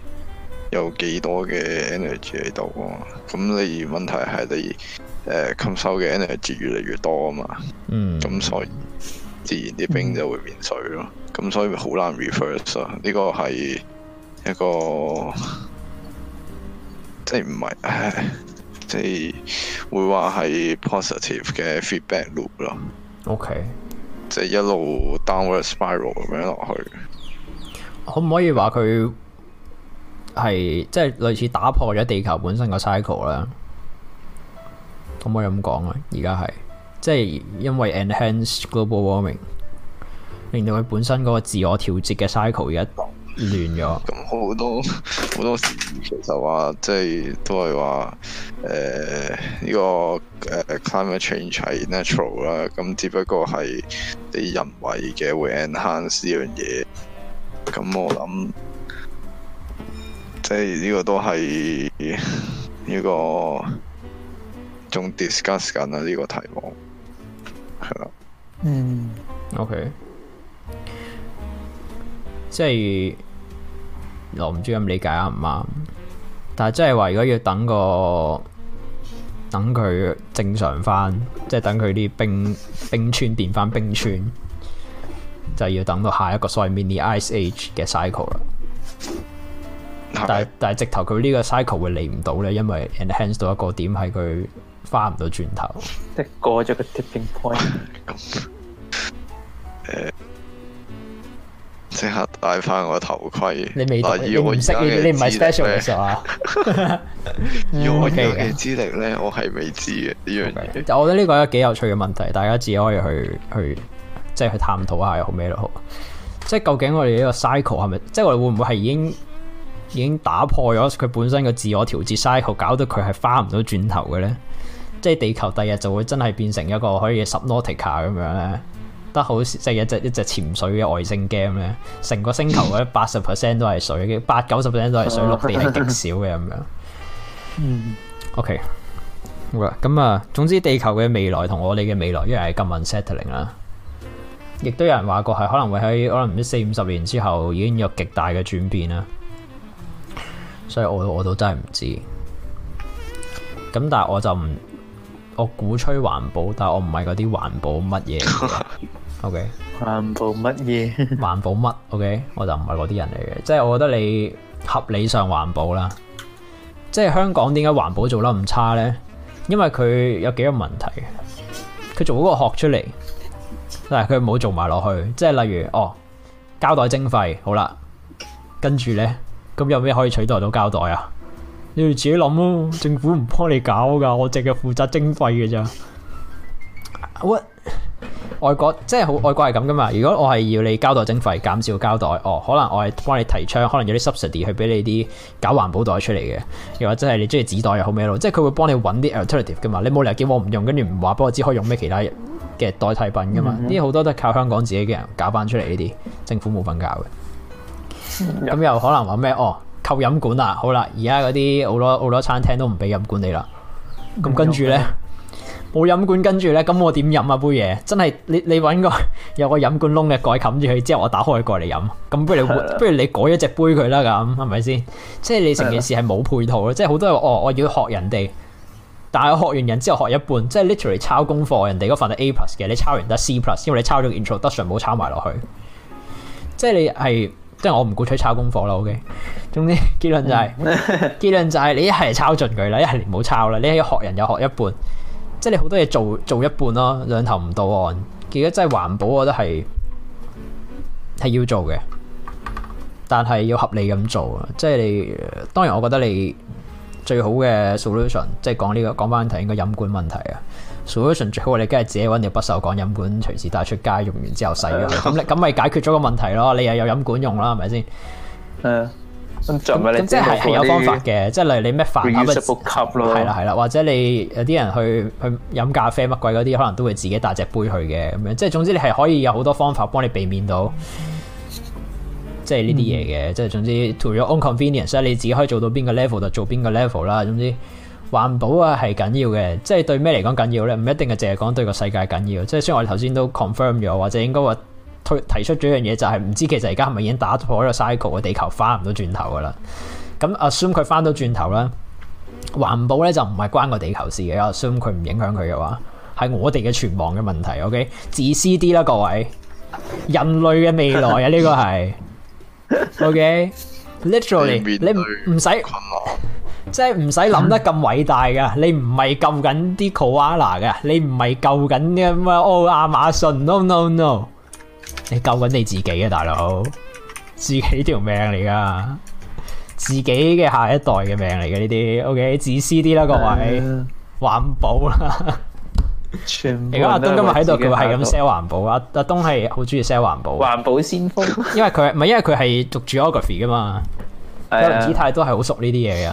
有幾多嘅 energy 喺度啊嘛？咁你問題係你誒吸收嘅 energy 越嚟越多啊嘛？嗯。咁所以。自然啲冰就會變水咯，咁所以好難 reverse 啊！呢、這個係一個即係唔係，即係會話係 positive 嘅 feedback loop 咯。OK，即係一路 downward spiral 咁樣落去。可唔可以話佢係即係類似打破咗地球本身個 cycle 咧？可唔可以咁講啊？而家係。即係因為 enhance global warming，令到佢本身嗰個自我調節嘅 cycle 而一亂咗。咁好多好多時其實話，即係都係話誒呢個誒、呃、climate change 係 natural 啦，咁只不過係你人為嘅會 enhance 呢樣嘢。咁我諗，即係呢個都係呢、呢個仲 discuss 緊啊呢個題目。係咯，嗯，OK，即係我唔知咁理解啱唔啱？但係即係話，如果要等個等佢正常翻，即係等佢啲冰冰川變翻冰川，就要等到下一個所謂 mini ice age 嘅 cycle 啦的。但係但係直頭佢呢個 cycle 會嚟唔到咧，因為 enhance 到一個點，係佢。翻唔到轉頭，即過咗個 tipping point。誒，即刻戴翻我頭盔。你未得，你唔識，你你唔係 special 嘅時候啊？以 我現在嘅資歷呢， 嗯、我係未知嘅呢樣嘢。就、 okay、的我覺得呢個係幾有趣嘅問題，大家自己可以去去即係去探討下，有咩好。即係究竟我哋呢個 cycle 係咪即係我哋會唔會係已經已經打破咗佢本身嘅自我調節 cycle，搞到佢係翻唔到轉頭嘅咧？即係地球第日就會真係變成一個可以嘅，Subnautica 咁樣咧，得好似即係一隻一隻潛水嘅外星 game 咧，成個星球嘅八十 percent 都係水，八九十 percent 都係水，陸地係極少嘅咁樣。嗯 ，OK，好啦，咁啊，總之地球嘅未來同我哋嘅未來，一樣係咁 unsettling 啦，亦都有人話過係可能會喺可能唔知四五十年之後已經有極大嘅轉變啦，所以我我都真係唔知，咁但係我就唔。我鼓吹環保，但係我唔係嗰啲環保乜嘢。O、okay？環保乜嘢？環 保乜？O K，我就唔係嗰啲人嚟嘅。即係我覺得你合理上環保啦。即係香港點解環保做得唔差咧？因為佢有幾個問題。佢做嗰個殼出嚟，但係佢冇做埋落去。即係例如哦，膠袋徵費好啦，跟住咧，咁有咩可以取代到膠袋啊？你要自己諗咯，政府唔幫你搞噶，我淨係負責徵費嘅咋。喂，外國即係好外國係咁噶嘛？如果我係要你交代徵費，減少交代，哦，可能我係幫你提倡，可能有啲 subsidy 去俾你啲搞環保袋出嚟嘅，又或者係你中意紙袋又好咩咯？即係佢會幫你搵啲 alternative 噶嘛？你冇理由叫我唔用，跟住唔話幫我知可以用咩其他嘅代替品噶嘛？呢啲好多都係靠香港自己嘅人搞翻出嚟呢啲，政府冇份搞嘅。咁 又可能話咩？哦。扣飲管啊，好啦，而家嗰啲好多好多餐廳都唔俾飲管你啦。咁沒用 跟住咧，冇飲管，跟住咧，咁我點飲啊杯嘢？真係你你揾個有個飲管窿嘅蓋冚住佢，之後我打開過嚟飲。咁不如不如你改一隻杯佢啦，咁係咪先？即係你成件事係冇配套咯。對了 即係好多人哦，我要學人哋，但係學完人之後學一半，即係 literally 抄功課人哋嗰份係 A 嘅，你抄完得 C 因為你抄咗 introduction 冇抄埋落去。即係你係。即係我唔鼓吹抄功課啦，OK。總之結論就係，結論就係、係嗯 就係、你一係抄盡佢啦，一係你唔好抄啦，你係學人又學一半，即係你好多嘢做做一半咯，兩頭唔到岸。其實真係環保我覺得係，我都係係要做嘅，但係要合理咁做。即係你當然，我覺得你最好嘅 solution，即係講呢、呢個講翻題，應該係飲管問題啊。Solution 最好你梗係自己搵條不鏽鋼飲管，隨時帶出街，用完之後洗咗佢，咁咁咪解決咗個問題咯，你又有飲管用啦，係咪先？誒咁 Yeah. 即係係有方法嘅， 即係例如你咩飯 cup 咯，係啦係啦，或者你有啲人去去飲咖啡乜鬼嗰啲，可能都會自己帶隻杯去嘅咁樣，即係總之你係可以有好多方法幫你避免到即係呢啲嘢嘅，即係、mm. 總之，to your own convenience，你自己可以做到邊個 level 就做邊個 level 啦，總之。環保啊，係緊要嘅，即係對咩嚟講緊要咧？唔一定係淨係講對個世界緊要，即係雖然我哋頭先都 confirm 咗，或者應該話推提出咗一樣嘢，就係、是、唔知其實而家係咪已經打破咗個 cycle 個地球翻唔到轉頭噶啦？咁 assume 佢翻到轉頭啦，環保咧就唔係關個地球事嘅，assume 佢唔影響佢嘅話，係我哋嘅存亡嘅問題。OK，自私啲啦，各位，人類嘅未來啊，呢 個係 OK，literally 你唔使。嗯即係唔使諗得咁偉大噶、嗯，你唔係救緊啲 Koala 噶，你唔係救緊咩？哦，亞馬遜 no no no，你救緊你自己呀大佬，自己條命嚟噶，自己嘅下一代嘅命嚟嘅呢啲。O K，自私啲啦，各位，啊、環保啦。如果部阿東今日喺度，佢係咁 sell 環保啊。阿東係好中意 sell 環保，環保先鋒。 因為佢係唔係因為佢係讀 geography 噶嘛，阿文子太都係好熟呢啲嘢嘅。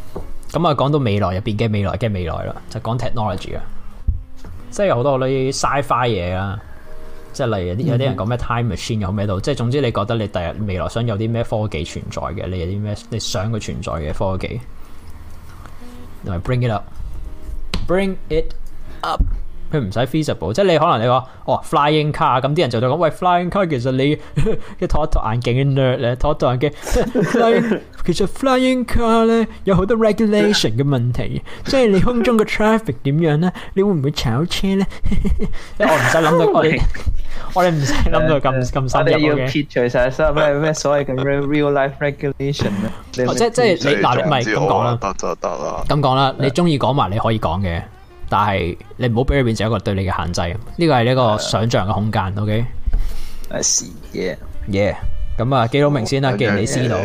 咁啊，講到未來入邊嘅未來嘅未來啦，就講 technology 啦即係有好多嗰啲 sci-fi 嘢啦，即係例如啲有啲人講咩 time machine 有咩度，即係總之你覺得你第日未來想有啲咩科技存在嘅，你有啲咩你想佢存在嘅科技，同埋、mm hmm. bring it up，bring it up。佢唔使 feasible，即係你可能你話哦，flying car 咁啲人就當咁，喂 flying car 其實你一拖一套眼鏡嘅 nerd 咧，戴套眼鏡，其實 flying car 咧有好多 regulation 嘅問題，即係你空中嘅 traffic 點樣咧，你會唔會炒車咧？即我唔使諗到我哋，我哋唔使諗到咁咁深嘅嘢。要撇除晒所有咩所謂嘅咩 real life regulation 咧，或即係你嗱，你咪咁講啦，得就得啦，咁講啦，你中意講埋你可以講嘅。但係你唔好俾佢變成一個對你嘅限制，呢個係一個想象嘅空間。OK，I see，yeah，yeah。咁啊，幾多名先啊？既然我你知道，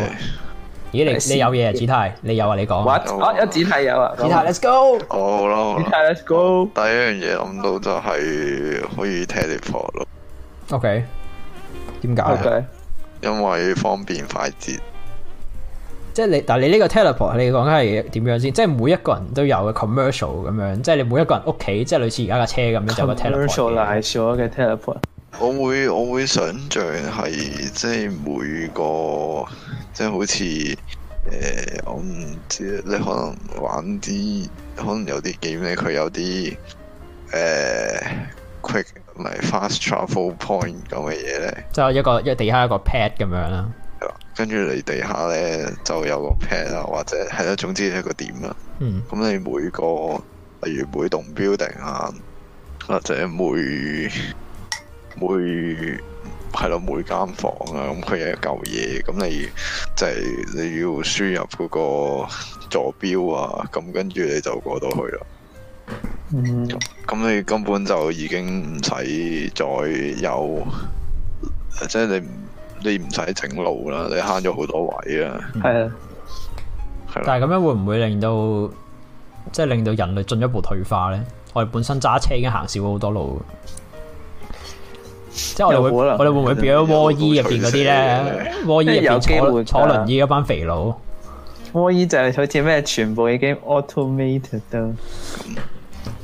咦我？你 s 你，你有嘢啊？子泰，ai, 你有啊？你講。What？子泰有啊。子泰，Let's go S、oh, no, no.。好啦、oh, no , no.，子泰，Let's go S、okay.。第一樣嘢諗到就係可以 telephone 咯。OK，點解？因為方便快捷。即係你，但係你呢個 teleport，你講緊係點樣先？即係每一個人都有嘅 commercial 咁樣，即係你每一個人屋企，即係類似而家架車咁樣就個 teleport，commercial 化咗嘅 teleport。我會我會想象係即係每個，即係好似誒、呃，我唔知你可能玩啲，可能有啲 game 咧，佢有啲誒、呃、quick 嚟 fast travel point 咁嘅嘢咧。即係一個一地下，一個 pad 咁樣啦。跟住你地下咧，就有個 pad 啊，或者係啦，總之係個點啦。咁、嗯、你每個，例如每棟 building 啊，或者每每係咯，每間房啊，咁佢有一嚿嘢，咁你就係、是、你要輸入嗰個坐標啊，咁跟住你就過到去啦。咁、嗯，你根本就已經唔使再有，即、就、係、是、你。你唔使整路啦，你慳咗好多位啊！係啊、嗯，是的但係咁樣會唔會令到即係、就是、令到人類進一步退化咧？我哋本身揸車已經行少咗好多路，即係我哋會我哋會唔會變咗窩衣入邊嗰啲咧？窩衣入邊有機會坐坐輪椅嗰班肥佬，窩衣就係好似咩，全部已經 automated 都。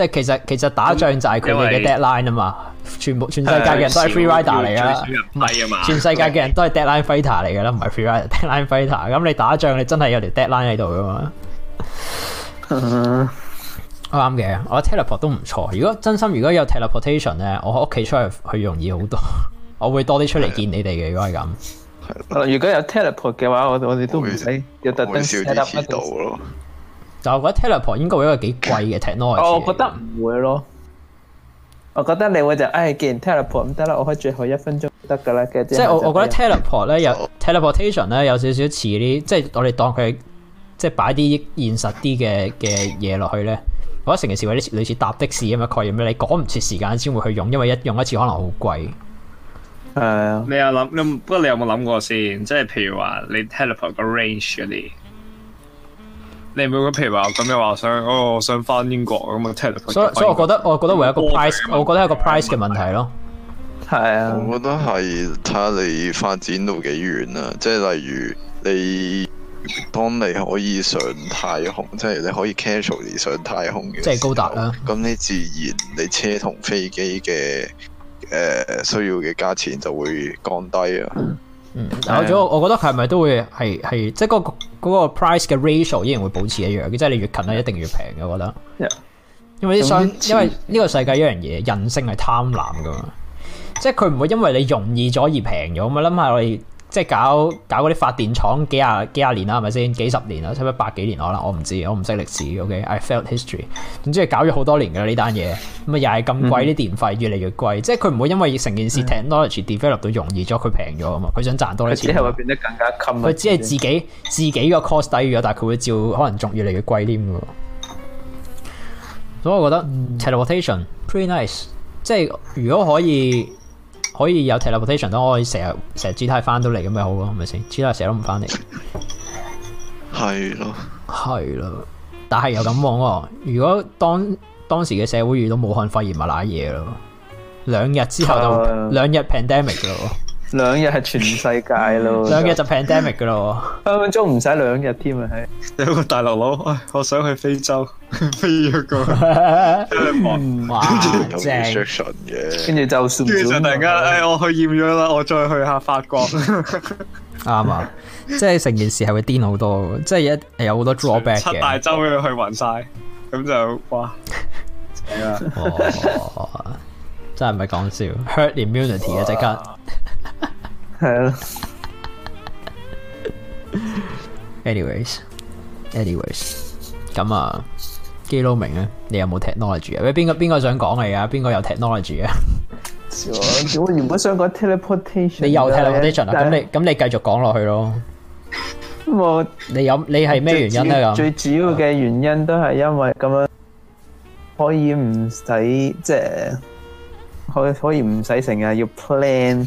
即係其實其實打仗就係佢哋嘅 deadline 啊嘛，為全部全世界嘅人都係 freerider 嚟噶，唔係啊嘛，全世界嘅人都係 deadline fighter 嚟噶啦，唔係 freerider deadline fighter。咁你打仗你真係有條 deadline 喺度噶嘛？啱嘅、嗯哦，我 teleport 都唔錯。如果真心如果有 teleportation 咧，我喺屋企出去佢容易好多，我會多啲出嚟見你哋嘅。如果係咁，如果有 teleport 嘅 te 話，我我哋都唔使要特登 set up 咯。但我覺得 teleport 應該會一個幾貴嘅 technology。我覺得唔會咯。我覺得你會就唉，既然 teleport 唔得啦，我開最後一分鐘得噶啦嘅。即係我我覺得 teleport 咧有 teleportation 咧有少少似啲，即係我哋當佢即係擺啲現實啲嘅嘅嘢落去咧。我覺得成件事有啲類似搭的士咁嘅概念，你趕唔切時間先會去用，因為一用一次可能好貴。誒，你有諗？不過你有冇諗過先？即係譬如話你 teleport 嘅 range 嗰啲。你唔會咁，譬如話咁樣話想哦，我想翻英國咁啊？樣所以所以我覺得我覺得會有一個 price，我覺得係一個 price 嘅問題咯。係啊，我覺得係睇下你發展到幾遠啊！即係例如你當你可以上太空，即係你可以 casually 上太空嘅，即係高達啦。咁你自然你車同飛機嘅，呃、需要嘅價錢就會降低啊。嗯，但咗，我覺得係咪都會係係，即係嗰、嗰個、嗰個 price 嘅 ratio 依然會保持一樣嘅，即係你越近咧一定越平嘅，我覺得。Yeah. 因為想，因為呢個世界一樣嘢，人性係貪婪㗎嘛，即係佢唔會因為你容易咗而平咗，咪諗下我哋。即係搞搞嗰啲發電廠幾廿幾廿年啦，係咪先？幾十年啊，差唔多百幾年可能我唔知，我唔識歷史。O、okay? K，I felt history。總之係搞咗好多年噶啦呢單嘢，咁啊又係咁貴啲電費越嚟越貴，即係佢唔會因為成件事 technology develop、嗯、到容易咗，佢平咗啊嘛，佢想賺多啲錢。佢只係會變得更加襟。佢只係自己自己個 cost 低咗，但係佢會照可能仲越嚟越貴添噶。所以我覺得 teleportation、嗯、pretty nice，即係如果可以。可以有 teleportation，都可以成日成日 Gtai 翻到嚟咁咪好咯，係咪先？Gtai 成日都唔翻嚟，係咯的，係咯。但係又咁講喎，如果當當時嘅社會遇到武漢肺炎咪瀨嘢咯，兩日之後就、uh、兩日 pandemic 咯。兩日係全世界咯。兩日 就 pandemic 噶咯，分分鐘唔使兩日添啊！有個大陸佬，我想去非洲，非洲個， 哇正嘅，跟住就，跟住就突然間，哎，我去驗咗啦，哎、我再去下法國，啱 啊、嗯，即係成件事係會癲好多嘅，即係一有好多 drawback 嘅，七大洲都要去勻晒，咁就哇，真係唔係講笑，herd immunity 啊，即刻。係啦，anyways，anyways，咁啊，基佬明啊，你有冇 technology 啊？邊個邊個想講你啊？邊個有 technology 啊？我我原本想講 teleportation，你又 teleportation 啊？咁你咁你繼續講落去咯。我你有你係咩原因咧？咁最主要嘅原因都係因為咁樣，可以唔使即係，可可以唔使成日要 plan。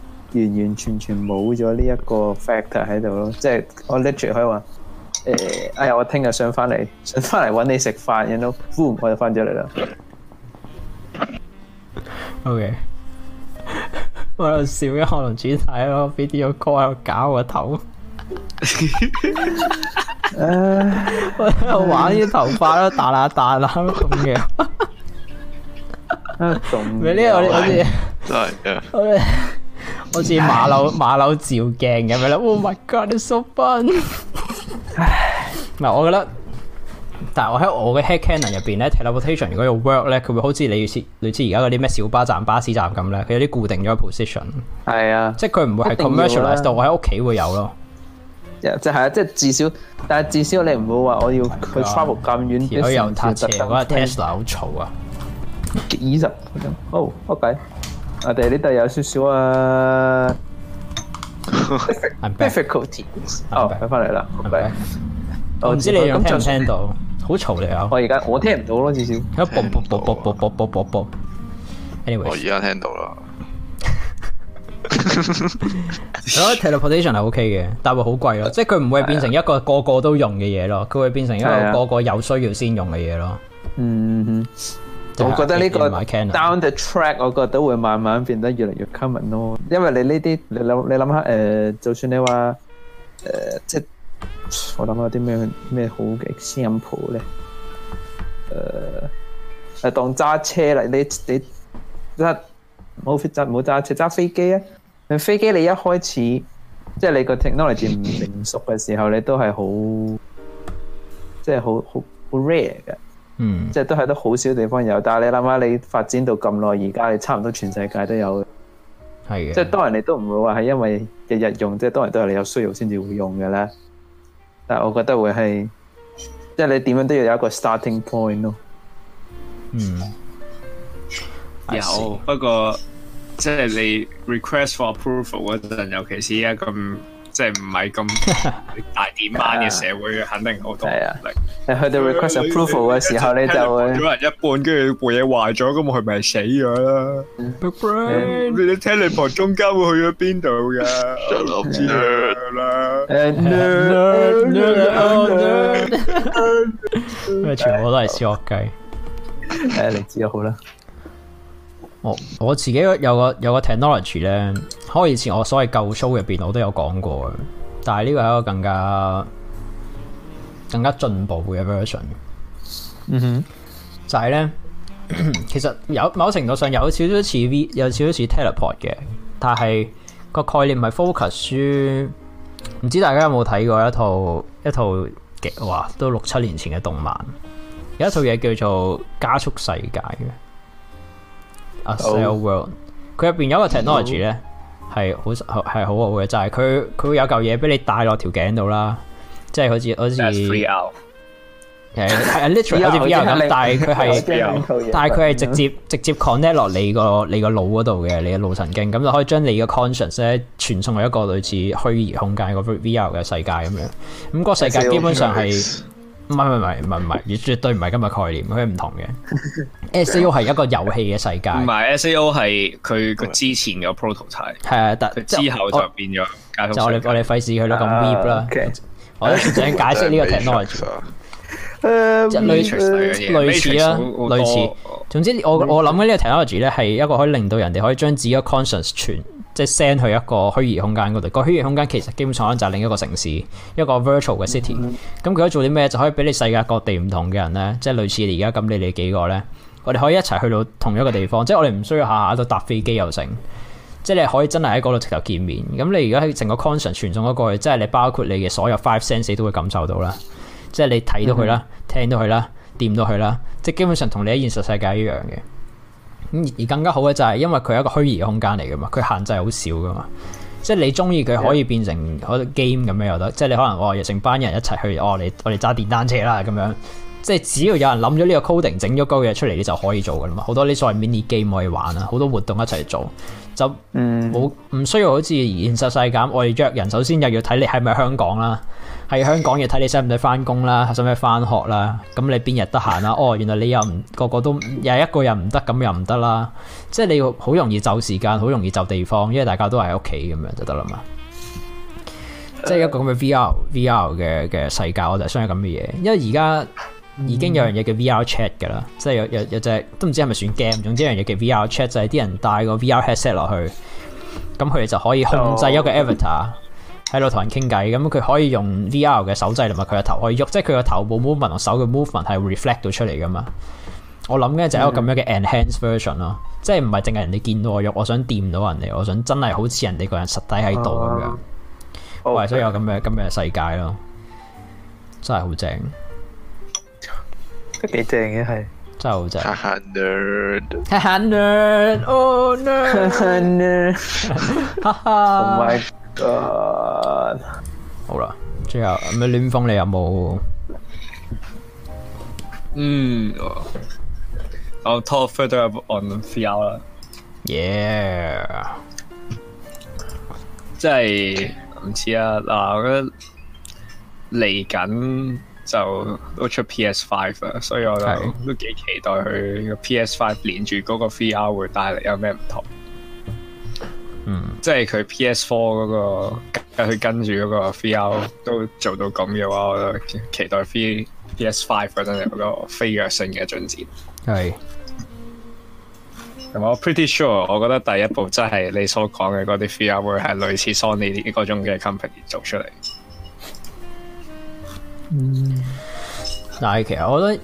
完完全全冇咗呢一個 factor 喺度咯，即係我 literally 可以話，欸，哎呀，我聽日想翻嚟，想翻嚟揾你食飯，然後呼，o 我就翻咗嚟啦。O Okay . K， 我喺度笑嘅可能主睇咯，fit 住個 call 喺度搞我個頭，誒， 我玩啲頭髮都，彈啦彈啦咁嘅，咩咧？我我哋，係啊，我哋。好似馬騮馬騮照鏡咁樣啦 ，Oh my god，it's so fun！唔係， 我覺得，但係我喺我嘅 head canon 入邊咧 ，teleportation 如果要 work 咧，佢會好似你，似類似而家嗰啲咩小巴站、巴士站咁咧，佢有啲固定咗嘅 position。係啊，即係佢唔會係 commercialized 到。我喺屋企會有咯。Yeah, 即係啊，即係至少，但係至少你唔會話我要去 travel 咁遠。佢又塌斜，個 Tesla 好嘈啊！二十，好、oh,，ok。我哋呢度有少少啊，difficulty。翻嚟啦，拜拜。我唔知你咁聽唔聽到？好嘈你啊！我而家我聽唔到咯，至少。Anyway，我而家聽到啦。我覺得 teleportation 係 OK 嘅，但會好貴咯。即係佢唔會變成一個個個都用嘅嘢咯，佢會變成一個個個有需要先用嘅嘢咯。嗯嗯。我覺得呢個 down the track，我覺得都會慢慢變得越嚟越 common 咯。因為你呢啲，你諗你諗下誒，就算你話誒，即係我諗下啲咩咩好嘅 example 咧，誒誒當揸車啦，你你即係唔好揸車，揸飛機啊！飛機你一開始即係你個 technology 唔成熟嘅時候，你都係好即係好好好 rare 嘅。嗯，即係都係得好少地方有，但係你諗下，你發展到咁耐，而家你差唔多全世界都有嘅，係嘅的。即係當然你都唔會話係因為日日用，即係當然都係你有需要先至會用嘅啦。但係我覺得會係，即係你點樣都要有一個 starting point 咯。嗯，的有，不過即係你 request for approval 嗰陣，尤其是而家咁。即係唔係咁大點班嘅社會 肯定好多力。Yeah. 你去到 request approval 嘅時候，你就會有人一半跟住部嘢壞咗，咁佢咪死咗啦？The Brain, um, 你啲 teleport 中間會去咗邊度噶？失落之源啦。全部都係小學雞，誒，你知就好啦。我我自己有個有個 technology 咧，我以前我所謂舊 show 入邊我都有講過，但係呢個係一個更加更加進步嘅 version。嗯哼，就係咧，其實有某程度上有少少似 V，有少少似 teleport 嘅，但係個概念唔係 focus 喺。唔知大家有冇睇過一套一套嘅嘩，都六七年前嘅動漫，有一套嘢叫做加速世界嘅。啊，cell world，佢入邊有一個 technology 咧，係 No. 好係好好嘅，就係佢佢會有嚿嘢俾你戴落條頸度啦，即、就、係、是、好似好似，係係 's literally 好似 VR 咁， 但係佢係但係佢係直接 直接 connect 落你、你個你個腦嗰度嘅，你嘅腦神經咁就可以將你嘅 conscious 咧傳送喺一個類似虛擬空間個 VR 嘅世界咁樣，咁、個世界基本上係。 唔係唔係唔係唔係，絕對唔係今日概念，佢係唔同嘅。S, A O 係一個遊戲嘅世界，唔係 S A O 係佢個之前嘅 prototype。係啊，但之後就變咗。就我哋我哋費事去啦，咁 w e b e 啦。我都 Okay. 我想解釋呢個 technology。誒 類，uh, Matrix 類似類似啦，類似。總之我，我我諗嘅呢個 technology 咧，係一個可以令到人哋可以將自己嘅 conscious 傳。即係 send 去一個虛擬空間嗰度，個虛擬空間其實基本上就係另一個城市，一個 virtual 嘅 city、嗯。咁佢可以做啲咩？就可以俾你世界各地唔同嘅人咧，即係類似而家咁，你哋幾個咧，我哋可以一齊去到同一個地方。即係我哋唔需要下下都搭飛機又成，即係你可以真係喺嗰度直頭見面。咁你而家喺成個 concert 傳送咗過去，即係你包括你嘅所有 five senses 都會感受到啦。即係你睇到佢啦，嗯、聽到佢啦，掂到佢啦，即係基本上同你喺現實世界一樣嘅。咁而更加好嘅就係，因為佢係一個虛擬嘅空間嚟噶嘛，佢限制好少噶嘛，即係你中意佢可以變成好多 game 咁樣又得，即係你可能哦，成班人一齊去哦，你我哋揸電單車啦咁樣，即係只要有人諗咗呢個 coding 整咗個嘢出嚟，你就可以做噶啦嘛，好多啲所謂 mini game 可以玩啊，好多活動一齊做，就冇唔需要好似現實世界我哋約人，首先又要睇你係咪香港啦。喺香港嘅，睇你使唔使翻工啦，使唔使翻學啦？咁你邊日得閒啦？ 哦，原來你又唔個個都又係一個人唔得，咁又唔得啦。即係你要好容易就時間，好容易就地方，因為大家都喺屋企咁樣就得啦嘛。即係一個咁嘅 VR VR 嘅嘅世界，我就係想咁嘅嘢。因為而家已經有樣嘢叫 VR chat 噶啦，嗯、即係有有有隻都唔知係咪算 game，總之有一樣嘢叫 VR chat 就係啲人帶個 VR headset 落去，咁佢哋就可以控制一個 avatar。Oh, okay. 喺度同人傾偈，咁佢可以用 VR 嘅手掣同埋佢嘅頭可以喐，即係佢個頭部 movement 同手嘅 movement 係 reflect 到出嚟噶嘛？我諗嘅就係一個咁樣嘅 enhanced version 咯，即係唔係淨係人哋見到我喐，我想掂、嗯、到，到人哋，我想真係好似人哋個人實體喺度咁樣，我係想有咁嘅咁嘅世界咯，真係好正，都幾正嘅係，真係好正。God. 好啦，最後咁嘅聯放你有冇？嗯，我拖 Further up on VR 啦，Yeah，即係唔似啊嗱，嚟緊就都出 PS Five 所以我是都都幾期待佢個 PS Five 連住嗰 e VR 會帶嚟有咩唔同。嗯，即係佢 P S four 嗰個佢跟住嗰個 VR 都做到咁嘅話，我都期待 P P S five 嗰陣有個飛躍性嘅進展。係是，同埋、嗯、我 pretty sure，我覺得第一步真係你所講嘅嗰啲 VR 會係類似 Sony 嗰種嘅 company 做出嚟。嗯，但係其實我覺得。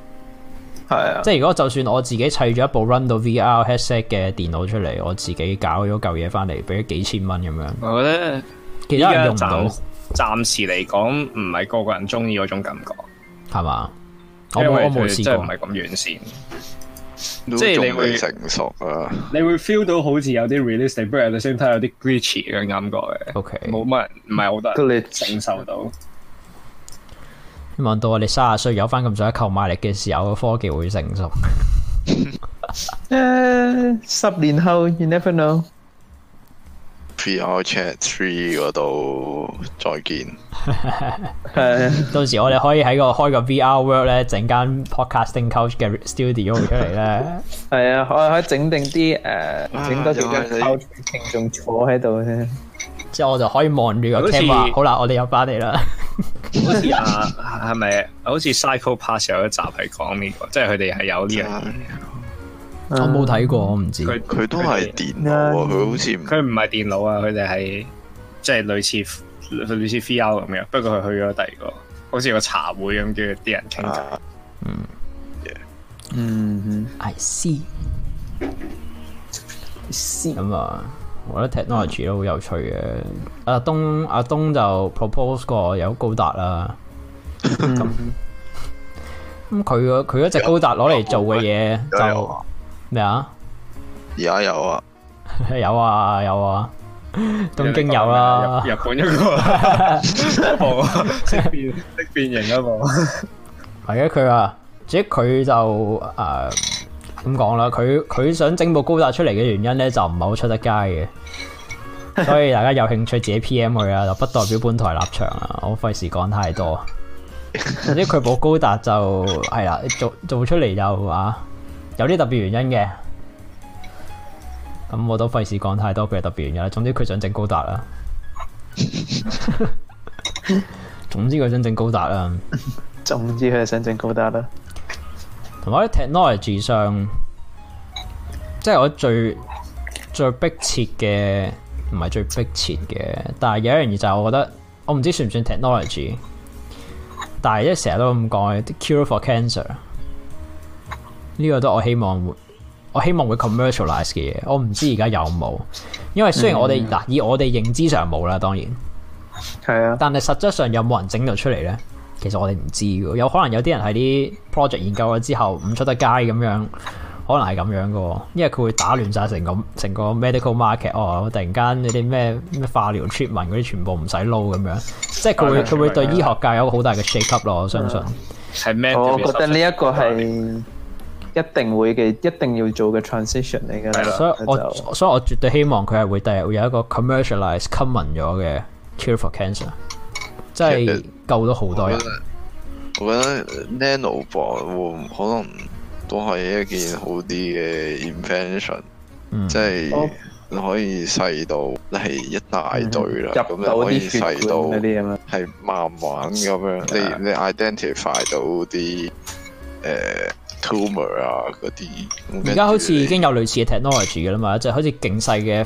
係啊，即係如果就算我自己砌咗一部 Run 到 VR headset 嘅電腦出嚟，我自己搞咗嚿嘢翻嚟，俾咗幾千蚊咁樣。我覺得其實用到暫時嚟講，唔係個個人中意嗰種感覺，係嘛？我冇，我冇試過。唔係咁完善，即係你會成熟啊，你會 feel 到好似有啲 release，不如你先睇下有啲 gritty 嘅感覺嘅。O K，冇乜，唔係好得，跟住你承受到。希望到我哋卅歲有翻咁上下購買力嘅時候，個科技會成熟。誒，十年後，you never know。VR Chat Three 嗰度再見。到時我哋可以喺個開個 VR World 咧，整間 Podcasting Coach 嘅 studio 出嚟咧。係啊，可可以整定啲誒，整多啲觀眾坐喺度咧，之後我就可以望住個 camera。好啦，我哋入翻嚟啦。好似 啊，係咪好似 Cycle Pass 有一集係講呢個？即係佢哋係有呢樣。我冇睇過，我唔知。佢佢都係電腦，佢好似佢唔係電腦啊！佢哋係即係類似類似 VR 咁樣，不過佢去咗第二個，好似個茶會咁，叫啲人傾偈。嗯嗯，I see 咁啊。我覺得 technology 都好有趣嘅，嗯。阿東阿東就 propose 過有高達啦，啊。咁咁佢佢嗰隻高達攞嚟做嘅嘢就咩啊？而家有啊有啊有啊，東京有啊！日本一個部識 變識變形嗰部，係啊佢啊，即佢就誒。呃咁講啦，佢佢想整部高達出嚟嘅原因咧，就唔係好出得街嘅，所以大家有興趣自己 P M 佢啊，就不代表本台立場啊，我費事講太多。總之佢冇高達就係啦，做做出嚟就啊有啲特別原因嘅。咁我都費事講太多佢特別原因，總之佢想整高達啦。 總之佢想整高達啦。 總之佢想整高達啦。 同埋喺 technology 上，即係我最最迫切嘅，唔係最迫切嘅。但係有一樣嘢就係，我覺得我唔知算唔算 technology。但係一成日都咁講，cure for cancer 呢個都我希望會，我希望會 commercialize 嘅嘢。我唔知而家有冇，因為雖然我哋嗱、嗯、以我哋認知上冇啦，當然係啊，但係實質上有冇人整到出嚟咧？其實我哋唔知嘅，有可能有啲人喺啲 project 研究咗之後唔出得街咁樣，可能係咁樣嘅，因為佢會打亂晒成咁成個，個 medical market。哦，突然間嗰啲咩咩化療藥物嗰啲全部唔使撈咁樣，即係佢會佢療會，會對醫學界有個好大嘅 shake up 咯。我相信。係咩？我覺得呢一個係一定會嘅，一定要做嘅 transition 嚟嘅。的所以我，我就所以我絕對希望佢係會第日會有一個 commercialize common 咗嘅 cure for cancer。即係救咗好多人我覺得,會 nanobot 可能都係一件好啲嘅 invention，即係、嗯、可以細到係一大堆啦，咁就、嗯、可以細到係慢慢咁樣。你你 identify 到啲誒、呃、tumor 啊嗰啲。而家好似已經有類似嘅 technology 㗎啦嘛，就係、是、好似勁細嘅。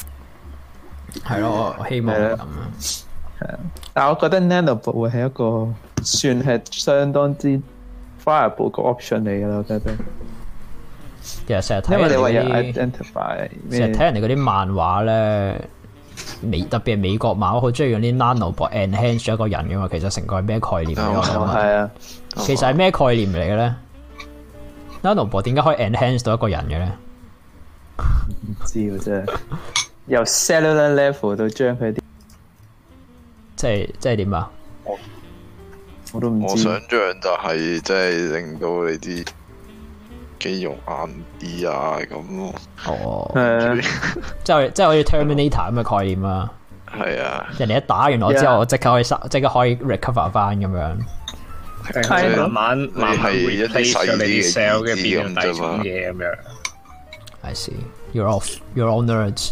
係咯，的我希望係咁啊。係啊，但係我覺得 nanobot 係一個算係相當之 viable 個 option 嚟噶啦，真係。其實成日睇人哋，因為你話有 identify 咩？成日睇人哋嗰啲漫畫咧，美特別係美國漫我好中意用啲 nanobot enhance 咗一個人噶嘛。其實成個係咩概念嚟噶？係啊，其實係咩概念嚟嘅咧？nanobot 點解可以 enhance 到一個人嘅咧？唔知啊，真係。由 cellular level 到將佢啲，即係即係點啊？我我都唔知。我想象就係即係令到你啲肌肉硬啲啊，咁咯。哦，即係即係好似 terminator 咁嘅概念啊。係啊，人哋一打完我之後，我即刻可以即刻可以 recover 翻咁樣。係慢慢慢慢 reduce 你啲 cell 嘅邊嘢咁樣。I see. You're off. You're all nerds.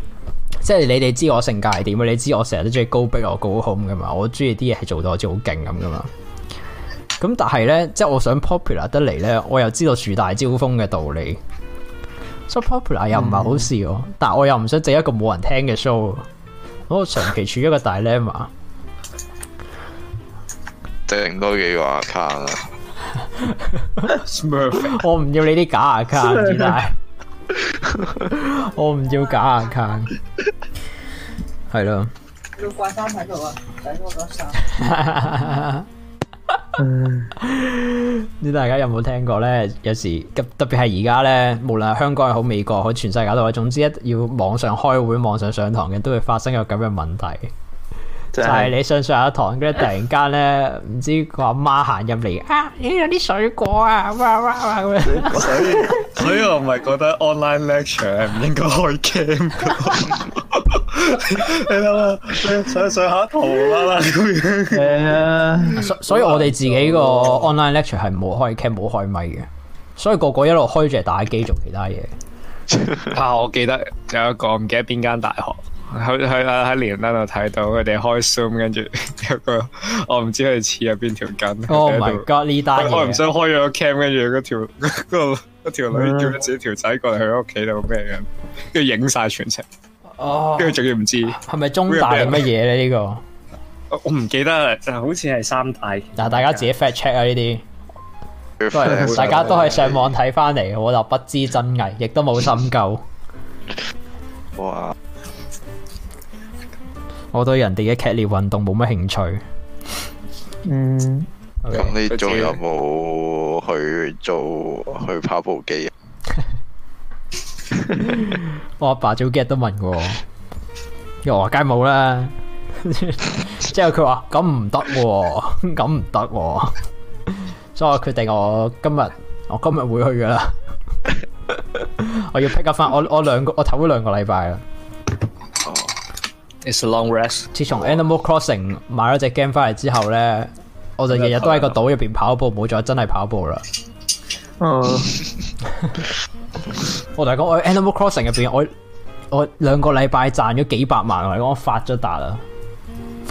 即係你哋知我性格係點啊？你知我成日都中意 go big or go home 噶嘛？我中意啲嘢係做到好似好勁咁噶嘛？咁但係咧，即係我想 popular 得嚟咧，我又知道樹大招風嘅道理，so popular 又唔係好事哦、啊。嗯、但我又唔想整一個冇人聽嘅 show，、啊、我長期處一個 dilemma 啊，訂多幾個 account 啊， Smurfing. 我唔要你啲假 account，兄弟。 我唔要假眼鏡，係咯 了。要掛衫喺度啊！等我攞衫。唔知 大家有冇聽過呢？有時特別係而家呢，無論係香港又好、美國好、全世界都好，總之一要網上開會、網上上堂嘅，都會發生一個咁嘅問題。就係你上上一堂，跟住突然間咧，唔 知個阿媽行入嚟，啊，咦有啲水果啊，哇哇哇咁樣。所以，所以我唔係覺得 online lecture 唔應該開 cam。你諗下，上上下堂啦。係啊，所所以，我哋自己個 online lecture 係冇開 cam，冇開咪嘅，所以個個一路開住打機做其他嘢。 啊，我記得有一個唔記得邊間大學。喺喺喺喺連登度睇到佢哋開 zoom，跟住有個我唔知佢似入邊條筋。哦，My God！呢單我唔想開咗個 cam，跟住嗰條條女叫自己條仔過嚟去屋企度咩嘅，跟住影晒全程。哦，跟住仲要唔知係咪中大係乜嘢咧？呢個我唔記得啦，就好似係三大，但嗱，大家自己 fact check 啊呢啲。大家都係上網睇翻嚟，我就不知真偽，亦都冇深究。哇！我對人哋嘅劇烈運動冇乜興趣。嗯，咁你仲有冇去做去跑步機？我阿爸早幾日都問過我，又話梗係冇啦。之後佢話咁唔得，咁唔得。所以我決定我今日我今日會去噶啦。我要 pick up 翻，我我兩個我唞咗兩個禮拜啦。It's a long rest. 自從 Animal Crossing 買咗隻 game 翻嚟之後呢，我就日日都喺個島入邊跑步，冇再真係跑步啦、uh. 我同你講，我 Animal Crossing 入邊，我我兩個禮拜賺咗幾百萬，我發咗達啦，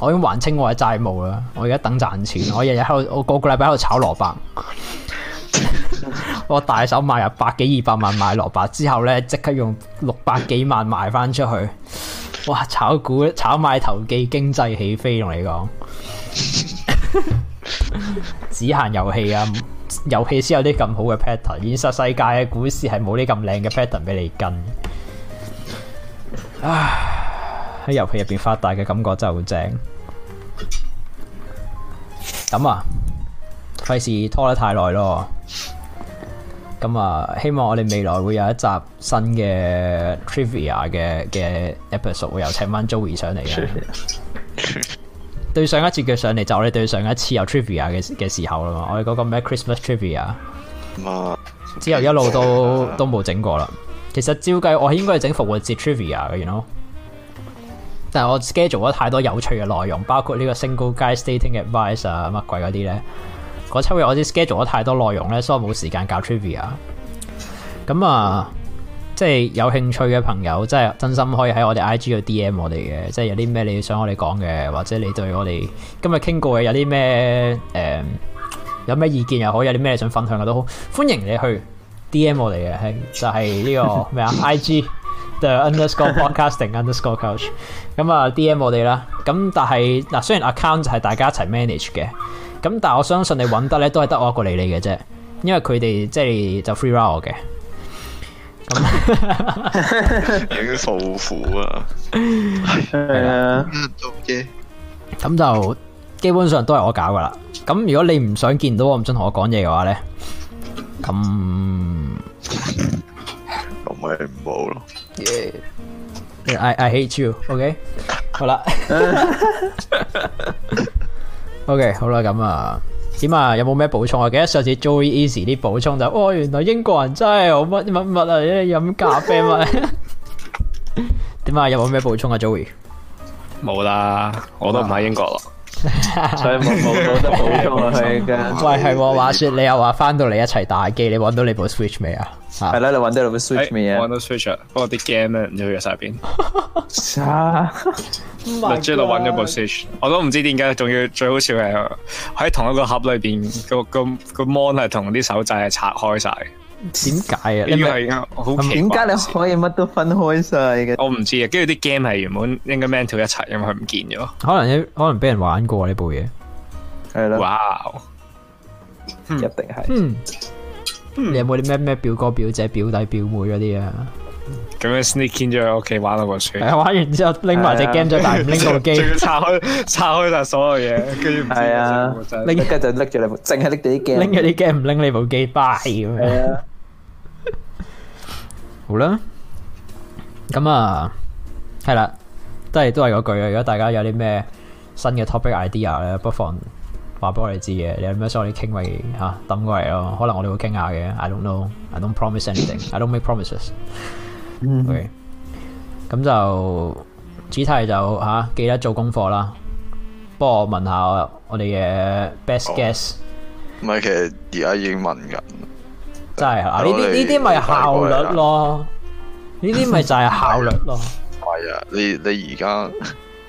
我已經還清我嘅債務啦。我而家等賺錢，我日日喺度，我個個禮拜喺度炒蘿卜， 我大手買入百幾二百萬買蘿卜之後呢，即刻用六百幾萬賣翻出去。哇！炒股、炒賣投、投機經濟起飛，同你講， 只限遊戲啊！遊戲先有啲咁好嘅 pattern，現實世界嘅股市係冇啲咁靚嘅 pattern 畀你跟。唉，喺遊戲入邊發達嘅感覺真係好正。咁啊，費事拖得太耐咯～咁啊，希望我哋未來會有一集新嘅 trivia 嘅嘅 episode，會有請翻 Joey 上嚟嘅。對上一次嘅上嚟就我哋對上一次有 trivia 嘅嘅時候啦嘛，我哋嗰個咩 Christmas trivia，之後一路都都冇整過啦。其實照計我應該係整復活節 trivia 嘅，you know，但係我 schedule 咗太多有趣嘅內容，包括呢個 Single Guy stating advice 啊乜鬼嗰啲咧。嗰七日我啲 schedule 咗太多內容咧，所以冇時間搞 trivia。咁啊，即係有興趣嘅朋友，即係真心可以喺我哋 IG 度 DM 我哋嘅，即係有啲咩你想我哋講嘅，或者你對我哋今日傾過嘅有啲咩、呃、有咩意見又好，有啲咩想分享嘅都好，歡迎你去 DM 我哋嘅，就係呢個咩啊 IG the underscore podcasting underscore coach。咁啊，DM 我哋啦。咁但係嗱，雖然 account 就係大家一齊 manage 嘅。咁，但我相信你搵得咧，都係得我一個理你嘅啫，因為佢哋即係就 free role 嘅。已經訴苦啊！係啊，咁就基本上都係我搞噶啦。咁如果你唔想見到我，唔想同我講嘢嘅話咧，咁咁咪唔好咯。I I hate you. OK，好啦。OK，好啦，咁啊，點啊，有冇咩補充啊？我記得上次 Joey Eazy 啲補充就，哦，原來英國人真係好乜乜乜啊，一飲咖啡乜？點啊， 有冇咩補充啊？Joey，冇啦，我都唔喺英國咯，了所以冇得補充佢喂，係喎喂喂話說，你說回你，你又話翻到嚟一齊打機，你揾到你部 Switch 未啊？係啦，你搵到你咪 switch 咩？我搵到 switch 啦，不過啲 game 咧，唔要去晒邊。啊！我喺搵咗部 switch，我都唔知點解，仲要最好笑係喺同一個盒裏邊，個個個 mon 係同啲手掣係拆開晒。點解啊？因為好奇怪，點解你可以乜都分開晒嘅？我唔知啊。跟住啲 game 係原本應該 mental 一齊，因為佢唔見咗。可能可能俾人玩過呢部嘢，係啦。哇！一定係。你有冇啲咩咩表哥表姐表弟表妹嗰啲啊？咁樣 sneak in 就喺屋企玩啊，我算玩完之後拎埋隻 game 套大拎部機，拆開拆開晒所有嘢。係啊，拎一就拎住你部，淨係拎住啲 game 拎嗰啲 game，唔拎你部機 bye 咁樣。好啦，咁啊，係啦、啊，都係都係嗰句啊。如果大家有啲咩新嘅 topic idea 咧，不妨。話俾我哋知嘅，你有咩事我哋傾埋吓，氹、啊、過嚟咯。可能我哋會傾下嘅。I don't know, I don't promise anything, I don't make promises。嗯。咁、okay, 就主題就吓、啊、記得做功課啦。幫我問下我哋嘅 best、哦、guess。唔係，其實而家已經問緊。真係的啊！呢啲呢啲咪效率咯，呢啲咪就係效率咯。係 啊，啊，啊，你你而家。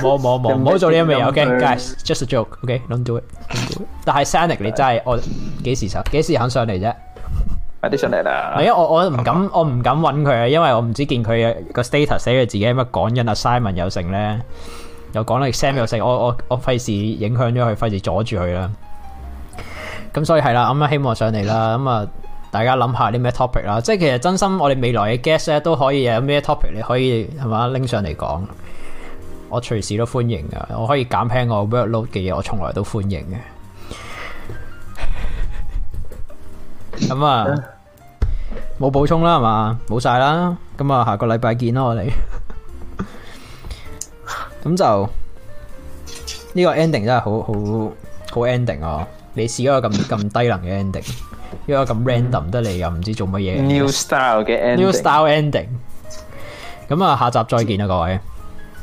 冇冇冇，唔好做呢一味。OK，Guys，just a joke。OK，don't do it。但係 Sonic，你真係我幾時上幾時肯上嚟啫？快啲上嚟啦。係啊，我我唔敢我唔敢揾佢啊，因為我唔知見佢個 status 寫佢自己乜講緊 assignment 有成咧，又講 exam 有成，我我我費事影響咗佢，費事阻住佢啦。咁所以係啦，咁啊希望上嚟啦。咁啊，大家諗下啲咩 topic 啦，即係其實真心我哋未來嘅 guest 咧都可以有咩 topic，你可以係嘛拎上嚟講。我隨時都歡迎㗎，我可以減輕我 workload 嘅嘢，我從來都歡迎嘅。咁 啊，冇補充啦，係嘛，冇晒啦。咁啊，下個禮拜見咯，我哋。咁就呢個 ending 真係好好好 ending 啊！你試一個咁咁低能嘅 ending，一個咁 random 得嚟又唔知做乜嘢 new style 嘅 ending。new style ending。咁 啊，下集再見啦，各位。